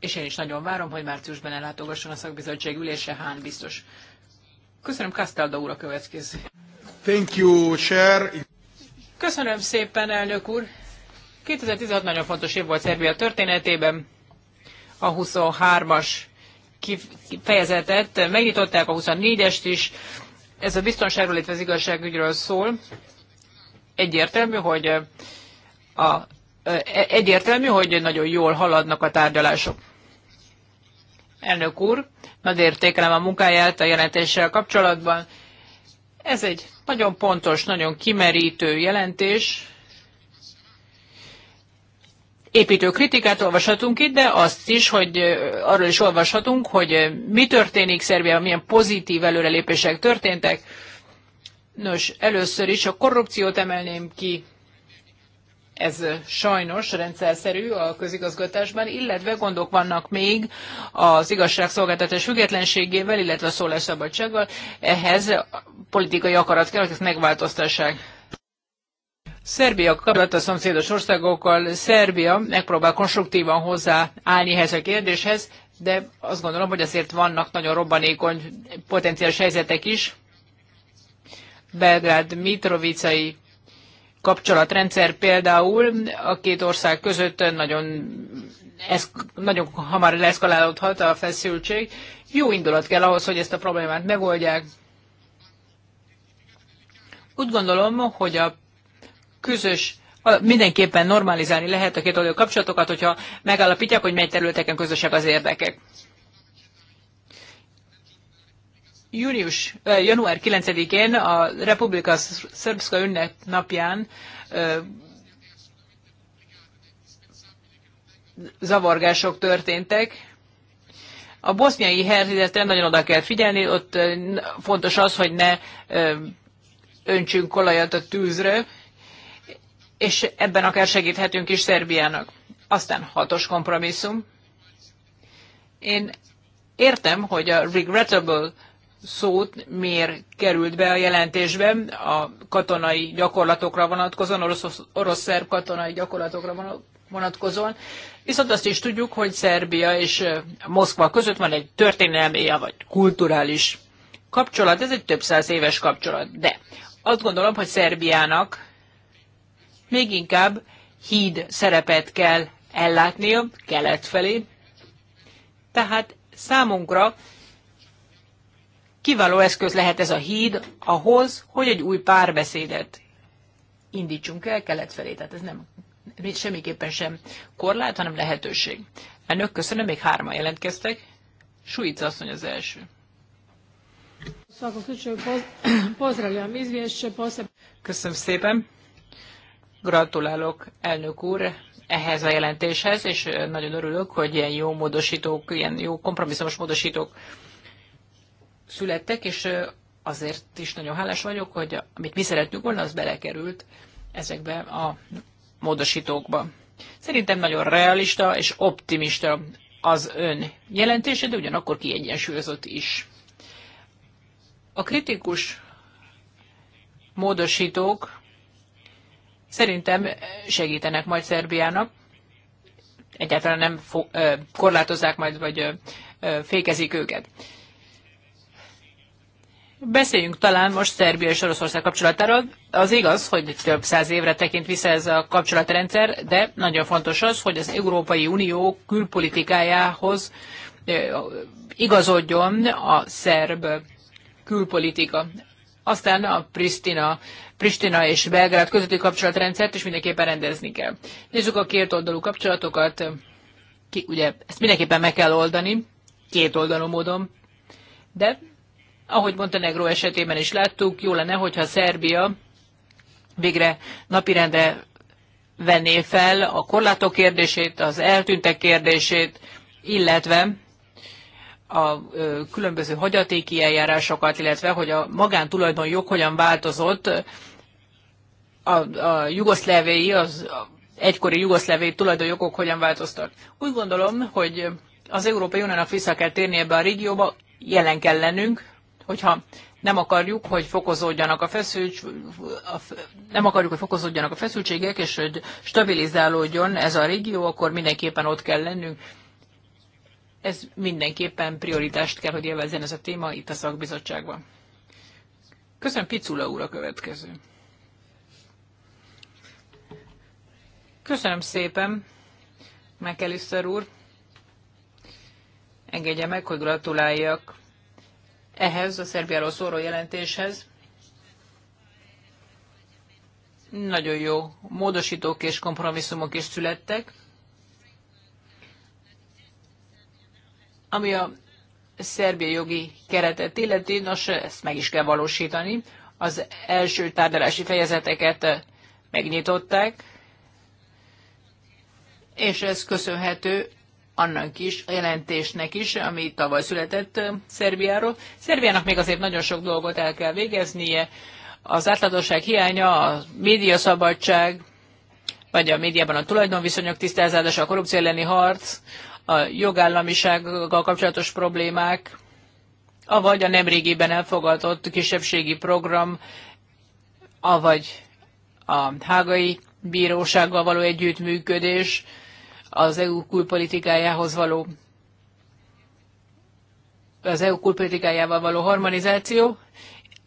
És én is nagyon várom, hogy márciusban ellátogasson a szakbizottság ülése, Hán biztos. Köszönöm, Castaldo úr a következő. Thank you, Chair. Köszönöm szépen, elnök úr. 2016 nagyon fontos év volt Szerbia történetében. A 23-as kifejezetet megnyitották, a 24-est is, ez a biztonságról, illetve az igazságügyről szól. Egyértelmű, hogy a, e-, egyértelmű, hogy nagyon jól haladnak a tárgyalások. Elnök úr, nagy értékelem a munkáját a jelentéssel kapcsolatban. Ez egy nagyon pontos, nagyon kimerítő jelentés, építő kritikát olvashatunk itt, de azt is, hogy arról is olvashatunk, hogy mi történik Szerbiában, milyen pozitív előrelépések történtek. Nos, először is a korrupciót emelném ki, ez sajnos rendszerszerű a közigazgatásban, illetve gondok vannak még az igazságszolgáltatás függetlenségével, illetve a szólásszabadsággal. Ehhez politikai akarat kell, hogy ezt megváltoztassák. Szerbia kapcsolat a szomszédos országokkal, Szerbia megpróbál konstruktívan hozzáállni ehhez a kérdéshez, de azt gondolom, hogy azért vannak nagyon robbanékony potenciális helyzetek is. Belgrád-Mitrovicai kapcsolatrendszer például a két ország között nagyon, ez, nagyon hamar leszkalálódhat a feszültség. Jó indulat kell ahhoz, hogy ezt a problémát megoldják. Úgy gondolom, hogy a közös mindenképpen normalizálni lehet a két oldalú kapcsolatokat, hogyha megállapítják, hogy mely területeken közösek az érdekek. Június, január 9-én a Republika Szerbszka ünnep napján zavargások történtek. A boszniai helyzetre nagyon oda kell figyelni, ott fontos az, hogy ne öntsünk olajat a tűzre, és ebben akár segíthetünk is Szerbiának. Aztán hatos kompromisszum. Én értem, hogy a regrettable szót miért került be a jelentésbe a katonai gyakorlatokra vonatkozóan, orosz-szerb katonai gyakorlatokra vonatkozóan. Viszont azt is tudjuk, hogy Szerbia és Moszkva között van egy történelmi, vagy kulturális kapcsolat, ez egy több száz éves kapcsolat. De azt gondolom, hogy Szerbiának még inkább híd szerepet kell ellátnia kelet felé. Tehát számunkra kiváló eszköz lehet ez a híd ahhoz, hogy egy új párbeszédet indítsunk el kelet felé. Tehát ez nem semmiképpen sem korlát, hanem lehetőség. Önök köszönöm, még hárman jelentkeztek. Suica asszony az első. Köszönöm szépen. Gratulálok, elnök úr, ehhez a jelentéshez, és nagyon örülök, hogy ilyen jó módosítók, ilyen jó kompromisszumos módosítók születtek, és azért is nagyon hálás vagyok, hogy amit mi szeretnünk volna, az belekerült ezekbe a módosítókba. Szerintem nagyon realista és optimista az ön jelentése, de ugyanakkor kiegyensúlyozott is. A kritikus módosítók szerintem segítenek majd Szerbiának. Egyáltalán nem korlátozzák majd, vagy fékezik őket. Beszéljünk talán most Szerbia és Oroszország kapcsolatáról. Az igaz, hogy több száz évre tekint vissza ez a kapcsolatrendszer, de nagyon fontos az, hogy az Európai Unió külpolitikájához igazodjon a szerb külpolitika. Aztán a Pristina Pristina és Belgrád közötti kapcsolatrendszert is mindenképpen rendezni kell. Nézzük a két oldalú kapcsolatokat. Ki, ugye ezt mindenképpen meg kell oldani, két oldalú módon, de ahogy Montenegro esetében is láttuk, jó lenne, hogyha Szerbia végre napirendre venné fel a korlátok kérdését, az eltűntek kérdését, illetve a különböző hagyatéki eljárásokat, illetve hogy a magántulajdon jog hogyan változott a, a jugoszlávéi, az a egykori jugoszlávéi tulajdonjogok hogyan változtak. Úgy gondolom, hogy az Európai Uniónak vissza kell térni ebbe a régióba, jelen kell lennünk, hogyha nem akarjuk, hogy fokozódjanak a, feszült, nem akarjuk, hogy fokozódjanak a feszültségek, és hogy stabilizálódjon ez a régió, akkor mindenképpen ott kell lennünk. Ez mindenképpen prioritást kell, hogy élvezzen ez a téma itt a szakbizottságban. Köszönöm, Picula úr a következő. Köszönöm szépen, McAllister úr. Engedje meg, hogy gratuláljak ehhez a Szerbiáról szóló jelentéshez. Nagyon jó módosítók és kompromisszumok is születtek. Ami a szerbia jogi keretet illeti, nos, ezt meg is kell valósítani. Az első tárgyalási fejezeteket megnyitották, és ez köszönhető annak is, a jelentésnek is, ami tavaly született Szerbiáról. Szerbiának még azért nagyon sok dolgot el kell végeznie. Az átlátosság hiánya, a médiaszabadság, vagy a médiában a tulajdonviszonyok tisztázása, a korrupció elleni harc, a jogállamisággal kapcsolatos problémák, avagy a nemrégiben elfogadott kisebbségi program, avagy a hágai bírósággal való együttműködés, az EU külpolitikájához való az EU külpolitikájával való harmonizáció,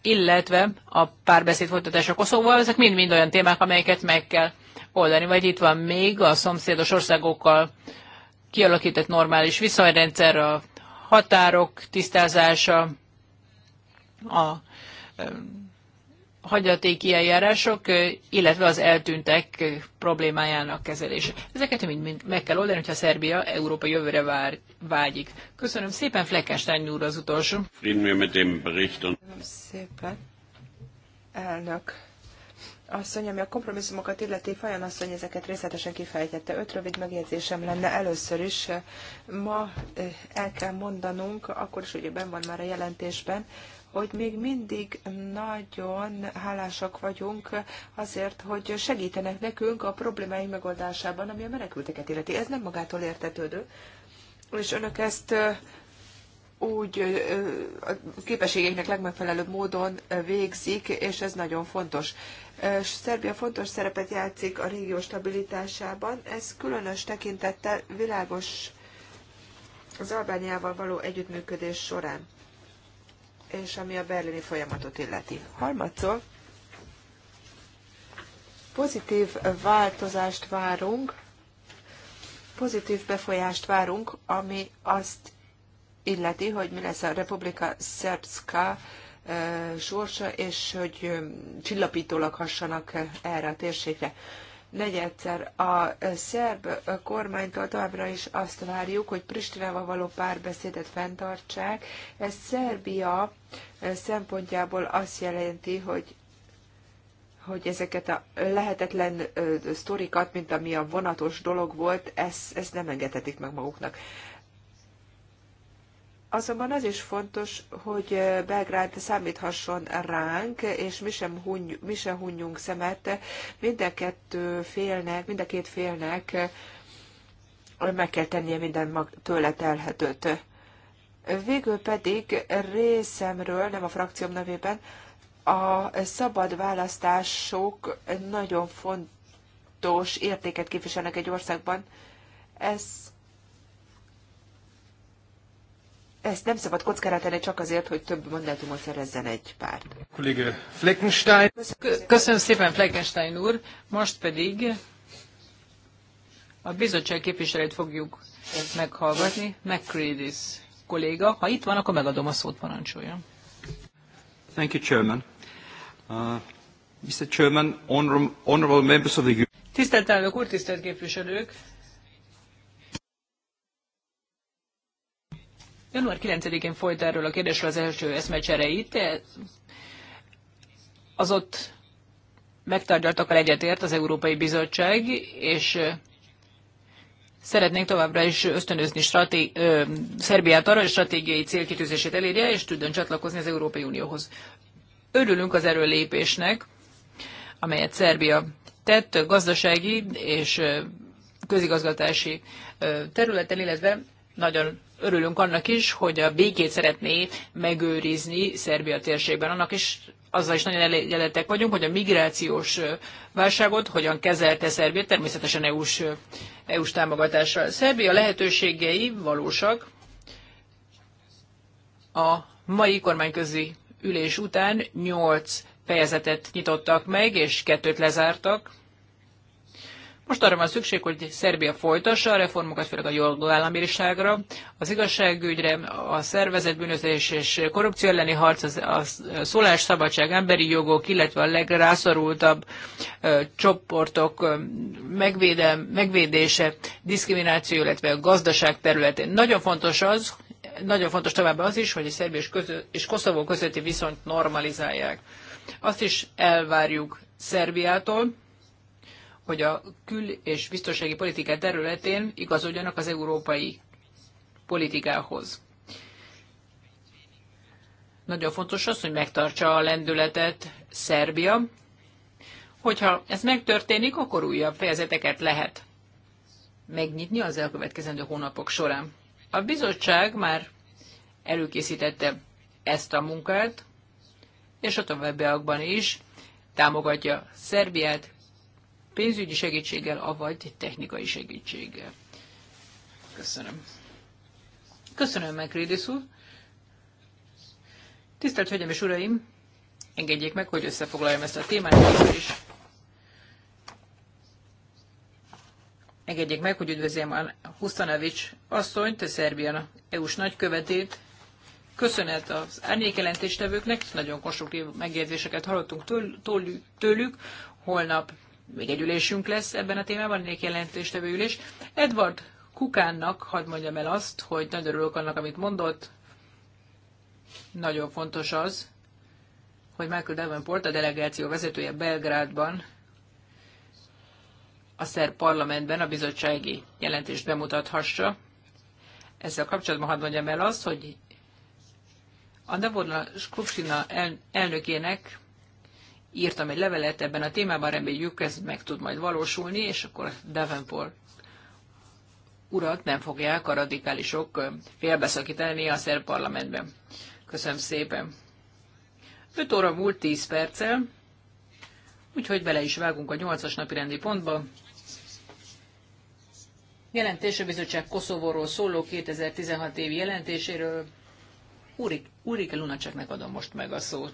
illetve a párbeszéd folytatása Koszovóval, ezek mind-mind olyan témák, amelyeket meg kell oldani. Vagy itt van még a szomszédos országokkal kialakított normális viszonyrendszer, a határok tisztázása, a hagyatéki eljárások, illetve az eltűntek problémájának kezelése. Ezeket mind, mind meg kell oldani, hogyha Szerbia Európa jövőre vár, vágyik. Köszönöm szépen, Fleckenstein úr az utolsó. Köszönöm szépen, elnök. Asszony, ami a kompromisszumokat illeti, Fajon asszony ezeket részletesen kifejtette. Öt rövid megjegyzésem lenne először is. Ma el kell mondanunk, akkor is ugye ben van már a jelentésben, hogy még mindig nagyon hálásak vagyunk azért, hogy segítenek nekünk a problémáink megoldásában, ami a menekülteket illeti. Ez nem magától értetődő, és önök ezt úgy a képességeknek legmegfelelőbb módon végzik, és ez nagyon fontos. Szerbia fontos szerepet játszik a régió stabilitásában, ez különös tekintettel világos az Albániával való együttműködés során és ami a berlini folyamatot illeti. Harmadszor pozitív változást várunk, pozitív befolyást várunk, ami azt illeti, hogy mi lesz a Republika Szerbszka sorsa, és hogy csillapítólag hassanak erre a térségre negyedszer a szerb kormánytól továbbra is azt várjuk, hogy Pristinával való párbeszédet fenntartsák. Ez Szerbia szempontjából azt jelenti, hogy hogy ezeket a lehetetlen ö, sztorikat, mint ami a vonatos dolog volt, ezt, ezt nem engedhetik meg maguknak. Azonban az is fontos, hogy Belgrád számíthasson ránk, és mi sem, huny, mi sem hunyunk szemet. Mind a kettő félnek, mind a két félnek meg kell tennie minden mag, tőle telhetőt. Végül pedig részemről, nem a frakcióm nevében, a szabad választások nagyon fontos értéket képviselnek egy országban. Ez ezt nem szabad kockára tenni csak azért, hogy több mandátumot szerezzen egy párt. Kollége Fleckenstein. Köszönöm szépen, Fleckenstein úr. Most pedig a bizottság képviselőt fogjuk meghallgatni. McCreedis kolléga. Ha itt van, akkor megadom a szót, parancsoljon. Thank you, Chairman. Uh, Mr. Chairman, honorable members of the... Tisztelt elnök úr, tisztelt képviselők! Január 9-én folyt erről a kérdésről az első eszmecsere itt, az ott a egyetért az Európai Bizottság, és szeretnénk továbbra is ösztönözni straté- ö, Szerbiát arra, hogy stratégiai célkitűzését elérje, és tudjon csatlakozni az Európai Unióhoz. Örülünk az erőlépésnek, amelyet Szerbia tett gazdasági és közigazgatási területen, illetve nagyon örülünk annak is, hogy a békét szeretné megőrizni Szerbia térségben. Annak is azzal is nagyon elégedettek vagyunk, hogy a migrációs válságot hogyan kezelte Szerbia, természetesen EU-s, EU-s Szerbia lehetőségei valósak. A mai kormányközi ülés után nyolc fejezetet nyitottak meg, és kettőt lezártak. Most arra van szükség, hogy Szerbia folytassa a reformokat, főleg a jogállamiságra, az igazságügyre, a szervezetbűnözés és korrupció elleni harc, a szólásszabadság, emberi jogok, illetve a legrászorultabb csoportok megvéde, megvédése, diszkrimináció, illetve a gazdaság területén. Nagyon fontos az, nagyon fontos továbbá az is, hogy a Szerbia és, közö, és Koszovó közötti viszonyt normalizálják. Azt is elvárjuk Szerbiától, hogy a kül- és biztonsági politika területén igazodjanak az európai politikához. Nagyon fontos az, hogy megtartsa a lendületet Szerbia. Hogyha ez megtörténik, akkor újabb fejezeteket lehet megnyitni az elkövetkezendő hónapok során. A bizottság már előkészítette ezt a munkát, és a továbbiakban is támogatja Szerbiát pénzügyi segítséggel, avagy technikai segítséggel. Köszönöm. Köszönöm, Megrédis úr. Tisztelt Hölgyeim és Uraim, engedjék meg, hogy összefoglaljam ezt a témát először is. Engedjék meg, hogy A Husztanevics asszonyt, a Szerbia EU-s nagykövetét. Köszönet az árnyékjelentéstevőknek, nagyon konstruktív megjegyzéseket hallottunk tőlük. Holnap még egy ülésünk lesz ebben a témában, egy jelentéstevő ülés. Edward Kukánnak hadd mondjam el azt, hogy nagyon örülök annak, amit mondott. Nagyon fontos az, hogy Michael Davenport, a delegáció vezetője Belgrádban, a szerb parlamentben a bizottsági jelentést bemutathassa. Ezzel kapcsolatban hadd mondjam el azt, hogy a Davorna Skupsina el, elnökének írtam egy levelet ebben a témában, reméljük ez meg tud majd valósulni, és akkor Davenport urat nem fogják a radikálisok félbeszakítani a szerb parlamentben. Köszönöm szépen. 5 óra múlt 10 perccel, úgyhogy bele is vágunk a 8-as napi rendi pontba. Jelentés a bizottság Koszovóról szóló 2016 évi jelentéséről. Úrik, Urike Lunacseknek adom most meg a szót.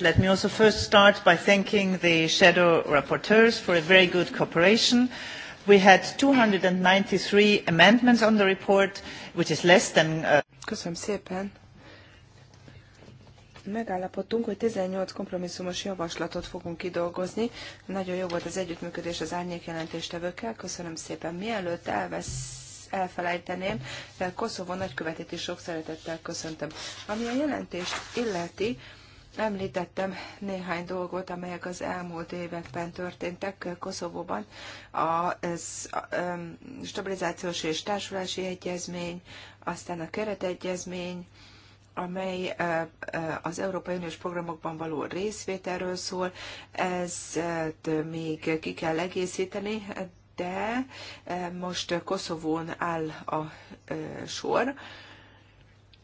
Let me also first start by thanking the shadow rapporteurs for a very good cooperation. We had 293 amendments on the report, which is less than... Uh... Köszönöm szépen. Megállapodtunk, hogy 18 kompromisszumos javaslatot fogunk kidolgozni. Nagyon jó volt az együttműködés az árnyék jelentéstevőkkel. Köszönöm szépen. Mielőtt elvesz elfelejteném, de Koszovó nagykövetét is sok szeretettel köszöntöm. Ami a jelentést illeti, Említettem néhány dolgot, amelyek az elmúlt években történtek Koszovóban. A ez, um, stabilizációs és társulási egyezmény, aztán a keretegyezmény, amely uh, uh, az Európai Uniós programokban való részvételről szól. Ezt uh, még ki kell egészíteni, de most Koszovón áll a sor.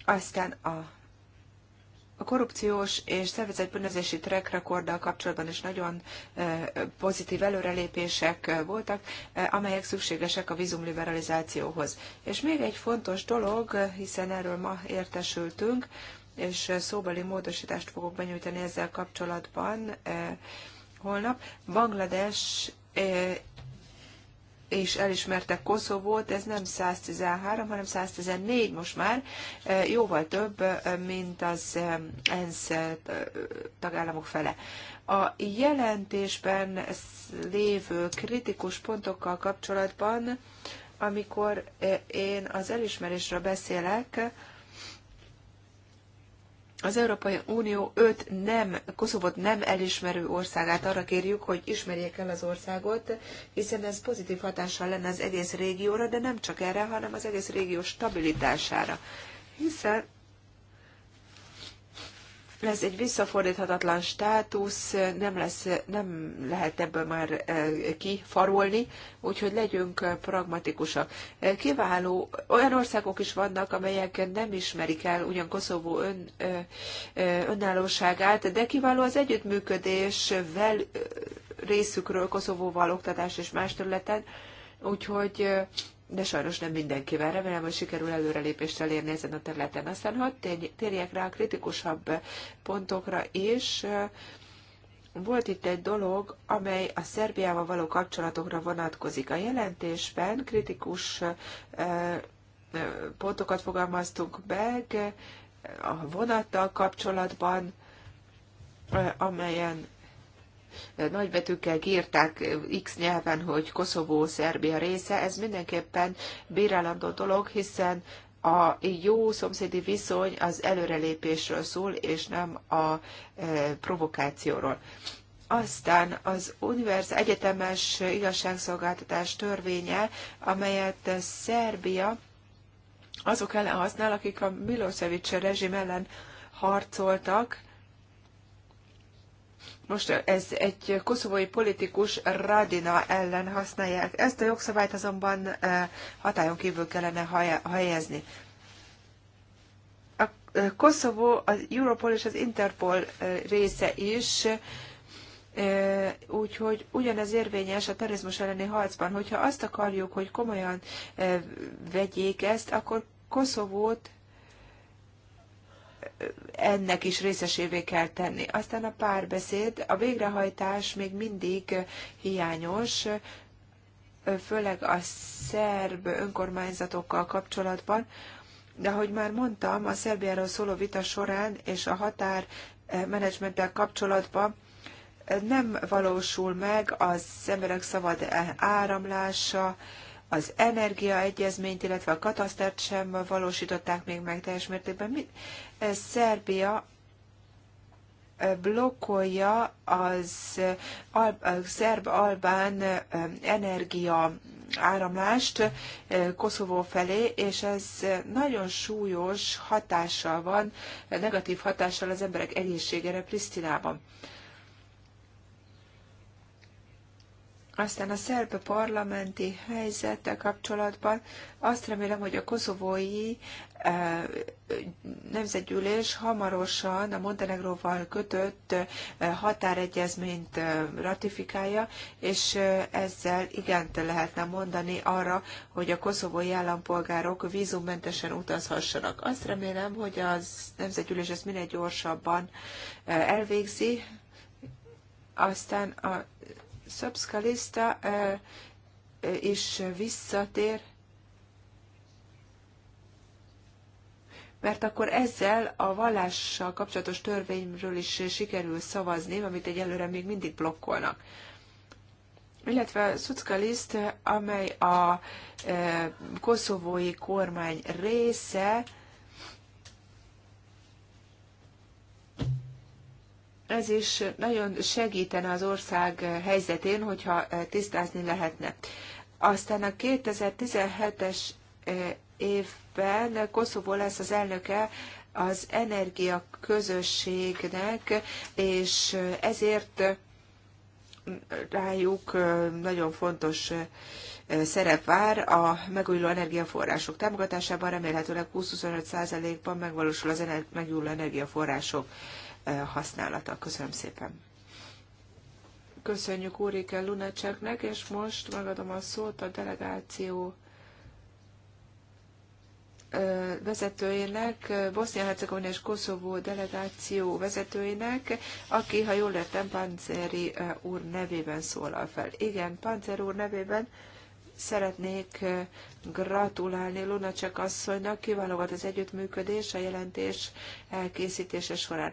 Aztán a a korrupciós és szervezetbűnözési track rekorddal kapcsolatban is nagyon pozitív előrelépések voltak, amelyek szükségesek a vízumliberalizációhoz. És még egy fontos dolog, hiszen erről ma értesültünk, és szóbeli módosítást fogok benyújtani ezzel kapcsolatban holnap. Banglades és elismerte Koszovót, ez nem 113, hanem 114 most már, jóval több, mint az ENSZ tagállamok fele. A jelentésben lévő kritikus pontokkal kapcsolatban, amikor én az elismerésről beszélek, az Európai Unió öt nem, Koszovot nem elismerő országát arra kérjük, hogy ismerjék el az országot, hiszen ez pozitív hatással lenne az egész régióra, de nem csak erre, hanem az egész régió stabilitására. Hiszen ez egy visszafordíthatatlan státusz, nem, lesz, nem lehet ebből már e, kifarolni, úgyhogy legyünk e, pragmatikusak. E, kiváló, olyan országok is vannak, amelyek nem ismerik el ugyan Koszovó ön, önállóságát, de kiváló az együttműködés vel, részükről Koszovóval oktatás és más területen, úgyhogy de sajnos nem mindenkivel. Remélem, hogy sikerül előrelépést elérni ezen a területen. Aztán hadd térjek rá a kritikusabb pontokra is. Volt itt egy dolog, amely a Szerbiával való kapcsolatokra vonatkozik. A jelentésben kritikus pontokat fogalmaztunk meg a vonattal kapcsolatban, amelyen nagybetűkkel írták X nyelven, hogy Koszovó Szerbia része, ez mindenképpen bírálandó dolog, hiszen a jó szomszédi viszony az előrelépésről szól, és nem a e, provokációról. Aztán az univerz egyetemes igazságszolgáltatás törvénye, amelyet Szerbia azok ellen használ, akik a Milosevic rezsim ellen harcoltak, most ez egy koszovói politikus Radina ellen használják. Ezt a jogszabályt azonban eh, hatályon kívül kellene helyezni. A eh, Koszovó az Europol és az Interpol eh, része is, Úgyhogy ugyanez érvényes a terrorizmus elleni harcban. Hogyha azt akarjuk, hogy komolyan vegyék ezt, akkor Koszovót ennek is részesévé kell tenni. Aztán a párbeszéd, a végrehajtás még mindig hiányos, főleg a szerb önkormányzatokkal kapcsolatban, de ahogy már mondtam, a Szerbiáról szóló vita során és a határ eh, menedzsmenttel kapcsolatban eh, nem valósul meg az emberek szabad eh, áramlása, az energiaegyezményt, illetve a katasztert sem valósították még meg teljes mértékben. Mi, Szerbia blokkolja az szerb-albán energia áramlást Koszovó felé, és ez nagyon súlyos hatással van, negatív hatással az emberek egészségére Prisztinában. Aztán a szerb parlamenti helyzettel kapcsolatban azt remélem, hogy a koszovói eh, nemzetgyűlés hamarosan a Montenegróval kötött eh, határegyezményt eh, ratifikálja, és ezzel igent lehetne mondani arra, hogy a koszovói állampolgárok vízummentesen utazhassanak. Azt remélem, hogy a nemzetgyűlés ezt minél gyorsabban elvégzi, aztán a szabszka lista is visszatér, mert akkor ezzel a vallással kapcsolatos törvényről is sikerül szavazni, amit egyelőre még mindig blokkolnak. Illetve Szucka Liszt, amely a koszovói kormány része, ez is nagyon segítene az ország helyzetén, hogyha eh, tisztázni lehetne. Aztán a 2017-es eh, évben Koszovó lesz az elnöke az energia közösségnek, és eh, ezért rájuk nagyon fontos szerep vár a megújuló energiaforrások támogatásában, remélhetőleg 20-25%-ban megvalósul az megújuló energiaforrások használata. Köszönöm szépen. Köszönjük Úrike Lunacseknek, és most megadom a szót a delegáció vezetőjének, Bosznia-Hercegovina és Koszovó delegáció vezetőjének, aki, ha jól értem, panzeri úr nevében szólal fel. Igen, Pancer úr nevében szeretnék gratulálni Lunacek asszonynak, kiváló az együttműködés a jelentés elkészítése során.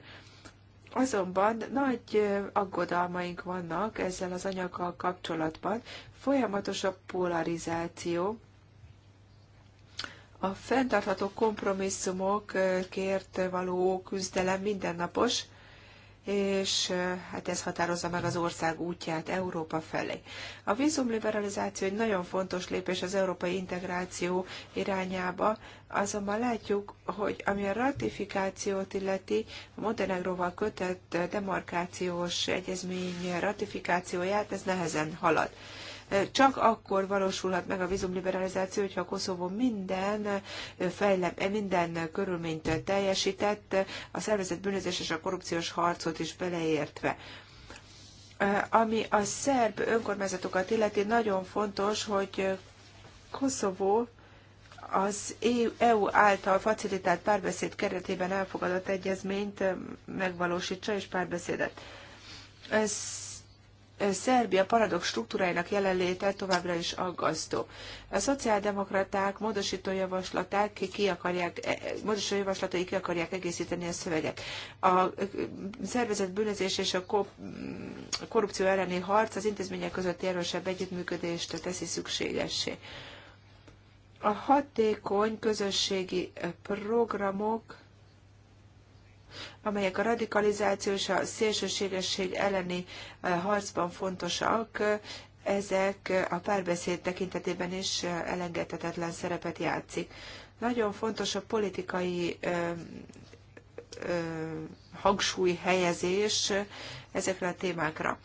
Azonban nagy aggodalmaink vannak ezzel az anyaggal kapcsolatban. Folyamatos a polarizáció. A fenntartható kompromisszumokért való küzdelem mindennapos, és eh, hát ez határozza meg az ország útját Európa felé. A vízumliberalizáció egy nagyon fontos lépés az európai integráció irányába, azonban látjuk, hogy ami a ratifikációt illeti, a Montenegróval kötött demarkációs egyezmény ratifikációját, ez nehezen halad. Csak akkor valósulhat meg a vízumliberalizáció, hogyha Koszovó minden, fejlem, minden körülményt teljesített, a szervezet bűnözés és a korrupciós harcot is beleértve ami a szerb önkormányzatokat illeti, nagyon fontos, hogy Koszovó az EU által facilitált párbeszéd keretében elfogadott egyezményt megvalósítsa és párbeszédet. Ez Szerbia paradox struktúrájának jelenléte továbbra is aggasztó. A szociáldemokraták módosító javaslatát ki akarják, e, e, módosító javaslatai ki akarják egészíteni a szöveget. A szervezet bűnözés és a korrupció elleni harc az intézmények között erősebb együttműködést teszi szükségessé. A hatékony közösségi programok amelyek a radikalizáció és a szélsőségesség elleni eh, harcban fontosak, ezek a párbeszéd tekintetében is eh, elengedhetetlen szerepet játszik. Nagyon fontos a politikai ö, eh, ö, hangsúly helyezés ezekre a témákra.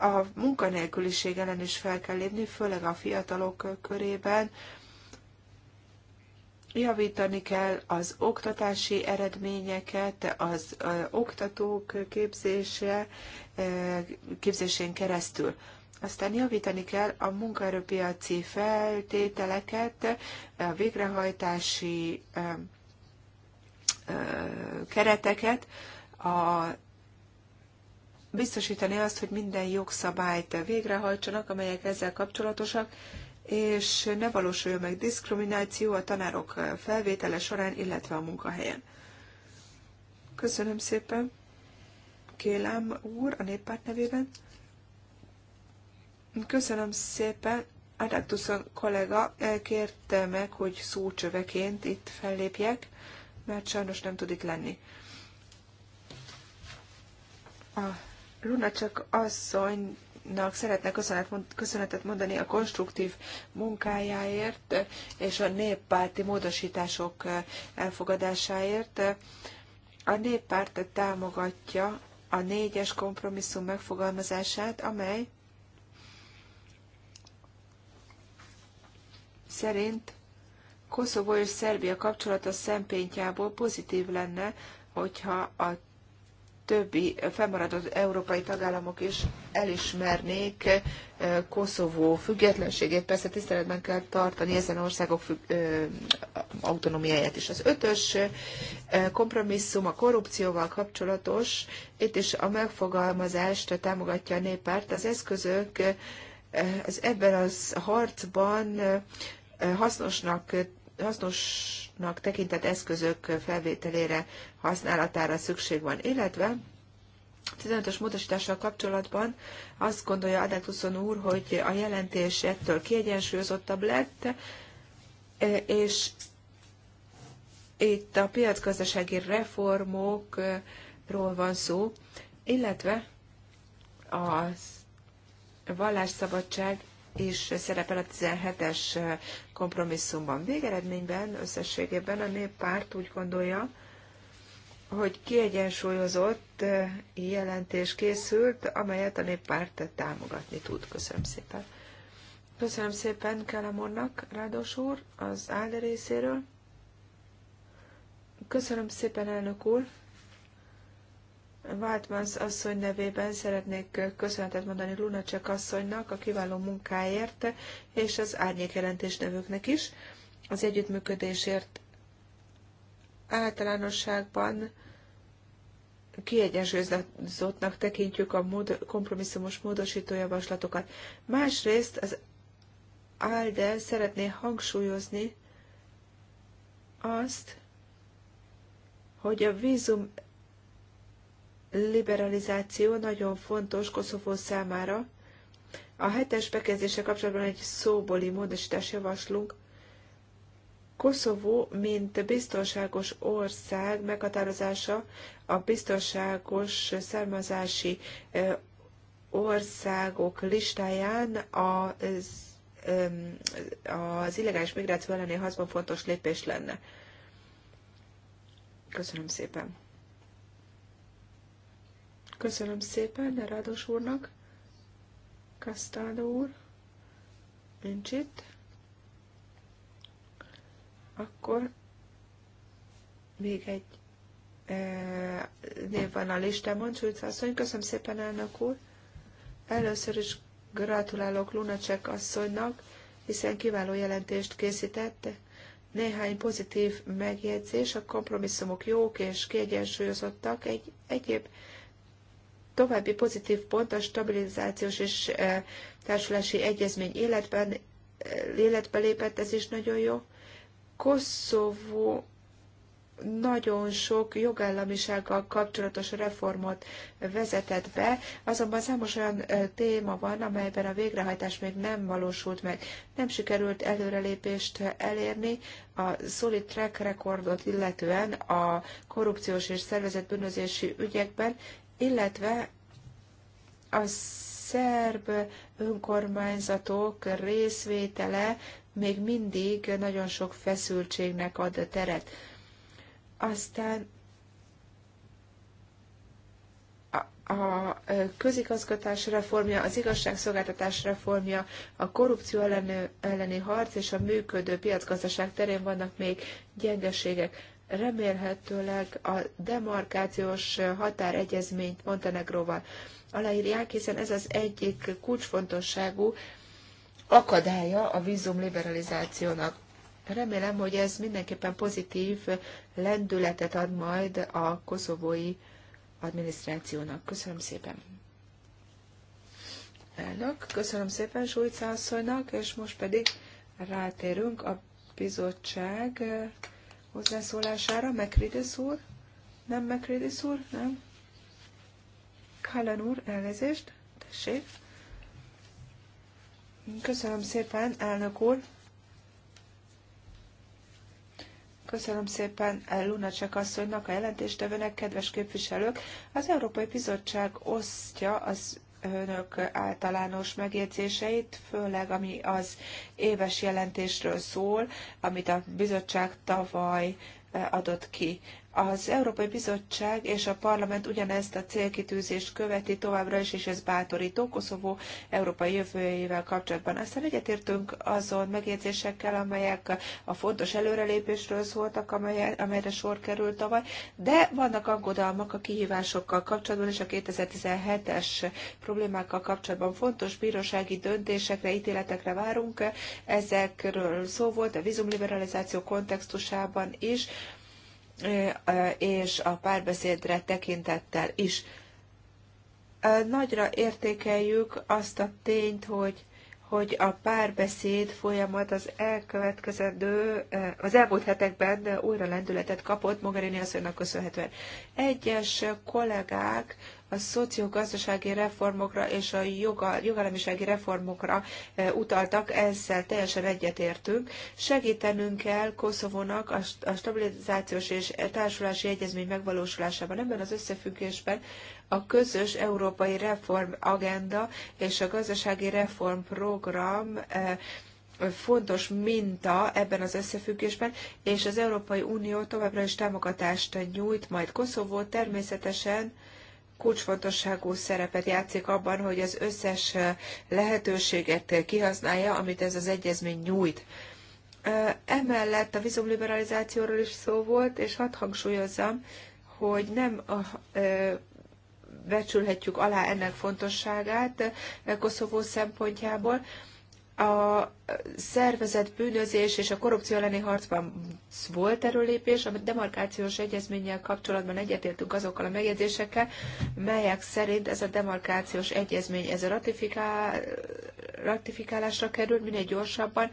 A munkanélküliség ellen is fel kell lépni, főleg a fiatalok körében. Javítani kell az oktatási eredményeket, az oktatók képzése, képzésén keresztül. Aztán javítani kell a munkaerőpiaci feltételeket, a végrehajtási kereteket, a biztosítani azt, hogy minden jogszabályt végrehajtsanak, amelyek ezzel kapcsolatosak, és ne valósuljon meg diszkrimináció a tanárok felvétele során, illetve a munkahelyen. Köszönöm szépen. Kélem úr, a néppárt nevében. Köszönöm szépen. Adaktuszon kollega kérte meg, hogy szócsöveként itt fellépjek, mert sajnos nem tud itt lenni. A Lunacsak asszony nak szeretnek köszönetet mondani a konstruktív munkájáért és a néppárti módosítások eh, elfogadásáért. A néppárt támogatja a négyes kompromisszum megfogalmazását, amely szerint Koszovó és Szerbia kapcsolata szempontjából pozitív lenne, hogyha a többi fennmaradó európai tagállamok is elismernék eh, Koszovó függetlenségét. Persze tiszteletben kell tartani ezen országok függ, ö, eh, autonómiáját is. Az ötös eh, kompromisszum a korrupcióval kapcsolatos. Itt is a megfogalmazást támogatja a néppárt. Az eszközök az ebben az harcban hasznosnak hasznosnak tekintett eszközök felvételére, használatára szükség van, illetve 15-ös módosítással kapcsolatban azt gondolja Adátuszon úr, hogy a jelentés ettől kiegyensúlyozottabb lett, e, és itt a piacgazdasági reformokról van szó, illetve a vallásszabadság is szerepel a 17-es kompromisszumban. Végeredményben, összességében a néppárt úgy gondolja, hogy kiegyensúlyozott jelentés készült, amelyet a néppárt támogatni tud. Köszönöm szépen. Köszönöm szépen Kellem úrnak, Rádos úr, az Álde részéről. Köszönöm szépen, elnök úr. Waltmans asszony nevében szeretnék köszönetet mondani Lunacek asszonynak a kiváló munkáért, és az jelentés nevőknek is. Az együttműködésért általánosságban kiegyensúlyozottnak tekintjük a mód, kompromisszumos módosítójavaslatokat. Másrészt az ALDE szeretné hangsúlyozni azt, hogy a vízum liberalizáció nagyon fontos Koszovó számára. A hetes bekezdése kapcsolatban egy szóboli módosítás javaslunk. Koszovó, mint biztonságos ország meghatározása a biztonságos származási országok listáján az, az illegális migráció elleni hazban fontos lépés lenne. Köszönöm szépen! Köszönöm szépen Nerádos úrnak, Kasztádó úr, nincs itt. Akkor még egy e, név van a listámon, Csújc asszony. Köszönöm szépen, elnök úr. Először is gratulálok Lunacek asszonynak, hiszen kiváló jelentést készítette. Néhány pozitív megjegyzés, a kompromisszumok jók és kiegyensúlyozottak, egy, egyéb További pozitív pont a stabilizációs és eh, társulási egyezmény életben, eh, életbe lépett, ez is nagyon jó. Koszovó nagyon sok jogállamisággal kapcsolatos reformot vezetett be, azonban számos olyan eh, téma van, amelyben a végrehajtás még nem valósult meg. Nem sikerült előrelépést elérni a solid track rekordot illetően a korrupciós és szervezett bűnözési ügyekben, illetve a szerb önkormányzatok részvétele még mindig nagyon sok feszültségnek ad teret. Aztán a közigazgatás reformja, az igazságszolgáltatás reformja, a korrupció elleni, harc és a működő piacgazdaság terén vannak még gyengeségek remélhetőleg a demarkációs határegyezményt Montenegróval aláírják, hiszen ez az egyik kulcsfontosságú akadálya a vízum liberalizációnak. Remélem, hogy ez mindenképpen pozitív lendületet ad majd a koszovói adminisztrációnak. Köszönöm szépen. Elnök, köszönöm szépen Zsújca asszonynak, és most pedig rátérünk a bizottság hozzászólására. Megrédesz úr? Nem Megrédesz úr? Nem? Kallan úr, elnézést. Tessék. Köszönöm szépen, elnök úr. Köszönöm szépen Lunacek asszonynak, a jelentéstevőnek, kedves képviselők! Az Európai Bizottság osztja az önök általános megjegyzéseit, főleg ami az éves jelentésről szól, amit a bizottság tavaly eh, adott ki. Az Európai Bizottság és a Parlament ugyanezt a célkitűzést követi továbbra is, és ez bátorító Koszovó európai jövőjével kapcsolatban. Aztán egyetértünk azon megjegyzésekkel, amelyek a fontos előrelépésről szóltak, amely, amelyre sor került tavaly, de vannak aggodalmak a kihívásokkal kapcsolatban és a 2017-es problémákkal kapcsolatban. Fontos bírósági döntésekre, ítéletekre várunk. Ezekről szó volt a vízumliberalizáció kontextusában is és a párbeszédre tekintettel is. Nagyra értékeljük azt a tényt, hogy hogy a párbeszéd folyamat az elkövetkezendő, az elmúlt hetekben újra lendületet kapott Mogherini asszonynak köszönhetően. Egyes kollégák a szociogazdasági reformokra és a joga, jogállamisági reformokra e, utaltak, ezzel teljesen egyetértünk. Segítenünk kell Koszovónak a stabilizációs és társulási egyezmény megvalósulásában. Ebben az összefüggésben a közös európai reformagenda és a gazdasági reformprogram e, fontos minta ebben az összefüggésben, és az Európai Unió továbbra is támogatást nyújt, majd Koszovó természetesen kulcsfontosságú szerepet játszik abban, hogy az összes lehetőséget kihasználja, amit ez az egyezmény nyújt. Emellett a vízumliberalizációról is szó volt, és hadd hangsúlyozzam, hogy nem a, becsülhetjük alá ennek fontosságát Koszovó szempontjából, a szervezett bűnözés és a korrupció elleni harcban volt erőlépés, a demarkációs egyezménnyel kapcsolatban egyetértünk azokkal a megjegyzésekkel, melyek szerint ez a demarkációs egyezmény ez a ratifikál, ratifikálásra kerül minél gyorsabban,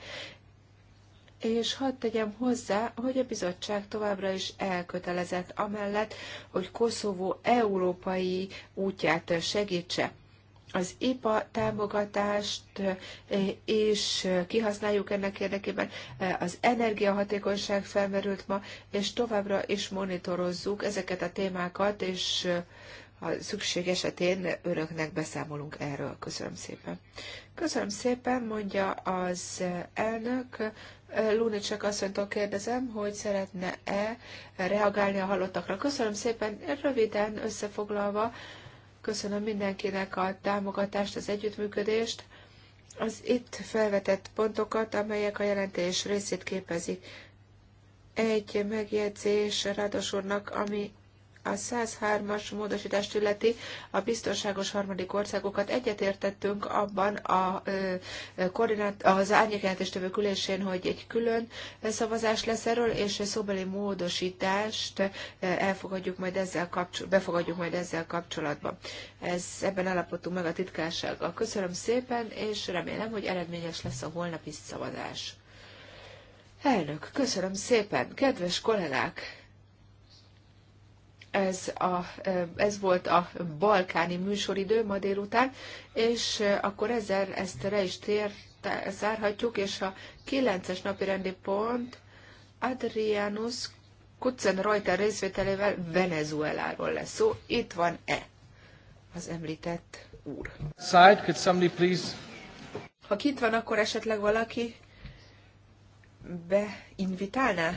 és hadd tegyem hozzá, hogy a bizottság továbbra is elkötelezett amellett, hogy Koszovó európai útját segítse az IPA támogatást és kihasználjuk ennek érdekében. Az energiahatékonyság felmerült ma, és továbbra is monitorozzuk ezeket a témákat, és ha szükség esetén önöknek beszámolunk erről. Köszönöm szépen. Köszönöm szépen, mondja az elnök. csak asszonytól kérdezem, hogy szeretne-e reagálni a hallottakra. Köszönöm szépen, röviden összefoglalva, Köszönöm mindenkinek a támogatást, az együttműködést, az itt felvetett pontokat, amelyek a jelentés részét képezik. Egy megjegyzés Rádos úrnak, ami a 103-as módosítást illeti a biztonságos harmadik országokat egyetértettünk abban a koordinát, az árnyékjelentéstövő ülésén, hogy egy külön szavazás lesz erről, és szóbeli módosítást elfogadjuk majd ezzel kapcsol, befogadjuk majd ezzel kapcsolatban. Ez, ebben állapodtunk meg a titkársággal. Köszönöm szépen, és remélem, hogy eredményes lesz a holnapi szavazás. Elnök, köszönöm szépen, kedves kollégák! ez, a, ez volt a balkáni műsoridő ma délután, és akkor ezzel ezt re is tér, zárhatjuk, és a kilences napi rendi pont Adrianus Kutzen Reuter részvételével Venezueláról lesz szó. Itt van-e az említett úr? Side, could somebody please... Ha itt van, akkor esetleg valaki beinvitálná?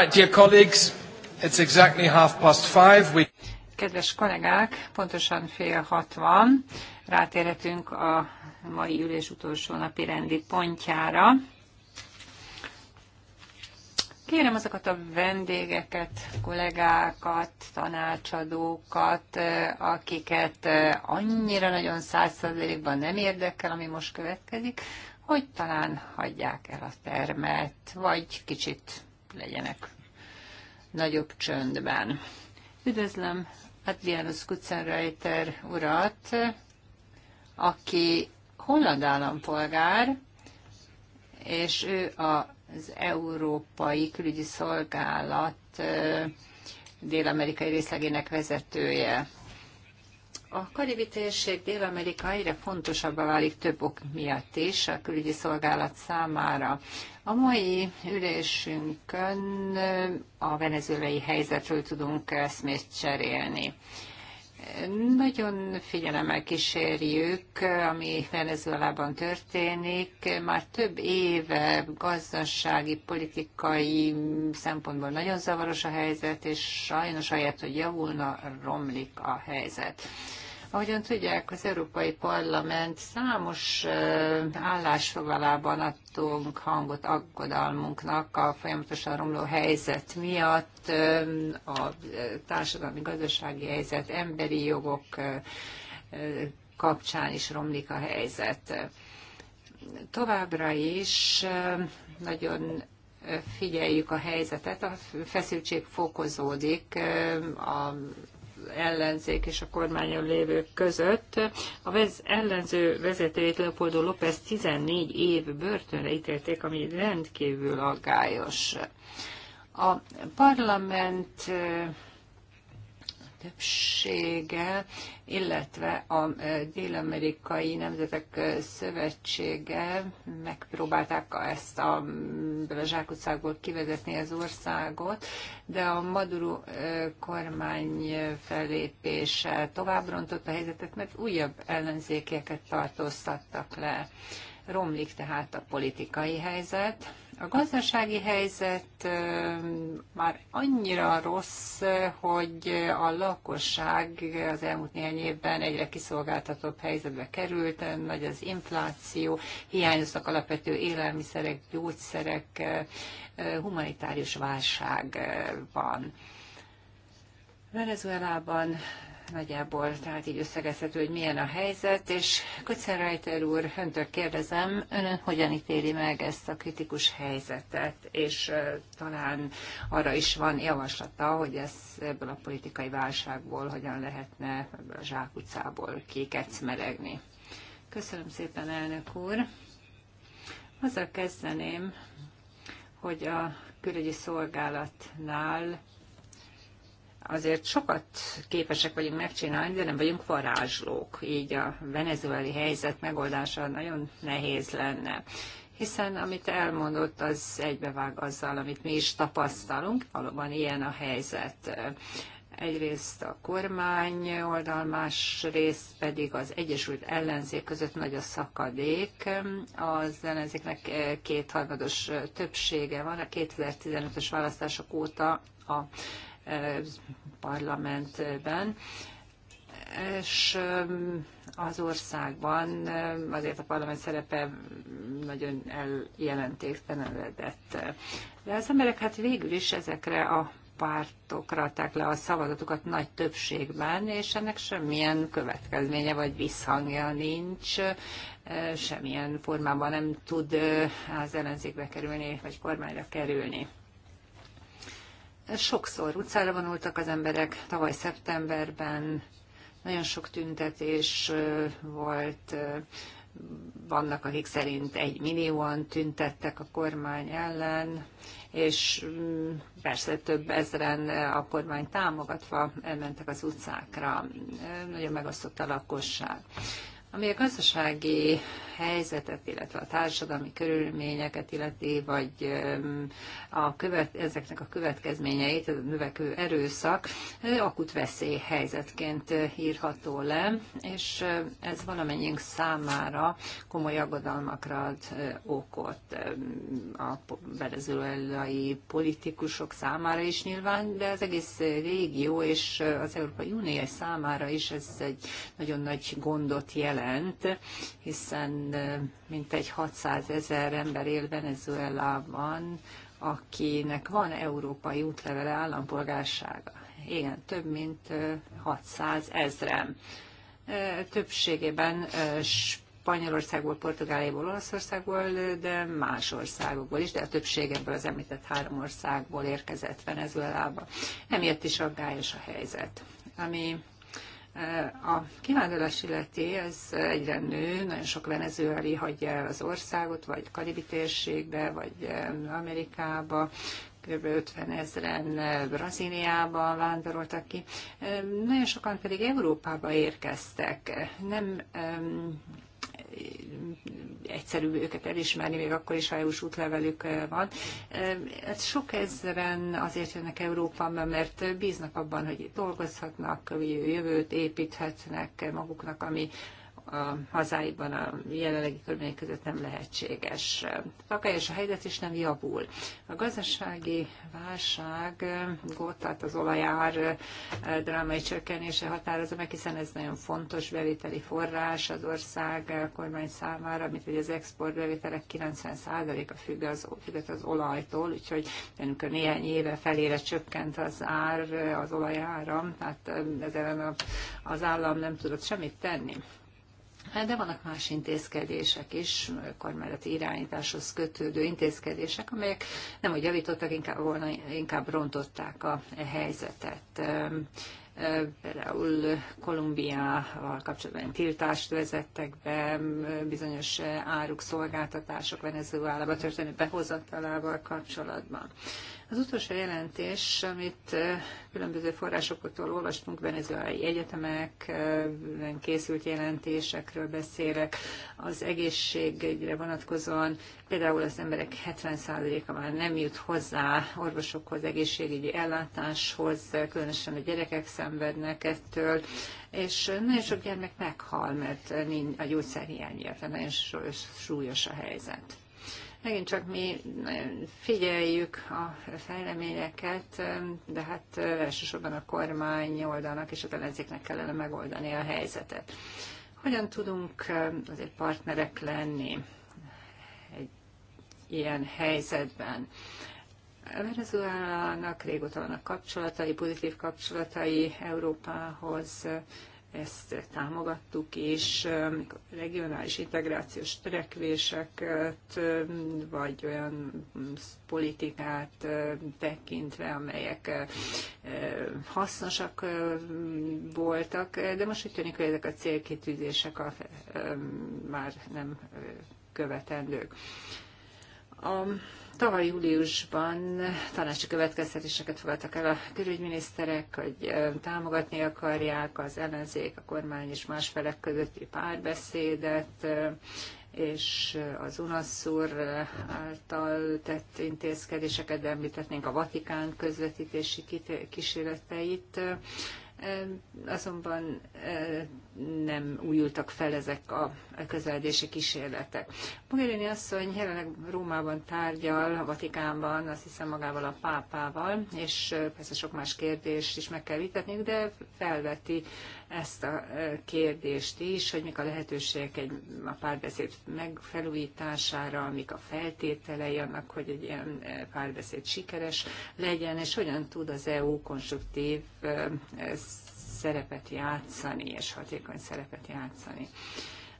Right, dear colleagues, it's exactly half past five. We... Kedves kollégák, pontosan fél hat van. Rátérhetünk a mai ülés utolsó napi rendi pontjára. Kérem azokat a vendégeket, kollégákat, tanácsadókat, akiket annyira nagyon százszerzelékben nem érdekel, ami most következik, hogy talán hagyják el a termet, vagy kicsit legyenek nagyobb csöndben. Üdvözlöm Adrianus Kutzenreiter urat, aki holland állampolgár, és ő az Európai Külügyi Szolgálat dél-amerikai részlegének vezetője. A karibi térség Dél-Amerika egyre fontosabbá válik több ok miatt is a külügyi szolgálat számára. A mai ülésünkön a venezuelai helyzetről tudunk eszmét cserélni. Nagyon figyelemmel kísérjük, ami Venezuelában történik. Már több éve gazdasági, politikai szempontból nagyon zavaros a helyzet, és sajnos ahelyett, hogy javulna, romlik a helyzet. Ahogyan tudják, az Európai Parlament számos állásfoglalában adtunk hangot aggodalmunknak a folyamatosan romló helyzet miatt, a társadalmi gazdasági helyzet, emberi jogok kapcsán is romlik a helyzet. Továbbra is nagyon figyeljük a helyzetet, a feszültség fokozódik a ellenzék és a kormányon lévők között. A vez, ellenző vezetőjét Leopoldo López 14 év börtönre ítélték, ami rendkívül aggályos. A parlament többsége, illetve a Dél-Amerikai Nemzetek Szövetsége megpróbálták ezt a zsákutcákból kivezetni az országot, de a Maduro kormány felépése tovább rontott a helyzetet, mert újabb ellenzékeket tartóztattak le. Romlik tehát a politikai helyzet, a gazdasági helyzet már annyira rossz, hogy a lakosság az elmúlt néhány évben egyre kiszolgáltatóbb helyzetbe került, nagy az infláció, hiányoznak alapvető élelmiszerek, gyógyszerek, humanitárius válság van. Venezuelában nagyjából tehát így összegezhető, hogy milyen a helyzet, és Reiter úr, öntől kérdezem, ön hogyan ítéli meg ezt a kritikus helyzetet, és talán arra is van javaslata, hogy ez ebből a politikai válságból hogyan lehetne ebből a zsákutcából kikecmeregni. Köszönöm szépen, elnök úr! Azzal kezdeném, hogy a külügyi szolgálatnál azért sokat képesek vagyunk megcsinálni, de nem vagyunk varázslók. Így a venezueli helyzet megoldása nagyon nehéz lenne hiszen amit elmondott, az egybevág azzal, amit mi is tapasztalunk. Valóban ilyen a helyzet. Egyrészt a kormány oldal, másrészt pedig az Egyesült Ellenzék között nagy a szakadék. Az ellenzéknek kétharmados többsége van, a 2015-ös választások óta a parlamentben, és um, az országban um, azért a parlament szerepe nagyon eljelentéktelenedett. De az emberek hát végül is ezekre a pártokra adták le a szavazatukat nagy többségben, és ennek semmilyen következménye vagy visszhangja nincs, uh, semmilyen formában nem tud uh, az ellenzékbe kerülni, vagy kormányra kerülni. Sokszor utcára vonultak az emberek, tavaly szeptemberben nagyon sok tüntetés volt, vannak, akik szerint egy millióan tüntettek a kormány ellen, és mm, persze több ezeren a kormány támogatva elmentek az utcákra. Nagyon megosztott a lakosság. Ami a gazdasági helyzetet, illetve a társadalmi körülményeket illeti, vagy a követ, ezeknek a következményeit, a növekvő erőszak akut veszélyhelyzetként írható le, és ez valamennyiünk számára komoly aggodalmakra ad okot a venezuelai politikusok számára is nyilván, de az egész régió és az Európai Unió számára is ez egy nagyon nagy gondot jelent, hiszen mintegy 600 ezer ember él Venezuelában, akinek van európai útlevele állampolgársága. Igen, több mint 600 ezrem. Többségében Spanyolországból, Portugáliából, Olaszországból, de más országokból is, de a többség ebből az említett három országból érkezett Venezuelába. Emiatt is aggályos a helyzet. Ami a kivándorlás illeti, ez egyre nő, nagyon sok venezueli hagyja el az országot, vagy Karibi térségbe, vagy Amerikába, kb. 50 ezeren Brazíliába vándoroltak ki. Nagyon sokan pedig Európába érkeztek. Nem egyszerű őket elismerni, még akkor is, ha EU-s útlevelük eh, van. Ez eh, hát sok ezeren azért jönnek Európában, mert bíznak abban, hogy dolgozhatnak, jövőt építhetnek maguknak, ami a hazáiban a jelenlegi körülmények között nem lehetséges. Lakályos a helyzet is nem javul. A gazdasági válság, tehát az olajár drámai csökkenése határozza meg, hiszen ez nagyon fontos bevételi forrás az ország kormány számára, mint hogy az bevételek 90%-a függ az, függ az olajtól, úgyhogy amikor néhány éve felére csökkent az ár, az olajára, tehát ezzel az állam nem tudott semmit tenni. Hát, de vannak más intézkedések is, kormányzati irányításhoz kötődő intézkedések, amelyek nem hogy javítottak, inkább, volna, inkább rontották a helyzetet. Például Kolumbiával kapcsolatban tiltást vezettek be, bizonyos áruk, szolgáltatások Venezuelába történő behozatalával kapcsolatban. Az utolsó jelentés, amit különböző forrásoktól olvastunk, venezuelai egyetemek készült jelentésekről beszélek, az egészségügyre vonatkozóan, például az emberek 70%-a már nem jut hozzá orvosokhoz, egészségügyi ellátáshoz, különösen a gyerekek szenvednek ettől, és nagyon sok gyermek meghal, mert a gyógyszer hiány miatt, nagyon súlyos a helyzet. Megint csak mi eh, figyeljük a fejleményeket, eh, de hát eh, elsősorban a kormány oldalnak és a ellenzéknek kellene megoldani a helyzetet. Hogyan tudunk azért partnerek lenni egy ilyen helyzetben? Venezuelának régóta vannak kapcsolatai, pozitív kapcsolatai Európához, ezt támogattuk, és regionális integrációs törekvéseket, vagy olyan mm, politikát tekintve, amelyek hasznosak voltak, de most úgy tűnik, hogy ezek a célkitűzések a, már nem követendők. A Tavaly júliusban tanácsi következtetéseket fogadtak el a külügyminiszterek, hogy támogatni akarják az ellenzék, a kormány és más felek közötti párbeszédet, és az UNASZUR által tett intézkedéseket, de említetnénk a Vatikán közvetítési kísérleteit azonban nem újultak fel ezek a közeledési kísérletek. Mogherini asszony jelenleg Rómában tárgyal, a Vatikánban, azt hiszem magával a pápával, és persze sok más kérdést is meg kell vitatniuk, de felveti ezt a kérdést is, hogy mik a lehetőségek egy, a párbeszéd megfelújítására, mik a feltételei annak, hogy egy ilyen párbeszéd sikeres legyen, és hogyan tud az EU konstruktív szerepet játszani, és hatékony szerepet játszani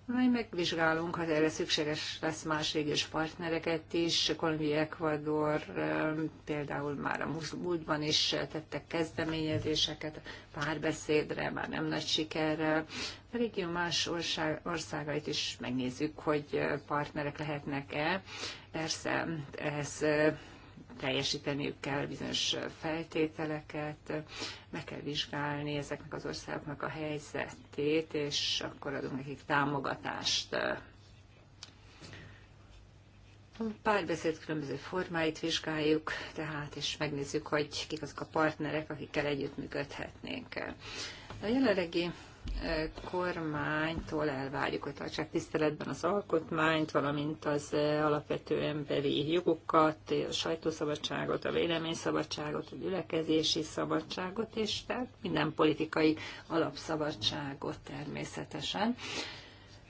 majd megvizsgálunk, ha erre szükséges lesz más régiós partnereket is. Kolumbia, Ecuador például már a múltban is tettek kezdeményezéseket párbeszédre, már nem nagy sikerrel. A régió más ország, országait is megnézzük, hogy partnerek lehetnek-e. Persze ehhez teljesíteniük kell bizonyos feltételeket, meg kell vizsgálni ezeknek az országoknak a helyzetét, és akkor adunk nekik támogatást. A párbeszéd különböző formáit vizsgáljuk, tehát, és megnézzük, hogy kik azok a partnerek, akikkel együttműködhetnénk. A jelenlegi kormánytól elvárjuk, hogy tartsák tiszteletben az alkotmányt, valamint az eh, alapvető emberi jogokat, a sajtószabadságot, a véleményszabadságot, a gyülekezési szabadságot, és tehát minden politikai alapszabadságot természetesen.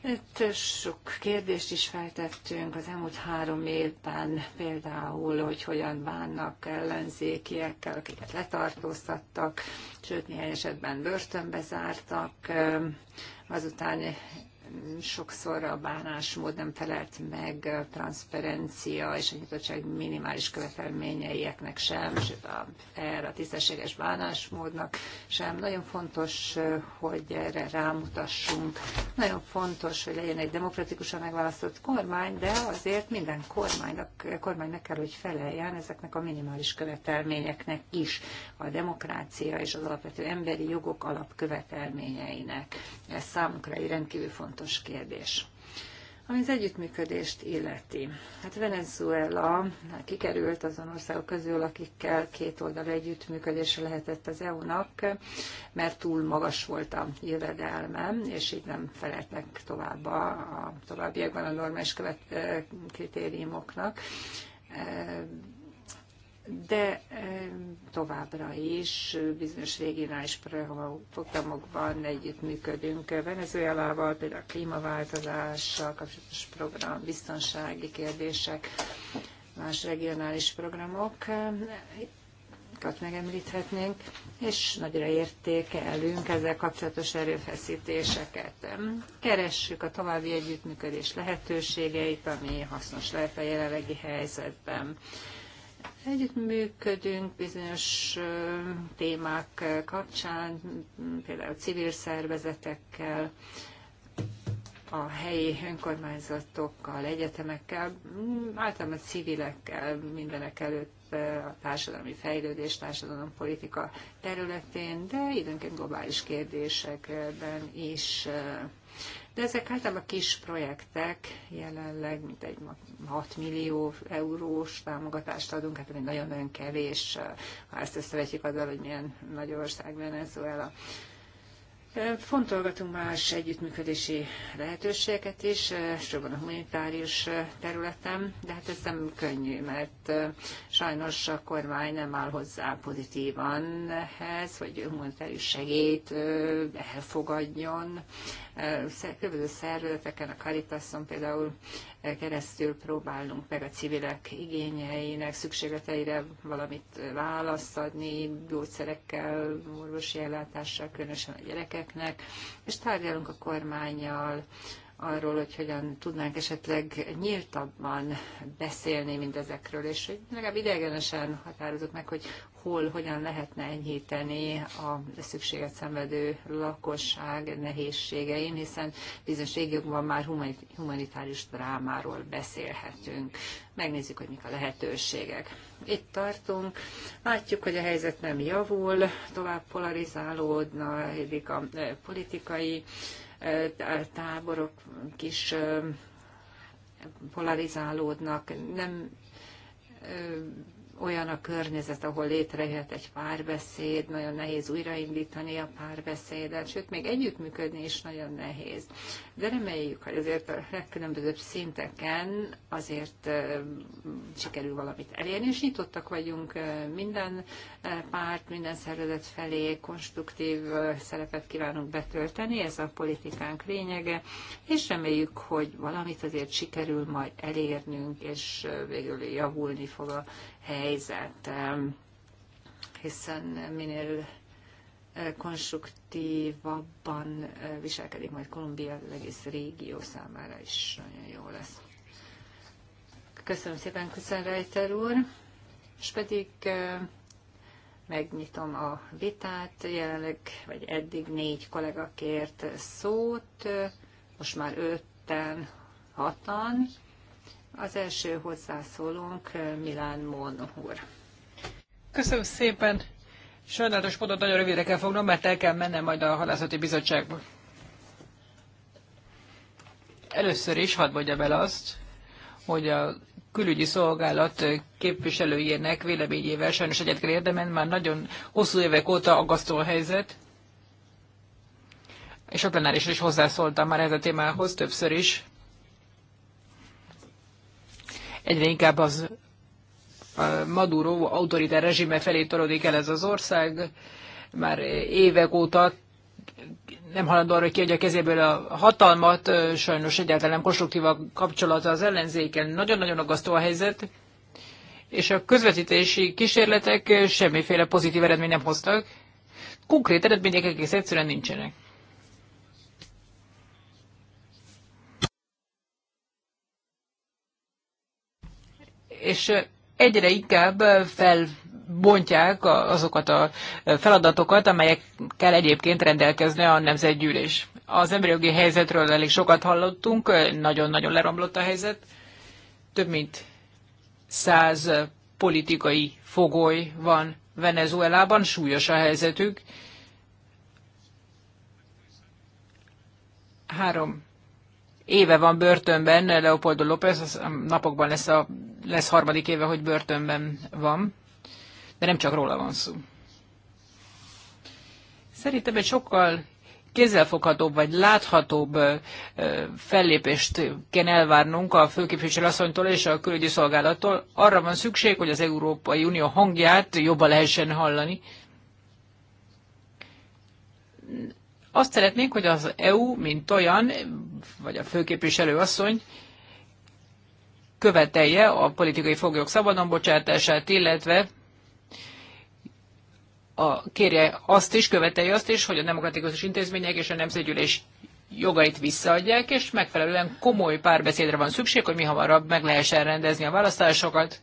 Itt sok kérdést is feltettünk az elmúlt három évben, például, hogy hogyan bánnak ellenzékiekkel, akiket letartóztattak, sőt néhány esetben börtönbe zártak, azután sokszor a bánásmód nem felelt meg a transzparencia és a nyitottság minimális követelményeieknek sem, sőt a fair, a tisztességes bánásmódnak sem. Nagyon fontos, hogy erre rámutassunk. Nagyon fontos, hogy legyen egy demokratikusan megválasztott kormány, de azért minden kormánynak, kormánynak kell, hogy feleljen ezeknek a minimális követelményeknek is. A demokrácia és az alapvető emberi jogok alapkövetelményeinek. Ez számunkra egy rendkívül fontos fontos kérdés. Ami az együttműködést illeti. Hát Venezuela kikerült azon országok közül, akikkel két oldal együttműködésre lehetett az EU-nak, mert túl magas volt a jövedelme, és így nem felelt meg tovább a, a továbbiakban a normális követ, kritériumoknak de továbbra is bizonyos regionális programokban együttműködünk Venezuelával, például a klímaváltozással kapcsolatos program, biztonsági kérdések, más regionális programokat megemlíthetnénk, és nagyra értékelünk ezzel kapcsolatos erőfeszítéseket. Keressük a további együttműködés lehetőségeit, ami hasznos lehet a jelenlegi helyzetben. Együttműködünk bizonyos témák kapcsán, például civil szervezetekkel, a helyi önkormányzatokkal, egyetemekkel, általában civilekkel mindenek előtt a társadalmi fejlődés, társadalom politika területén, de időnként globális kérdésekben is de ezek általában kis projektek, jelenleg mintegy 6 millió eurós támogatást adunk, hát nagyon-nagyon kevés, ha ezt összevetjük azzal, hogy milyen nagy ország Venezuela. Fontolgatunk más együttműködési lehetőségeket is, eh, elsősorban a humanitárius eh, területen, de hát ez nem könnyű, mert eh, sajnos a kormány nem áll hozzá pozitívan ehhez, hogy humanitárius segélyt elfogadjon. Különböző szervezeteken, a Caritason például keresztül próbálunk meg a civilek igényeinek, szükségleteire valamit választ adni, gyógyszerekkel, orvosi ellátással, különösen a gyerekeknek, és tárgyalunk a kormányjal, arról, hogy hogyan tudnánk esetleg nyíltabban beszélni mindezekről, és hogy legalább idegenesen határozott meg, hogy hol, hogyan lehetne enyhíteni a szükséget szenvedő lakosság nehézségein, hiszen bizonyos régiókban már humanitárius drámáról beszélhetünk. Megnézzük, hogy mik a lehetőségek. Itt tartunk. Látjuk, hogy a helyzet nem javul, tovább polarizálódnak a e, politikai e, táborok kis e, polarizálódnak, nem olyan a környezet, ahol létrejöhet egy párbeszéd, nagyon nehéz újraindítani a párbeszédet, sőt, még együttműködni is nagyon nehéz. De reméljük, hogy azért a legkülönbözőbb szinteken azért sikerül valamit elérni, és nyitottak vagyunk minden párt, minden szervezet felé, konstruktív szerepet kívánunk betölteni, ez a politikánk lényege, és reméljük, hogy valamit azért sikerül majd elérnünk, és végül javulni fog a helyzet, hiszen minél konstruktívabban viselkedik majd Kolumbia, az egész régió számára is nagyon jó lesz. Köszönöm szépen, Reiter úr. És pedig megnyitom a vitát. Jelenleg, vagy eddig négy kollega kért szót, most már ötten, hatan. Az első hozzászólónk eh, Milán Mon úr. Köszönöm szépen. Sajnálatos pontot nagyon rövidre kell fognom, mert el kell mennem majd a halászati bizottságba. Először is hadd mondjam el azt, hogy a külügyi szolgálat képviselőjének véleményével sajnos egyet kell érdemen, már nagyon hosszú évek óta aggasztó a helyzet, és a plenárisra is hozzászóltam már ez a témához többször is egyre inkább az Maduro autoritár rezsime felé torodik el ez az ország. Már évek óta nem halandó arra, hogy kiadja kezéből a hatalmat, sajnos egyáltalán nem konstruktív a kapcsolata az ellenzéken. Nagyon-nagyon aggasztó a helyzet, és a közvetítési kísérletek semmiféle pozitív eredmény nem hoztak. Konkrét eredmények egész egyszerűen nincsenek. és egyre inkább felbontják azokat a feladatokat, amelyekkel egyébként rendelkezne a nemzetgyűlés. Az emberi jogi helyzetről elég sokat hallottunk, nagyon-nagyon leromlott a helyzet. Több mint száz politikai fogoly van Venezuelában, súlyos a helyzetük. Három éve van börtönben Leopoldo López, napokban lesz a lesz harmadik éve, hogy börtönben van, de nem csak róla van szó. Szerintem egy sokkal kézzelfoghatóbb vagy láthatóbb fellépést kell elvárnunk a főképviselő asszonytól és a külügyi szolgálattól. Arra van szükség, hogy az Európai Unió hangját jobban lehessen hallani. Azt szeretnénk, hogy az EU, mint olyan, vagy a főképviselő asszony követelje a politikai foglyok szabadon bocsátását, illetve a, kérje azt is, követelje azt is, hogy a demokratikus intézmények és a nemzetgyűlés jogait visszaadják, és megfelelően komoly párbeszédre van szükség, hogy mi hamarabb meg lehessen rendezni a választásokat,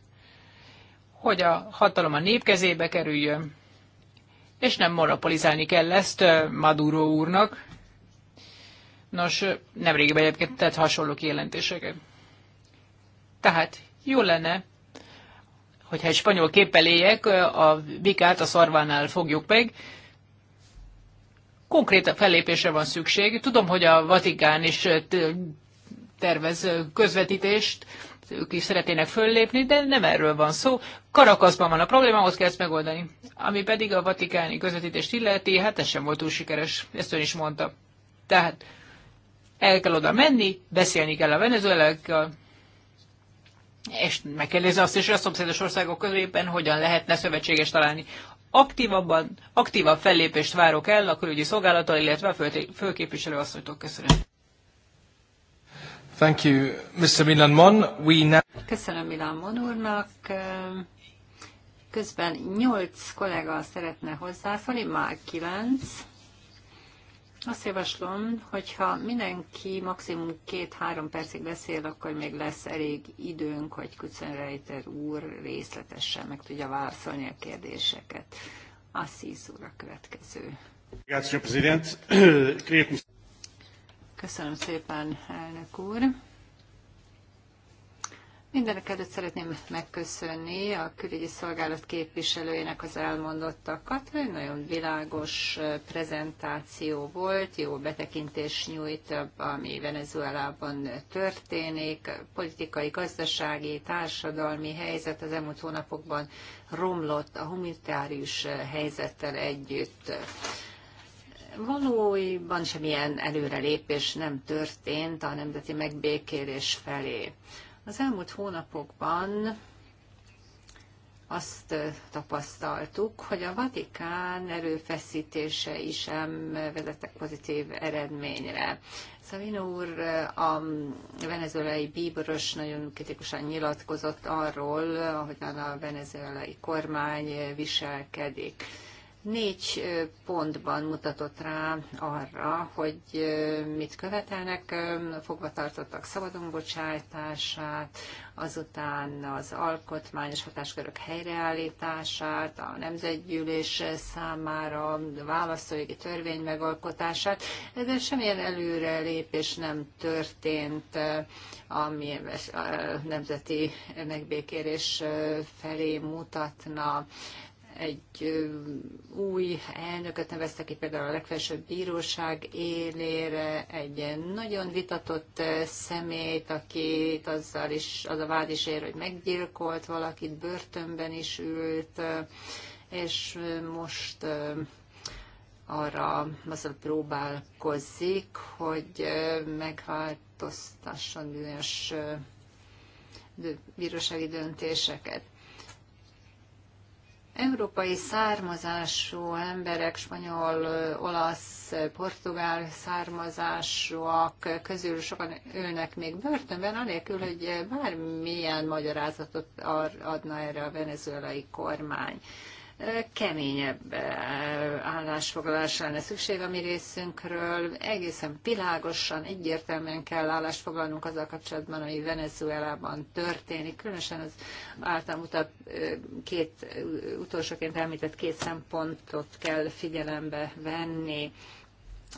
hogy a hatalom a nép kezébe kerüljön, és nem monopolizálni kell ezt Maduro úrnak. Nos, nemrégiben egyébként tett hasonló kijelentéseket. Tehát jó lenne, hogyha egy spanyol képeléjek, a vikát a szarvánál fogjuk meg, konkrét fellépésre van szükség. Tudom, hogy a Vatikán is tervez közvetítést, ők is szeretnének föllépni, de nem erről van szó. Karakaszban van a probléma, ott kell ezt megoldani. Ami pedig a vatikáni közvetítést illeti, hát ez sem volt túl sikeres, ezt ön is mondta. Tehát el kell oda menni, beszélni kell a Venezuelákkal és megkérdezi azt is, hogy a szomszédos országok közében hogyan lehetne szövetséges találni. Aktívabban, aktívabb fellépést várok el a külügyi szolgálattal, illetve a fő, főképviselő asszonytól. Köszönöm. Thank you, Mr. Milan Mon. We now... Köszönöm Milan Mon úrnak. Közben nyolc kollega szeretne hozzászólni, már kilenc. Azt javaslom, hogyha mindenki maximum két-három percig beszél, akkor még lesz elég időnk, hogy Kucenreiter úr részletesen meg tudja válaszolni a kérdéseket. Assis úr a következő. Köszönöm szépen, elnök úr. Mindenek előtt szeretném megköszönni a külügyi szolgálat képviselőjének az elmondottakat. Egy nagyon világos prezentáció volt, jó betekintés nyújt, ami Venezuelában történik, politikai, gazdasági, társadalmi helyzet az elmúlt hónapokban romlott a humanitárius helyzettel együtt valójában semmilyen előrelépés nem történt a nemzeti megbékélés felé. Az elmúlt hónapokban azt tapasztaltuk, hogy a Vatikán is sem vezettek pozitív eredményre. Szavino úr, a venezuelai bíboros nagyon kritikusan nyilatkozott arról, ahogyan a venezuelai kormány viselkedik négy pontban mutatott rá arra, hogy mit követelnek fogvatartottak szabadon bocsájtását, azután az alkotmányos hatáskörök helyreállítását, a nemzetgyűlés számára választójogi törvény megalkotását, de semmilyen előrelépés nem történt ami a nemzeti megbékérés felé mutatna egy új elnököt neveztek ki például a legfelsőbb bíróság élére, egy nagyon vitatott személyt, akit azzal is, az a vád is ér, hogy meggyilkolt valakit, börtönben is ült, és most arra azzal próbálkozik, hogy megváltoztasson bizonyos bírósági döntéseket európai származású emberek, spanyol, olasz, portugál származásúak közül sokan ülnek még börtönben, anélkül, hogy bármilyen magyarázatot adna erre a venezuelai kormány keményebb eh, állásfoglalásra lenne szükség a mi részünkről. Egészen világosan, egyértelműen kell állásfoglalnunk azzal kapcsolatban, ami Venezuelában történik, különösen az általam utat, eh, két utolsóként említett két szempontot kell figyelembe venni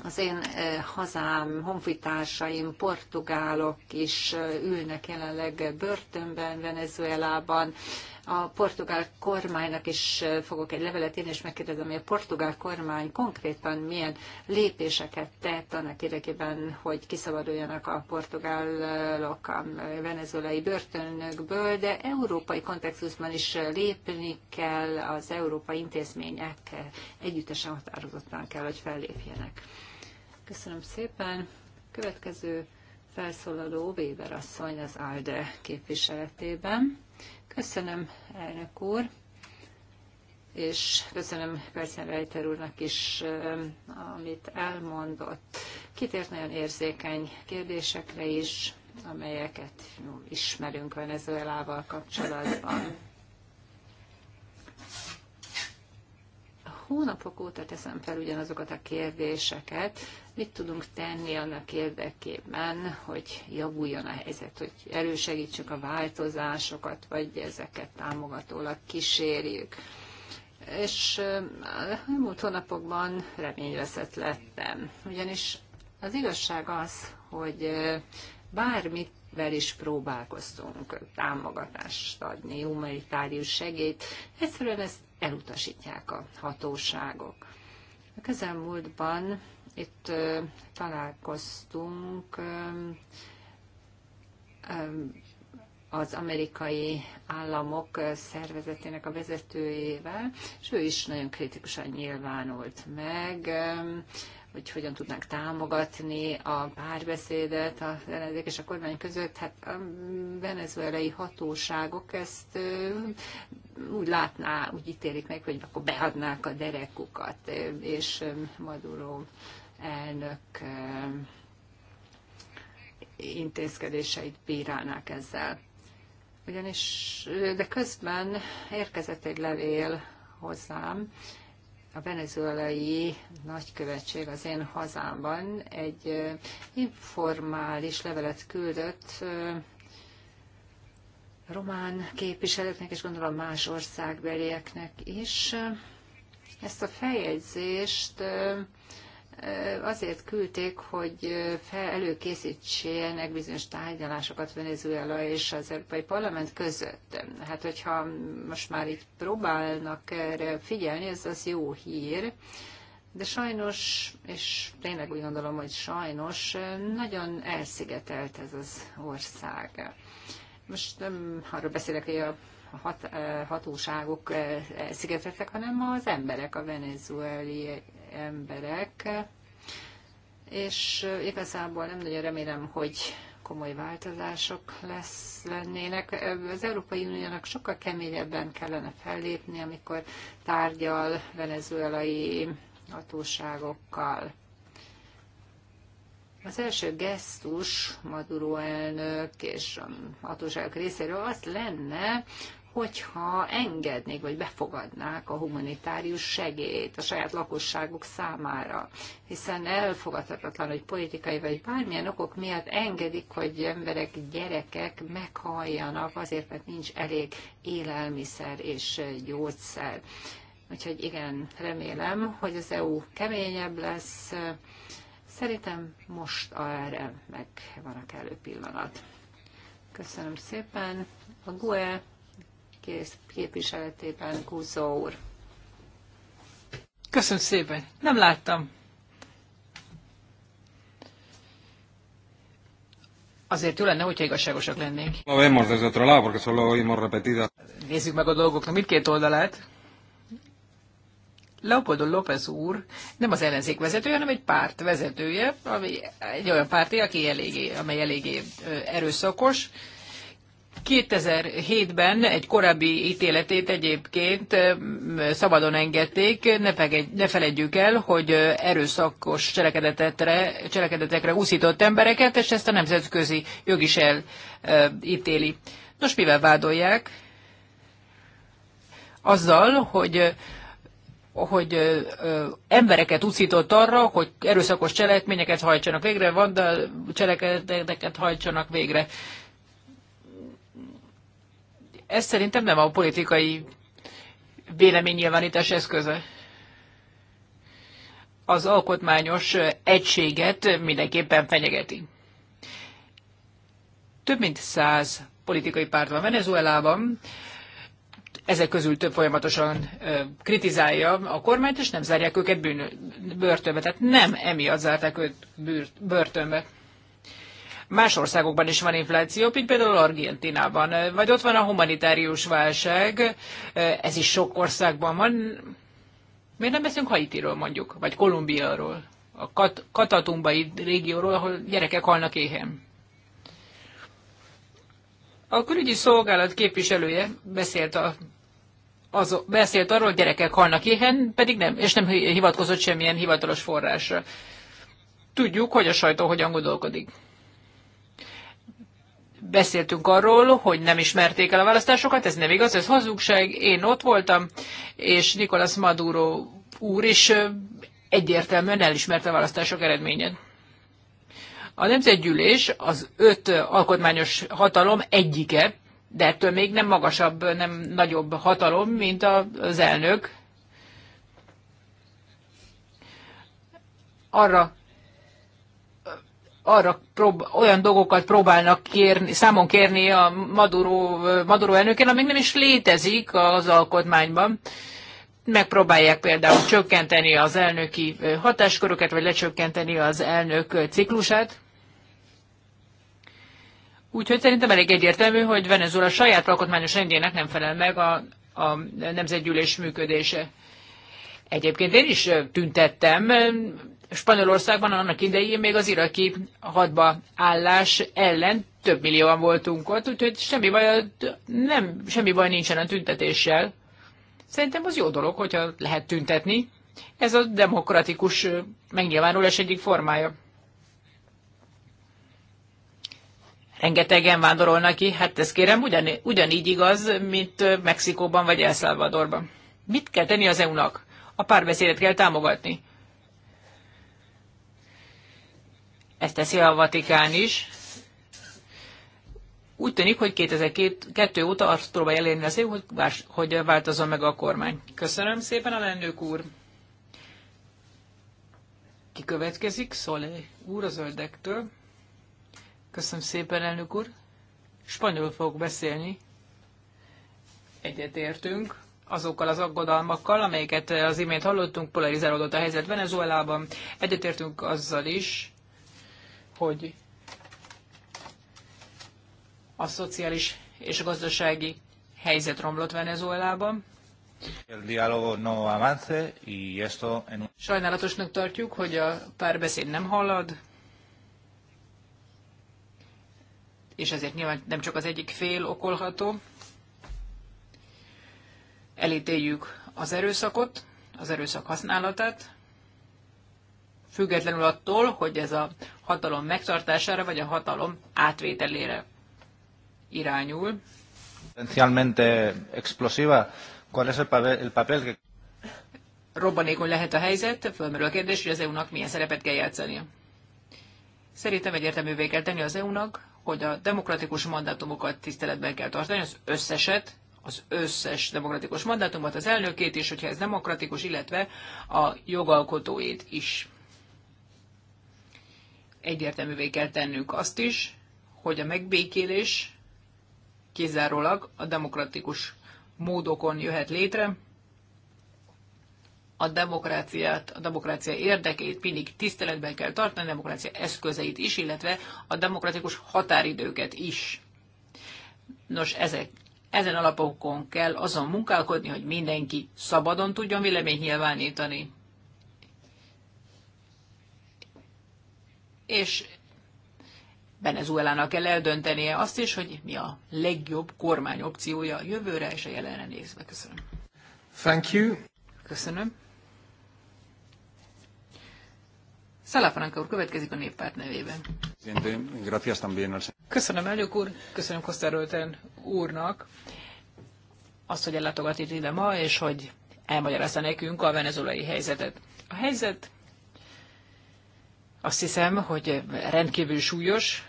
az én eh, hazám, honfitársaim, portugálok is ülnek jelenleg börtönben, Venezuelában, a portugál kormánynak is fogok egy levelet írni, és megkérdezem, hogy a portugál kormány konkrétan milyen lépéseket tett annak érdekében, hogy kiszabaduljanak a portugálok a venezuelai börtönökből, de európai kontextusban is lépni kell, az európai intézmények együttesen határozottan kell, hogy fellépjenek. Köszönöm szépen. Következő felszólaló Weber asszony az ALDE képviseletében. Köszönöm, elnök úr, és köszönöm Percen Reiter úrnak is, amit elmondott. Kitért nagyon érzékeny kérdésekre is, amelyeket ismerünk Venezuelával kapcsolatban. hónapok óta teszem fel ugyanazokat a kérdéseket, mit tudunk tenni annak érdekében, hogy javuljon a helyzet, hogy elősegítsük a változásokat, vagy ezeket támogatólag kísérjük. És a eh, múlt hónapokban reményveszett lettem, ugyanis az igazság az, hogy eh, bármit vel is próbálkoztunk támogatást adni, humanitárius segélyt. Egyszerűen ezt elutasítják a hatóságok. A közelmúltban itt találkoztunk az amerikai államok szervezetének a vezetőjével, és ő is nagyon kritikusan nyilvánult meg hogy hogyan tudnánk támogatni a párbeszédet a ellenzék és a kormány között. Hát a venezuelai hatóságok ezt úgy látná, úgy ítélik meg, hogy akkor behadnák a derekukat, és Maduro elnök intézkedéseit bírálnák ezzel. Ugyanis, de közben érkezett egy levél hozzám, a venezuelai nagykövetség az én hazámban egy informális levelet küldött román képviselőknek, és gondolom más országbelieknek is. Ezt a feljegyzést azért küldték, hogy előkészítsenek bizonyos tárgyalásokat Venezuela és az Európai Parlament között. Hát, hogyha most már itt próbálnak erre figyelni, ez az jó hír. De sajnos, és tényleg úgy gondolom, hogy sajnos, nagyon elszigetelt ez az ország. Most nem arról beszélek, hogy a hat, hatóságok elszigeteltek, hanem az emberek, a venezueli emberek, és igazából nem nagyon remélem, hogy komoly változások lesz, lennének. Az Európai Uniónak sokkal keményebben kellene fellépni, amikor tárgyal venezuelai hatóságokkal. Az első gesztus Maduro elnök és a hatóságok részéről az lenne, hogyha engednék, vagy befogadnák a humanitárius segélyt a saját lakosságuk számára. Hiszen elfogadhatatlan, hogy politikai vagy bármilyen okok miatt engedik, hogy emberek, gyerekek meghalljanak azért, mert nincs elég élelmiszer és gyógyszer. Úgyhogy igen, remélem, hogy az EU keményebb lesz. Szerintem most erre meg van a kellő pillanat. Köszönöm szépen. A GUE képviseletében Kúzó úr. Köszönöm szépen. Nem láttam. Azért jó lenne, hogyha igazságosak lennénk. Nézzük meg a dolgoknak mindkét oldalát. Leopoldo López úr nem az ellenzék vezetője, hanem egy párt vezetője, ami egy olyan párti, aki eléggé, amely eléggé erőszakos. 2007-ben egy korábbi ítéletét egyébként szabadon engedték. Ne, fegedj, ne feledjük el, hogy erőszakos cselekedetekre, cselekedetekre úszított embereket, és ezt a nemzetközi jog is elítéli. Nos, mivel vádolják? Azzal, hogy hogy embereket úszított arra, hogy erőszakos cselekményeket hajtsanak végre, vandal cselekedeteket hajtsanak végre ez szerintem nem a politikai véleménynyilvánítás eszköze. Az alkotmányos egységet mindenképpen fenyegeti. Több mint száz politikai párt van Venezuelában, ezek közül több folyamatosan kritizálja a kormányt, és nem zárják őket bűn, börtönbe. Tehát nem emiatt zárták őt börtönbe. Más országokban is van infláció, mint például Argentinában, vagy ott van a humanitárius válság, ez is sok országban van. Miért nem beszélünk Haitiról mondjuk, vagy Kolumbiáról, a Kat- katatumbai régióról, ahol gyerekek halnak éhen? A külügyi szolgálat képviselője beszélt a az, beszélt arról, hogy gyerekek halnak éhen, pedig nem, és nem hivatkozott semmilyen hivatalos forrásra. Tudjuk, hogy a sajtó hogyan gondolkodik beszéltünk arról, hogy nem ismerték el a választásokat, ez nem igaz, ez hazugság, én ott voltam, és Nicolas Maduro úr is egyértelműen elismerte a választások eredményét. A nemzetgyűlés az öt alkotmányos hatalom egyike, de ettől még nem magasabb, nem nagyobb hatalom, mint az elnök. Arra arra prób- olyan dolgokat próbálnak kérni, számon kérni a Maduro, Maduro elnökén, amik nem is létezik az alkotmányban. Megpróbálják például csökkenteni az elnöki hatásköröket, vagy lecsökkenteni az elnök ciklusát. Úgyhogy szerintem elég egyértelmű, hogy Venezuela saját alkotmányos rendjének nem felel meg a, a nemzetgyűlés működése. Egyébként én is tüntettem Spanyolországban annak idején még az iraki hadba állás ellen több millióan voltunk ott, úgyhogy semmi baj, nem, semmi baj nincsen a tüntetéssel. Szerintem az jó dolog, hogyha lehet tüntetni. Ez a demokratikus megnyilvánulás egyik formája. Rengetegen vándorolnak ki, hát ez kérem ugyan, ugyanígy igaz, mint Mexikóban vagy El Salvadorban. Mit kell tenni az EU-nak? A párbeszédet kell támogatni Ezt teszi a Vatikán is. Úgy tűnik, hogy 2002 óta azt próbálja elérni az év, hogy, hogy változzon meg a kormány. Köszönöm szépen, a lennők úr. Ki következik? Szóle, úr az öldektől. Köszönöm szépen, elnök úr. Spanyol fogok beszélni. Egyetértünk azokkal az aggodalmakkal, amelyeket az imént hallottunk, polarizálódott a helyzet Venezuelában. Egyetértünk azzal is, hogy a szociális és gazdasági helyzet romlott Venezuelában. Sajnálatosnak tartjuk, hogy a párbeszéd nem halad, és ezért nyilván nem csak az egyik fél okolható. Elítéljük az erőszakot, az erőszak használatát, függetlenül attól, hogy ez a hatalom megtartására vagy a hatalom átvételére irányul. Potenciálmente explosiva, ¿cuál es el papel, el papel que... Robbanékony lehet a helyzet, fölmerül a kérdés, hogy az EU-nak milyen szerepet kell játszania. Szerintem egyértelművé kell tenni az EU-nak, hogy a demokratikus mandátumokat tiszteletben kell tartani, az összeset, az összes demokratikus mandátumot, az elnökét is, hogyha ez demokratikus, illetve a jogalkotóét is egyértelművé kell tennünk azt is, hogy a megbékélés kizárólag a demokratikus módokon jöhet létre. A demokráciát, a demokrácia érdekét mindig tiszteletben kell tartani, a demokrácia eszközeit is, illetve a demokratikus határidőket is. Nos, ezek, ezen alapokon kell azon munkálkodni, hogy mindenki szabadon tudjon véleményt nyilvánítani, és Venezuelának kell eldöntenie azt is, hogy mi a legjobb kormány opciója a jövőre és a jelenre nézve. Köszönöm. Thank you. Köszönöm. Franka úr következik a néppárt nevében. Köszönöm elnök úr, köszönöm Koszterölten úrnak azt, hogy ellátogat itt ide ma, és hogy elmagyarázta nekünk a venezuelai helyzetet. A helyzet azt hiszem, hogy rendkívül súlyos,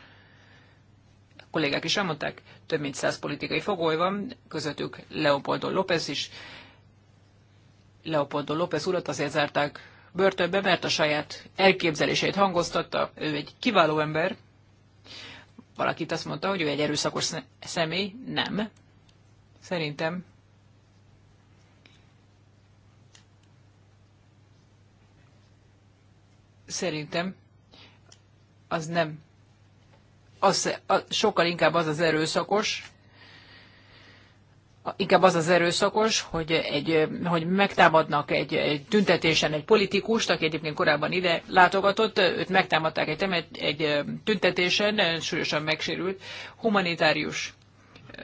a kollégák is elmondták, több mint száz politikai fogoly van, közöttük Leopoldo López is. Leopoldo López urat azért zárták börtönbe, mert a saját elképzeléseit hangoztatta. Ő egy kiváló ember. Valakit azt mondta, hogy ő egy erőszakos személy. Nem. Szerintem szerintem az nem, az, az, sokkal inkább az az erőszakos, inkább az az erőszakos, hogy, egy, hogy megtámadnak egy, egy tüntetésen egy politikust, aki egyébként korábban ide látogatott, őt megtámadták egy, temet, egy tüntetésen, súlyosan megsérült. Humanitárius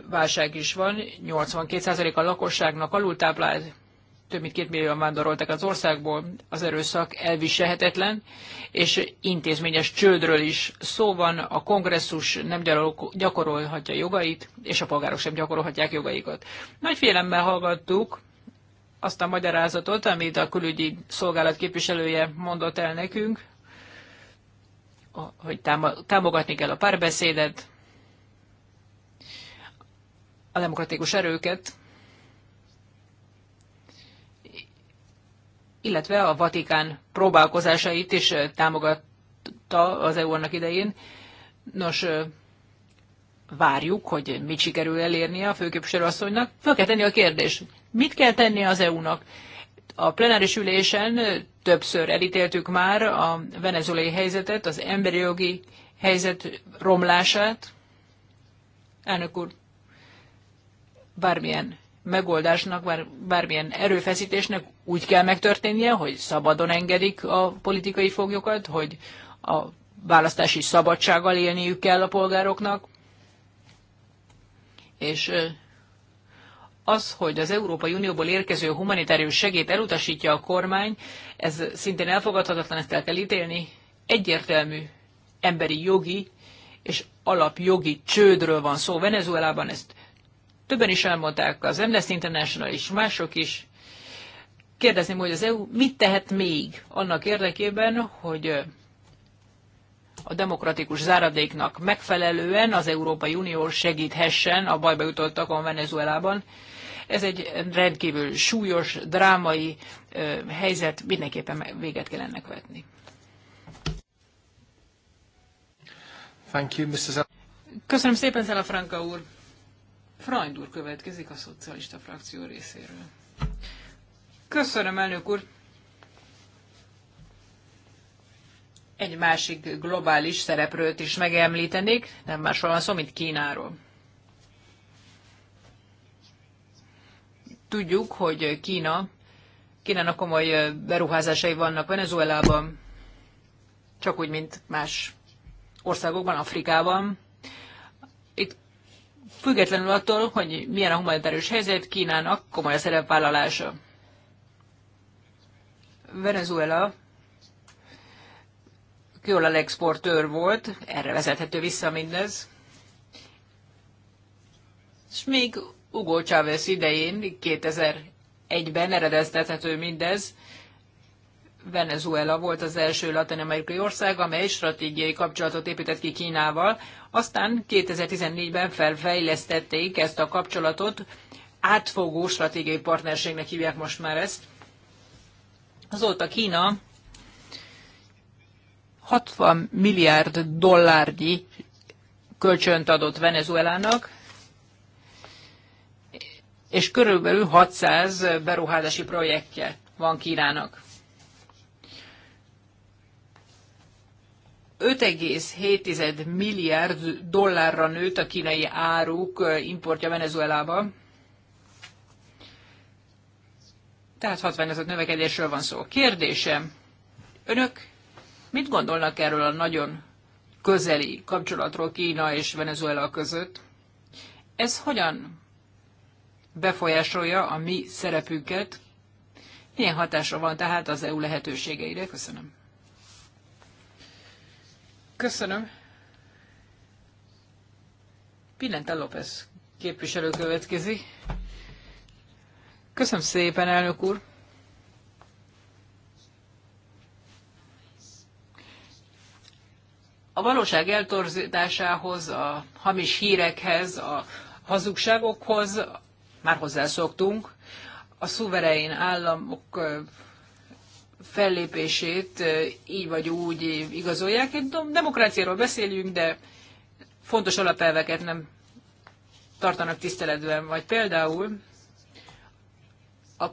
válság is van, 82% a lakosságnak alultáplált, több mint két millióan vándoroltak az országból, az erőszak elviselhetetlen, és intézményes csődről is szó van, a kongresszus nem gyakorolhatja jogait, és a polgárok sem gyakorolhatják jogaikat. Nagy félemmel hallgattuk azt a magyarázatot, amit a külügyi szolgálat képviselője mondott el nekünk, hogy támogatni kell a párbeszédet, a demokratikus erőket, illetve a Vatikán próbálkozásait is támogatta az EU annak idején. Nos, várjuk, hogy mit sikerül elérnie a főképviselő asszonynak. Föl kell tenni a kérdés, mit kell tennie az EU-nak? A plenáris ülésen többször elítéltük már a venezuelai helyzetet, az emberi jogi helyzet romlását. Elnök úr, bármilyen megoldásnak, bár, bármilyen erőfeszítésnek úgy kell megtörténnie, hogy szabadon engedik a politikai foglyokat, hogy a választási szabadsággal élniük kell a polgároknak, és az, hogy az Európai Unióból érkező humanitárius segét elutasítja a kormány, ez szintén elfogadhatatlan, ezt el kell ítélni. Egyértelmű emberi jogi és alapjogi csődről van szó Venezuelában, ezt Többen is elmondták, az Amnesty International is, mások is. Kérdezném, hogy az EU mit tehet még annak érdekében, hogy a demokratikus záradéknak megfelelően az Európai Unió segíthessen a bajba jutottakon Venezuelában. Ez egy rendkívül súlyos, drámai helyzet, mindenképpen véget kell ennek vetni. Thank you, Mrs. Köszönöm szépen, Szela Franka úr! Freund úr következik a szocialista frakció részéről. Köszönöm, elnök úr! Egy másik globális szereplőt is megemlítenék, nem másról van szó, mint Kínáról. Tudjuk, hogy Kína, Kínának komoly beruházásai vannak Venezuelában, csak úgy, mint más országokban, Afrikában, függetlenül attól, hogy milyen a humanitárius helyzet, Kínának komoly a szerepvállalása. Venezuela kőolaj exportőr volt, erre vezethető vissza mindez. És még Hugo Chávez idején, 2001-ben eredeztethető mindez, Venezuela volt az első latin-amerikai ország, amely stratégiai kapcsolatot épített ki Kínával, aztán 2014-ben felfejlesztették ezt a kapcsolatot, átfogó stratégiai partnerségnek hívják most már ezt. Azóta Kína 60 milliárd dollárnyi kölcsönt adott Venezuelának, és körülbelül 600 beruházási projektje van Kínának. 5,7 milliárd dollárra nőtt a kínai áruk importja Venezuelába. Tehát 60 ezer növekedésről van szó. Kérdésem, önök mit gondolnak erről a nagyon közeli kapcsolatról Kína és Venezuela között? Ez hogyan befolyásolja a mi szerepünket? Milyen hatása van tehát az EU lehetőségeire? Köszönöm. Köszönöm. Pinenta López képviselő következik. Köszönöm szépen, elnök úr. A valóság eltorzításához, a hamis hírekhez, a hazugságokhoz már hozzászoktunk. A szuverén államok fellépését így vagy úgy igazolják. Demokráciáról beszélünk, de fontos alapelveket nem tartanak tiszteletben. Vagy például a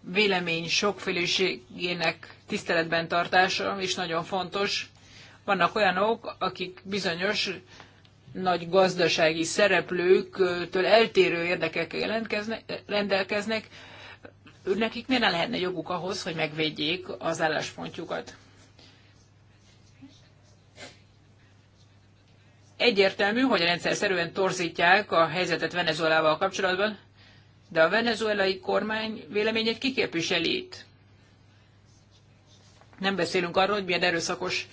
vélemény sokféleségének tiszteletben tartása is nagyon fontos. Vannak olyanok, akik bizonyos nagy gazdasági szereplőktől eltérő érdekekkel rendelkeznek, nekik miért ne lehetne joguk ahhoz, hogy megvédjék az álláspontjukat? Egyértelmű, hogy rendszer szerűen torzítják a helyzetet Venezuelával kapcsolatban, de a venezuelai kormány véleményét kiképviseli itt. Nem beszélünk arról, hogy milyen erőszakos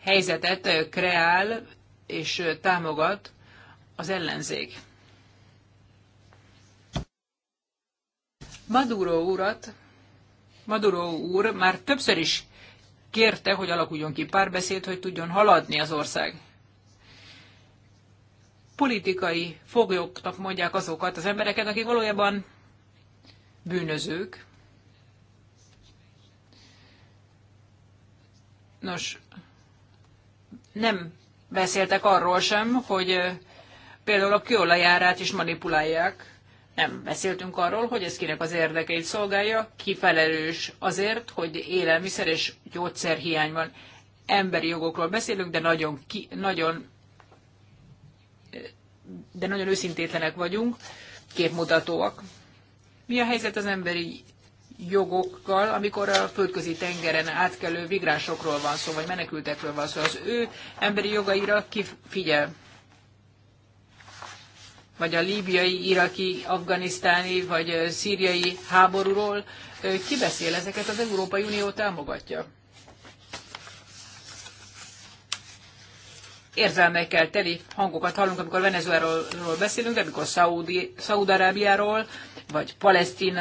helyzetet kreál és támogat az ellenzék. Maduro urat, Maduro úr már többször is kérte, hogy alakuljon ki párbeszéd, hogy tudjon haladni az ország. Politikai foglyoknak mondják azokat az embereket, akik valójában bűnözők. Nos, nem beszéltek arról sem, hogy például a kőolajárát is manipulálják. Nem beszéltünk arról, hogy ez kinek az érdekeit szolgálja, kifelelős azért, hogy élelmiszer és gyógyszerhiány van. Emberi jogokról beszélünk, de nagyon, ki, nagyon, de nagyon őszintétlenek vagyunk, képmutatóak. Mi a helyzet az emberi jogokkal, amikor a földközi tengeren átkelő migránsokról van szó, vagy menekültekről van szó, az ő emberi jogaira ki figyel? vagy a líbiai, iraki, afganisztáni, vagy szíriai háborúról. Ki beszél ezeket? Az Európai Unió támogatja. érzelmekkel teli hangokat hallunk, amikor Venezuelról beszélünk, de amikor Szaúd-Arábiáról, vagy Palesztin,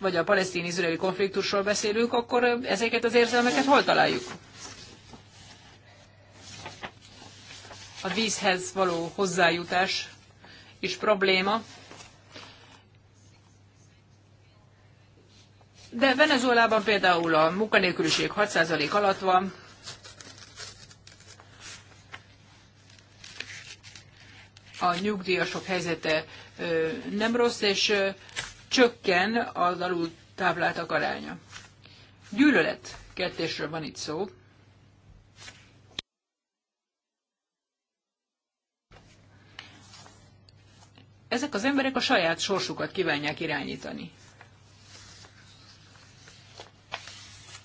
vagy a palesztin-izraeli konfliktusról beszélünk, akkor ezeket az érzelmeket hol találjuk? A vízhez való hozzájutás is probléma. De Venezuelában például a munkanélküliség 6% alatt van, a nyugdíjasok helyzete nem rossz, és csökken az alul tábláltak aránya. Gyűlölet kettésről van itt szó. ezek az emberek a saját sorsukat kívánják irányítani.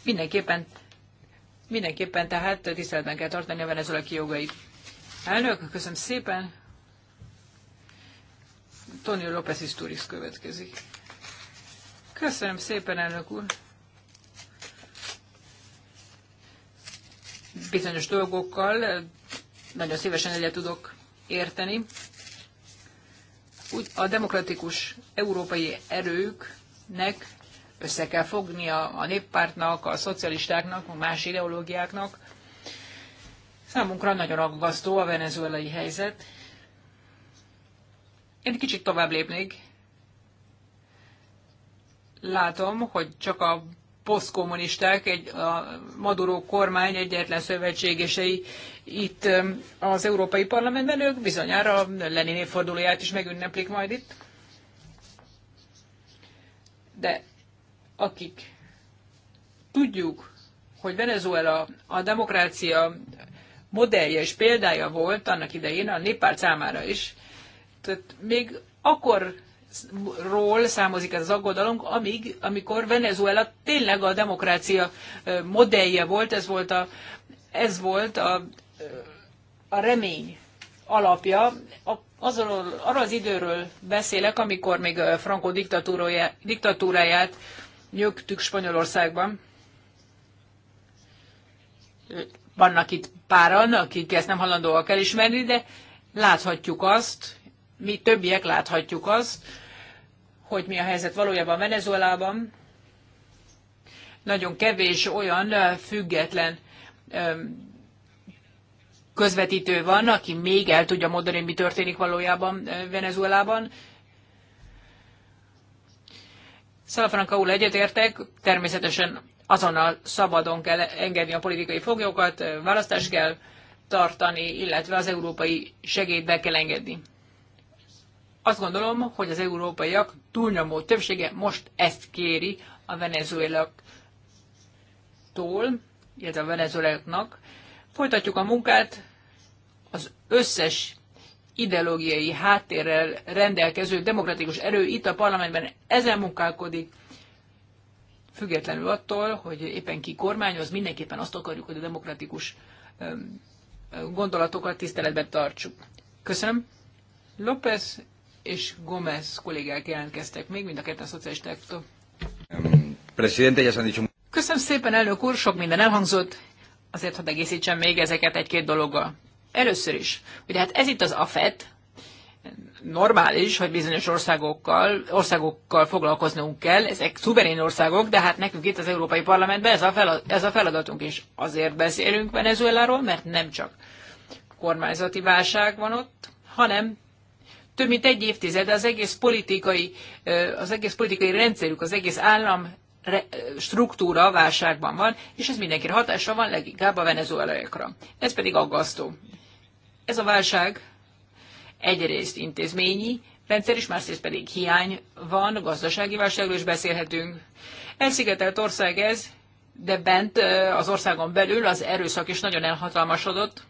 Mindenképpen, mindenképpen tehát tiszteletben kell tartani a venezuelaki jogait. Elnök, köszönöm szépen. Tonio López Isturiz következik. Köszönöm szépen, elnök úr. Bizonyos dolgokkal nagyon szívesen egyet tudok érteni a demokratikus európai erőknek össze kell fognia a néppártnak, a szocialistáknak, a más ideológiáknak. Számunkra nagyon aggasztó a venezuelai helyzet. Én kicsit tovább lépnék. Látom, hogy csak a posztkommunisták, egy, a Maduro kormány egyetlen szövetségesei itt az Európai Parlamentben, ők bizonyára Lenin évfordulóját is megünneplik majd itt. De akik tudjuk, hogy Venezuela a demokrácia modellje és példája volt annak idején a néppárt számára is, tehát még akkor ról számozik ez az aggodalom, amíg, amikor Venezuela tényleg a demokrácia modellje volt, ez volt a, ez volt a, a remény alapja. azról, arra az időről beszélek, amikor még Franco diktatúráját nyögtük Spanyolországban. Vannak itt páran, akik ezt nem hallandóak elismerni, de láthatjuk azt, mi többiek láthatjuk azt, hogy mi a helyzet valójában Venezuelában. Nagyon kevés olyan független közvetítő van, aki még el tudja mondani, mi történik valójában Venezuelában. Szalafranka úr egyetértek, természetesen azonnal szabadon kell engedni a politikai foglyokat, választást kell tartani, illetve az európai segélyt be kell engedni. Azt gondolom, hogy az európaiak túlnyomó többsége most ezt kéri a venezuelaktól, illetve a venezuelaknak. Folytatjuk a munkát, az összes ideológiai háttérrel rendelkező demokratikus erő itt a parlamentben ezen munkálkodik, függetlenül attól, hogy éppen ki kormányoz, mindenképpen azt akarjuk, hogy a demokratikus gondolatokat tiszteletben tartsuk. Köszönöm. López és Gomez kollégák jelentkeztek még, mind a ketten szocialistáktól. Köszönöm szépen, elnök úr, sok minden elhangzott, azért hogy egészítsem még ezeket egy-két dologgal. Először is, ugye hát ez itt az AFET, normális, hogy bizonyos országokkal, országokkal foglalkoznunk kell, ezek szuverén országok, de hát nekünk itt az Európai Parlamentben ez a, fel, ez a feladatunk, és azért beszélünk Venezueláról, mert nem csak kormányzati válság van ott, hanem több mint egy évtized az egész politikai, az egész politikai rendszerük, az egész állam struktúra válságban van, és ez mindenkire hatása van, leginkább a venezuelaiakra. Ez pedig aggasztó. Ez a válság egyrészt intézményi rendszer is, másrészt pedig hiány van, gazdasági válságról is beszélhetünk. Elszigetelt ország ez, de bent az országon belül az erőszak is nagyon elhatalmasodott.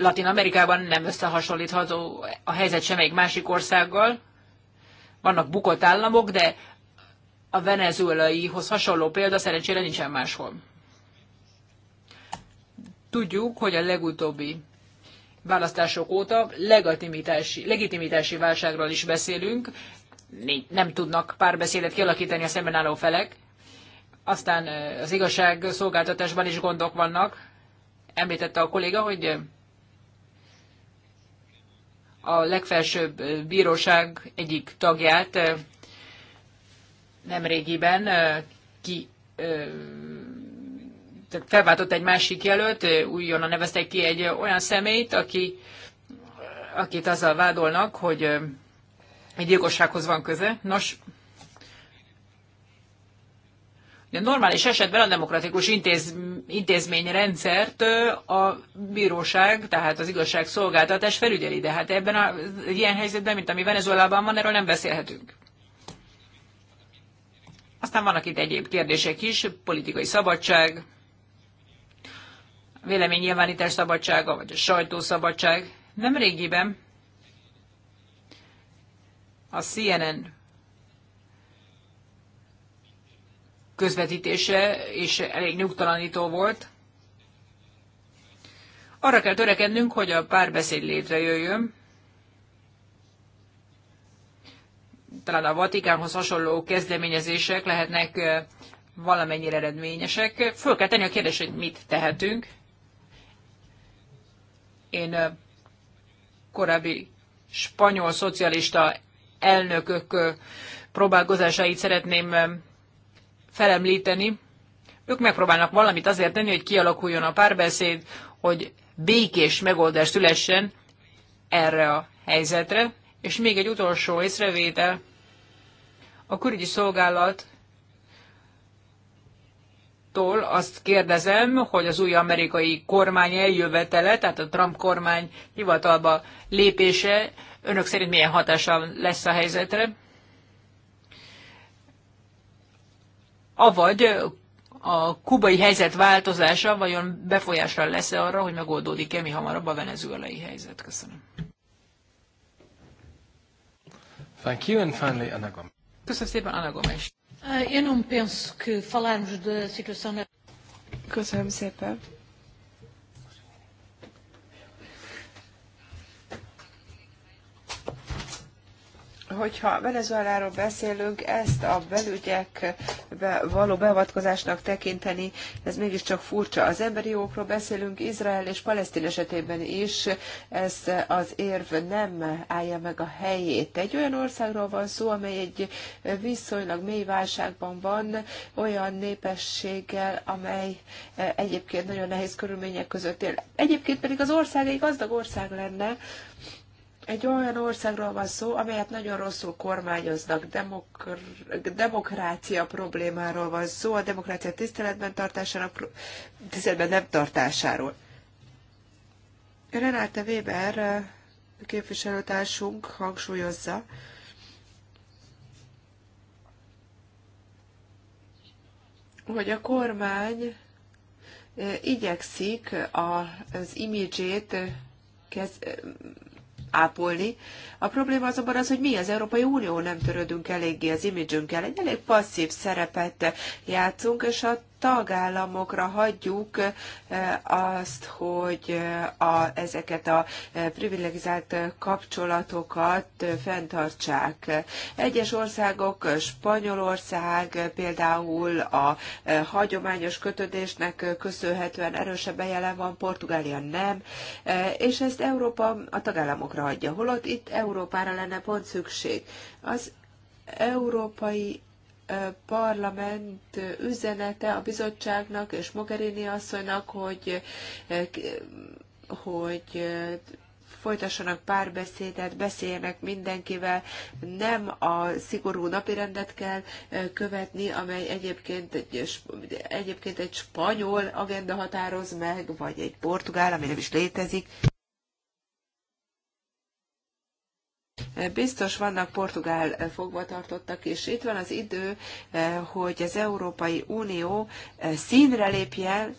Latin Amerikában nem összehasonlítható a helyzet semmelyik másik országgal. Vannak bukott államok, de a venezuelaihoz hasonló példa szerencsére nincsen máshol. Tudjuk, hogy a legutóbbi választások óta legitimitási, legitimitási válságról is beszélünk, nem tudnak párbeszédet kialakítani a szemben álló felek. Aztán az igazságszolgáltatásban is gondok vannak. Említette a kolléga, hogy a legfelsőbb bíróság egyik tagját nemrégiben ki felváltott egy másik jelölt, újonnan neveztek ki egy olyan személyt, aki, akit azzal vádolnak, hogy egy gyilkossághoz van köze. Nos, de normális esetben a demokratikus intéz, intézményrendszert a bíróság, tehát az igazságszolgáltatás felügyeli, de hát ebben a, ilyen helyzetben, mint ami Venezuelában van, erről nem beszélhetünk. Aztán vannak itt egyéb kérdések is, politikai szabadság, véleménynyilvánítás szabadsága, vagy a sajtószabadság. Nem régiben a CNN közvetítése és elég nyugtalanító volt. Arra kell törekednünk, hogy a párbeszéd létrejöjjön. Talán a Vatikánhoz hasonló kezdeményezések lehetnek valamennyire eredményesek. Föl kell tenni a kérdést, hogy mit tehetünk. Én korábbi spanyol szocialista elnökök próbálkozásait szeretném felemlíteni. Ők megpróbálnak valamit azért tenni, hogy kialakuljon a párbeszéd, hogy békés megoldás ülessen erre a helyzetre. És még egy utolsó észrevétel. A külügyi szolgálat Tól azt kérdezem, hogy az új amerikai kormány eljövetele, tehát a Trump kormány hivatalba lépése önök szerint milyen hatással lesz a helyzetre? avagy a kubai helyzet változása vajon befolyással lesz-e arra, hogy megoldódik-e mi hamarabb a venezuelai helyzet? Köszönöm. Thank you, and finally, Anna Gomes. Köszönöm szépen, Anna Gomes. Eh, Köszönöm szépen. hogyha Venezueláról beszélünk, ezt a belügyekbe való beavatkozásnak tekinteni, ez mégiscsak furcsa. Az emberi jogokról beszélünk Izrael és Palesztin esetében is, ez az érv nem állja meg a helyét. Egy olyan országról van szó, amely egy viszonylag mély válságban van, olyan népességgel, amely eh, egyébként nagyon nehéz körülmények között él. Egyébként pedig az ország egy gazdag ország lenne, egy olyan országról van szó, amelyet nagyon rosszul kormányoznak, demokr- demokrácia problémáról van szó, a demokrácia tiszteletben tartásának, tiszteletben nem tartásáról. Renáta Weber képviselőtársunk hangsúlyozza, hogy a kormány igyekszik az imidzsét ápolni. A probléma azonban az, hogy mi az Európai Unió nem törődünk eléggé az imidzsünkkel. Egy elég passzív szerepet játszunk, és a tagállamokra hagyjuk eh, azt, hogy eh, a, ezeket a eh, privilegizált kapcsolatokat fenntartsák. Egyes országok, Spanyolország például a hagyományos kötődésnek köszönhetően erősebben jelen van, Portugália nem, és ezt Európa a tagállamokra hagyja, holott itt Európára lenne pont szükség. Az európai Parlament üzenete a bizottságnak és Mogherini asszonynak, hogy, hogy folytassanak párbeszédet, beszéljenek mindenkivel, nem a szigorú napirendet kell követni, amely egyébként egy, egyébként egy spanyol agenda határoz meg, vagy egy portugál, ami nem is létezik. Biztos vannak portugál fogvatartottak, és itt van az idő, eh, hogy az Európai Unió eh, színre lépjen,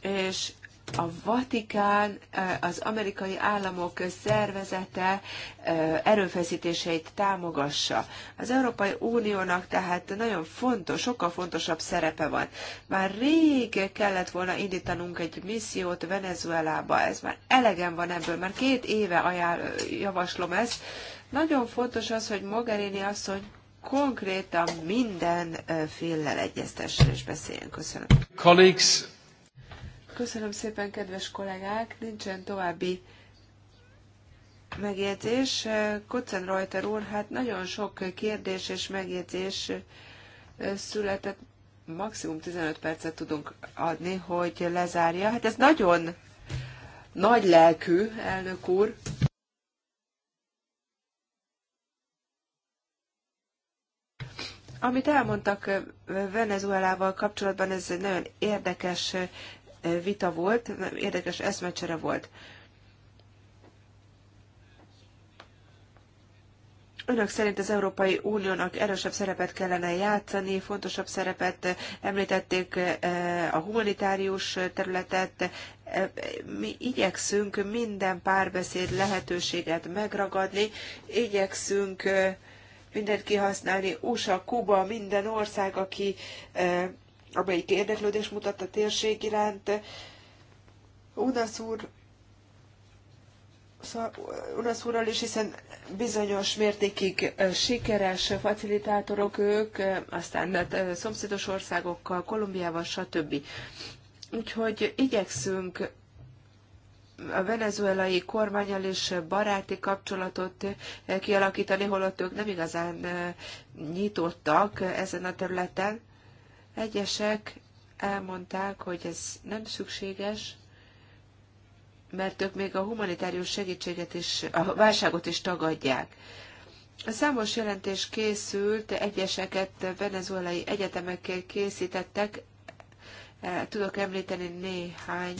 és a Vatikán, az amerikai államok szervezete erőfeszítéseit támogassa. Az Európai Uniónak tehát nagyon fontos, sokkal fontosabb szerepe van. Már rég kellett volna indítanunk egy missziót Venezuelába, ez már elegen van ebből, már két éve ajánl, javaslom ezt. Nagyon fontos az, hogy Mogherini asszony konkrétan minden féllel egyeztessen és beszéljen. Köszönöm. Colleagues, Köszönöm szépen, kedves kollégák! Nincsen további megjegyzés. Kocsen Reuter úr, hát nagyon sok kérdés és megjegyzés született. Maximum 15 percet tudunk adni, hogy lezárja. Hát ez nagyon nagy lelkű, elnök úr. Amit elmondtak Venezuelával kapcsolatban, ez egy nagyon érdekes vita volt, érdekes eszmecsere volt. Önök szerint az Európai Uniónak erősebb szerepet kellene játszani, fontosabb szerepet említették eh, a humanitárius területet. Eh, mi igyekszünk minden párbeszéd lehetőséget megragadni, igyekszünk eh, mindent kihasználni, USA, Kuba, minden ország, aki amelyik érdeklődést mutat a térség iránt. Unasz úr Unasz úrral is, hiszen bizonyos mértékig sikeres facilitátorok ők, aztán szomszédos országokkal, Kolumbiával, stb. Úgyhogy igyekszünk a venezuelai kormányal is baráti kapcsolatot kialakítani, holott ők nem igazán nyitottak ezen a területen. Egyesek elmondták, hogy ez nem szükséges, mert ők még a humanitárius segítséget is, a válságot is tagadják. A számos jelentés készült, egyeseket venezuelai egyetemekkel készítettek, eh, tudok említeni néhány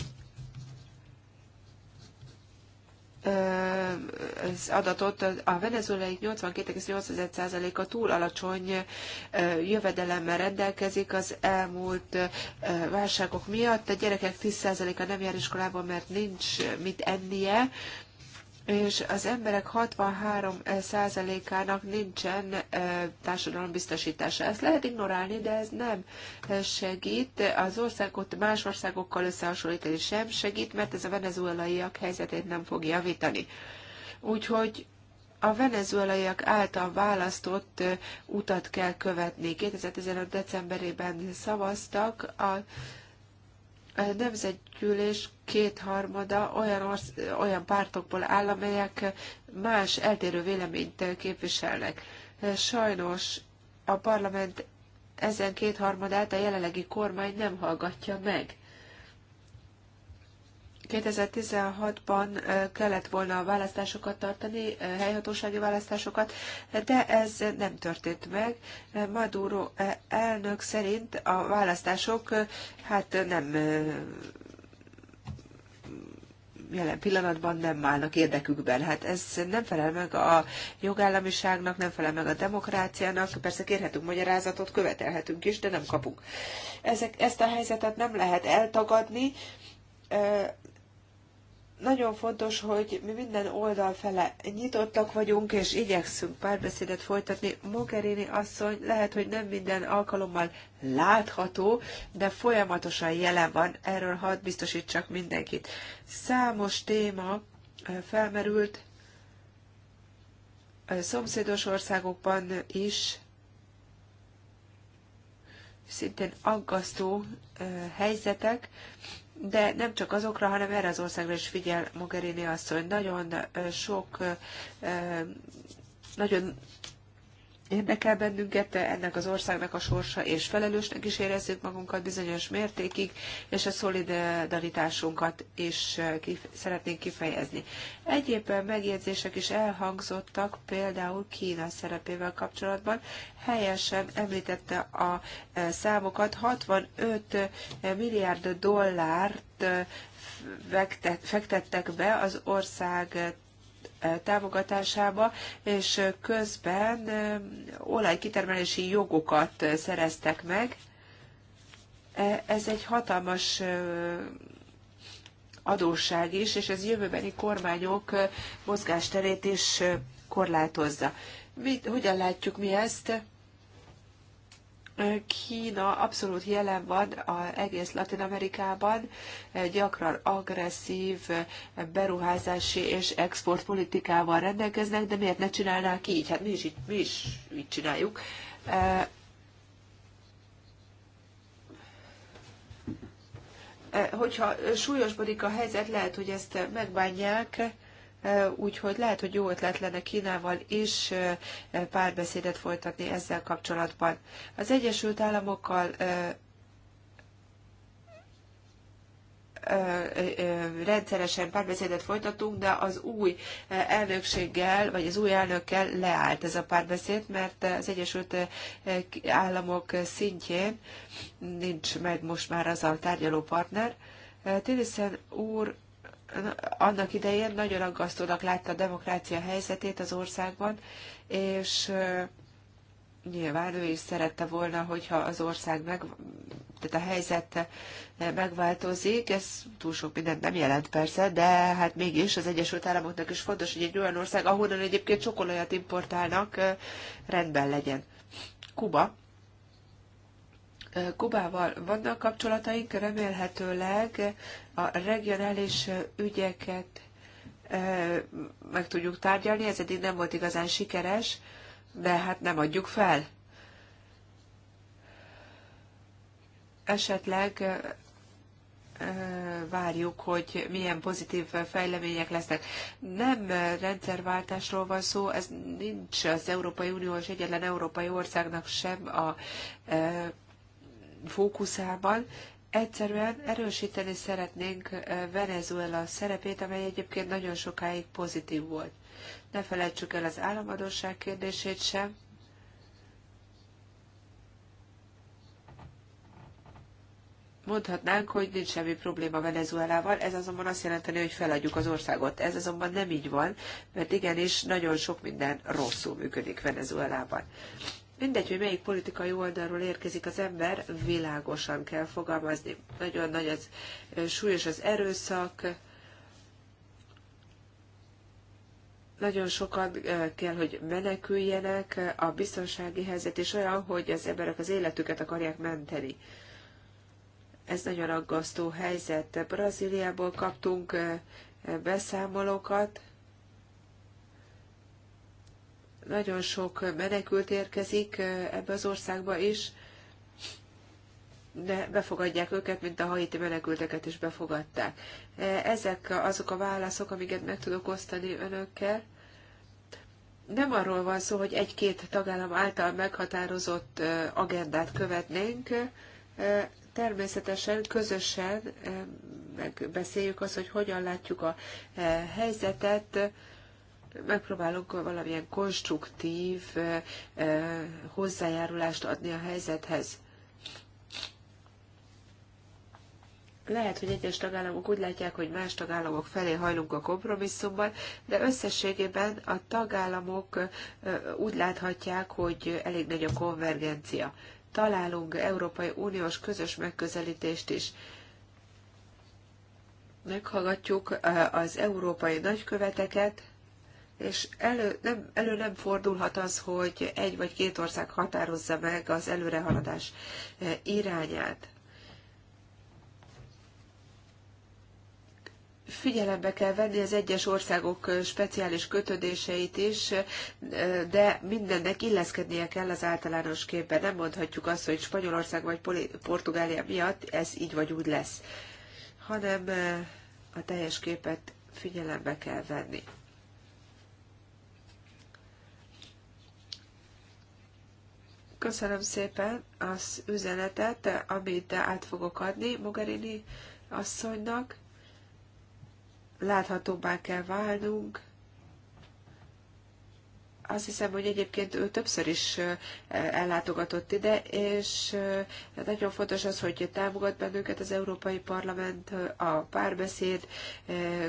az adatot, a venezuelai 82,8%-a túl alacsony jövedelemmel rendelkezik az elmúlt válságok miatt. A gyerekek 10%-a nem jár iskolába, mert nincs mit ennie és az emberek 63%-ának nincsen társadalombiztosítása. Ezt lehet ignorálni, de ez nem segít. Az országot más országokkal összehasonlítani sem segít, mert ez a venezuelaiak helyzetét nem fog javítani. Úgyhogy a venezuelaiak által választott utat kell követni. 2015. decemberében szavaztak a nemzetgyűlés kétharmada olyan, orsz, olyan pártokból áll, amelyek más eltérő véleményt képviselnek. Sajnos a parlament ezen kétharmadát a jelenlegi kormány nem hallgatja meg. 2016-ban kellett volna a választásokat tartani, helyhatósági választásokat, de ez nem történt meg. Maduro elnök szerint a választások hát nem jelen pillanatban nem állnak érdekükben. Hát ez nem felel meg a jogállamiságnak, nem felel meg a demokráciának. Persze kérhetünk magyarázatot, követelhetünk is, de nem kapunk. Ezek, ezt a helyzetet nem lehet eltagadni, nagyon fontos, hogy mi minden oldal fele nyitottak vagyunk, és igyekszünk párbeszédet folytatni. Mogherini asszony lehet, hogy nem minden alkalommal látható, de folyamatosan jelen van. Erről hadd biztosítsak mindenkit. Számos téma felmerült szomszédos országokban is, szintén aggasztó helyzetek, de nem csak azokra, hanem erre az országra is figyel Mogherini hogy Nagyon sok, nagyon érdekel bennünket ennek az országnak a sorsa, és felelősnek is érezzük magunkat bizonyos mértékig, és a szolidaritásunkat is kif- szeretnénk kifejezni. Egyéb megjegyzések is elhangzottak, például Kína szerepével kapcsolatban. Helyesen említette a számokat, 65 milliárd dollárt fektettek be az ország támogatásába, és közben olajkitermelési jogokat szereztek meg. E, ez egy hatalmas adósság is, és ez jövőbeni kormányok mozgásterét is korlátozza. Mit, hogyan látjuk mi ezt? Kína abszolút jelen van az egész Latin Amerikában, gyakran agresszív beruházási és exportpolitikával rendelkeznek, de miért ne csinálnák így? Hát mi is, mi is így csináljuk. E, e, hogyha súlyosbodik a helyzet, lehet, hogy ezt megbánják, úgyhogy lehet, hogy jó ötlet lenne Kínával is párbeszédet folytatni ezzel kapcsolatban. Az Egyesült Államokkal rendszeresen párbeszédet folytatunk, de az új elnökséggel, vagy az új elnökkel leállt ez a párbeszéd, mert az Egyesült Államok szintjén nincs meg most már az a tárgyaló partner. Tilliszen úr annak idején nagyon aggasztónak látta a demokrácia helyzetét az országban, és nyilván ő is szerette volna, hogyha az ország meg, tehát a helyzet megváltozik, ez túl sok mindent nem jelent persze, de hát mégis az Egyesült Államoknak is fontos, hogy egy olyan ország, ahonnan egyébként csokolajat importálnak, rendben legyen. Kuba Kubával vannak kapcsolataink, remélhetőleg a regionális ügyeket e, meg tudjuk tárgyalni, ez eddig nem volt igazán sikeres, de hát nem adjuk fel. Esetleg e, e, várjuk, hogy milyen pozitív fejlemények lesznek. Nem rendszerváltásról van szó, ez nincs az Európai Unió és egyetlen európai országnak sem a fókuszában. Egyszerűen erősíteni szeretnénk Venezuela szerepét, amely egyébként nagyon sokáig pozitív volt. Ne felejtsük el az államadóság kérdését sem. Mondhatnánk, hogy nincs semmi probléma Venezuelával, ez azonban azt jelenteni, hogy feladjuk az országot. Ez azonban nem így van, mert igenis nagyon sok minden rosszul működik Venezuelában mindegy, hogy melyik politikai oldalról érkezik az ember, világosan kell fogalmazni. Nagyon nagy az súlyos az erőszak, nagyon sokan kell, hogy meneküljenek, a biztonsági helyzet és olyan, hogy az emberek az életüket akarják menteni. Ez nagyon aggasztó helyzet. Brazíliából kaptunk beszámolókat, nagyon sok menekült érkezik ebbe az országba is, de befogadják őket, mint a haiti menekülteket is befogadták. Ezek azok a válaszok, amiket meg tudok osztani önökkel. Nem arról van szó, hogy egy-két tagállam által meghatározott agendát követnénk, természetesen közösen megbeszéljük azt, hogy hogyan látjuk a helyzetet, megpróbálunk valamilyen konstruktív hozzájárulást adni a helyzethez. Lehet, hogy egyes tagállamok úgy látják, hogy más tagállamok felé hajlunk a kompromisszumban, de összességében a tagállamok úgy láthatják, hogy elég nagy a konvergencia. Találunk Európai Uniós közös megközelítést is meghallgatjuk az európai nagyköveteket, és elő nem, elő nem fordulhat az, hogy egy vagy két ország határozza meg az előrehaladás eh, irányát. Figyelembe kell venni az egyes országok eh, speciális kötődéseit is, eh, de mindennek illeszkednie kell az általános képbe. Nem mondhatjuk azt, hogy Spanyolország vagy Portugália miatt ez így vagy úgy lesz, hanem a teljes képet figyelembe kell venni. Köszönöm szépen az üzenetet, amit át fogok adni Mogherini asszonynak. Láthatóbbá kell válnunk, azt hiszem, hogy egyébként ő többször is ellátogatott ide, és nagyon fontos az, hogy támogat bennünket az Európai Parlament a párbeszéd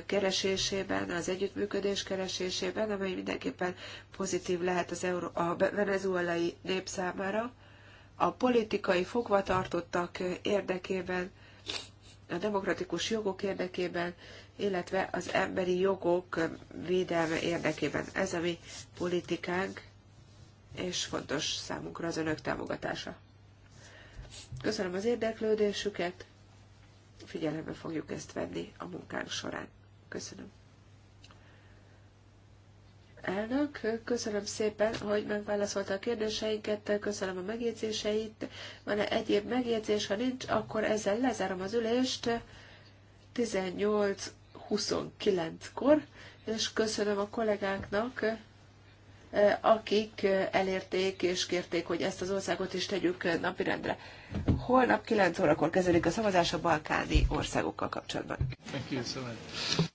keresésében, az együttműködés keresésében, amely mindenképpen pozitív lehet az Euró- a venezuelai nép számára, a politikai fogvatartottak érdekében, a demokratikus jogok érdekében, illetve az emberi jogok védelme érdekében. Ez a mi politikánk, és fontos számunkra az önök támogatása. Köszönöm az érdeklődésüket, figyelembe fogjuk ezt venni a munkánk során. Köszönöm. Elnök, köszönöm szépen, hogy megválaszolta a kérdéseinket, köszönöm a megjegyzéseit. Van-e egyéb megjegyzés? Ha nincs, akkor ezzel lezárom az ülést. 18 29-kor, és köszönöm a kollégáknak, eh, akik eh, elérték és kérték, hogy ezt az országot is tegyük eh, napirendre. Holnap 9 órakor kezdődik a szavazás a balkáni országokkal kapcsolatban. Thank you so much.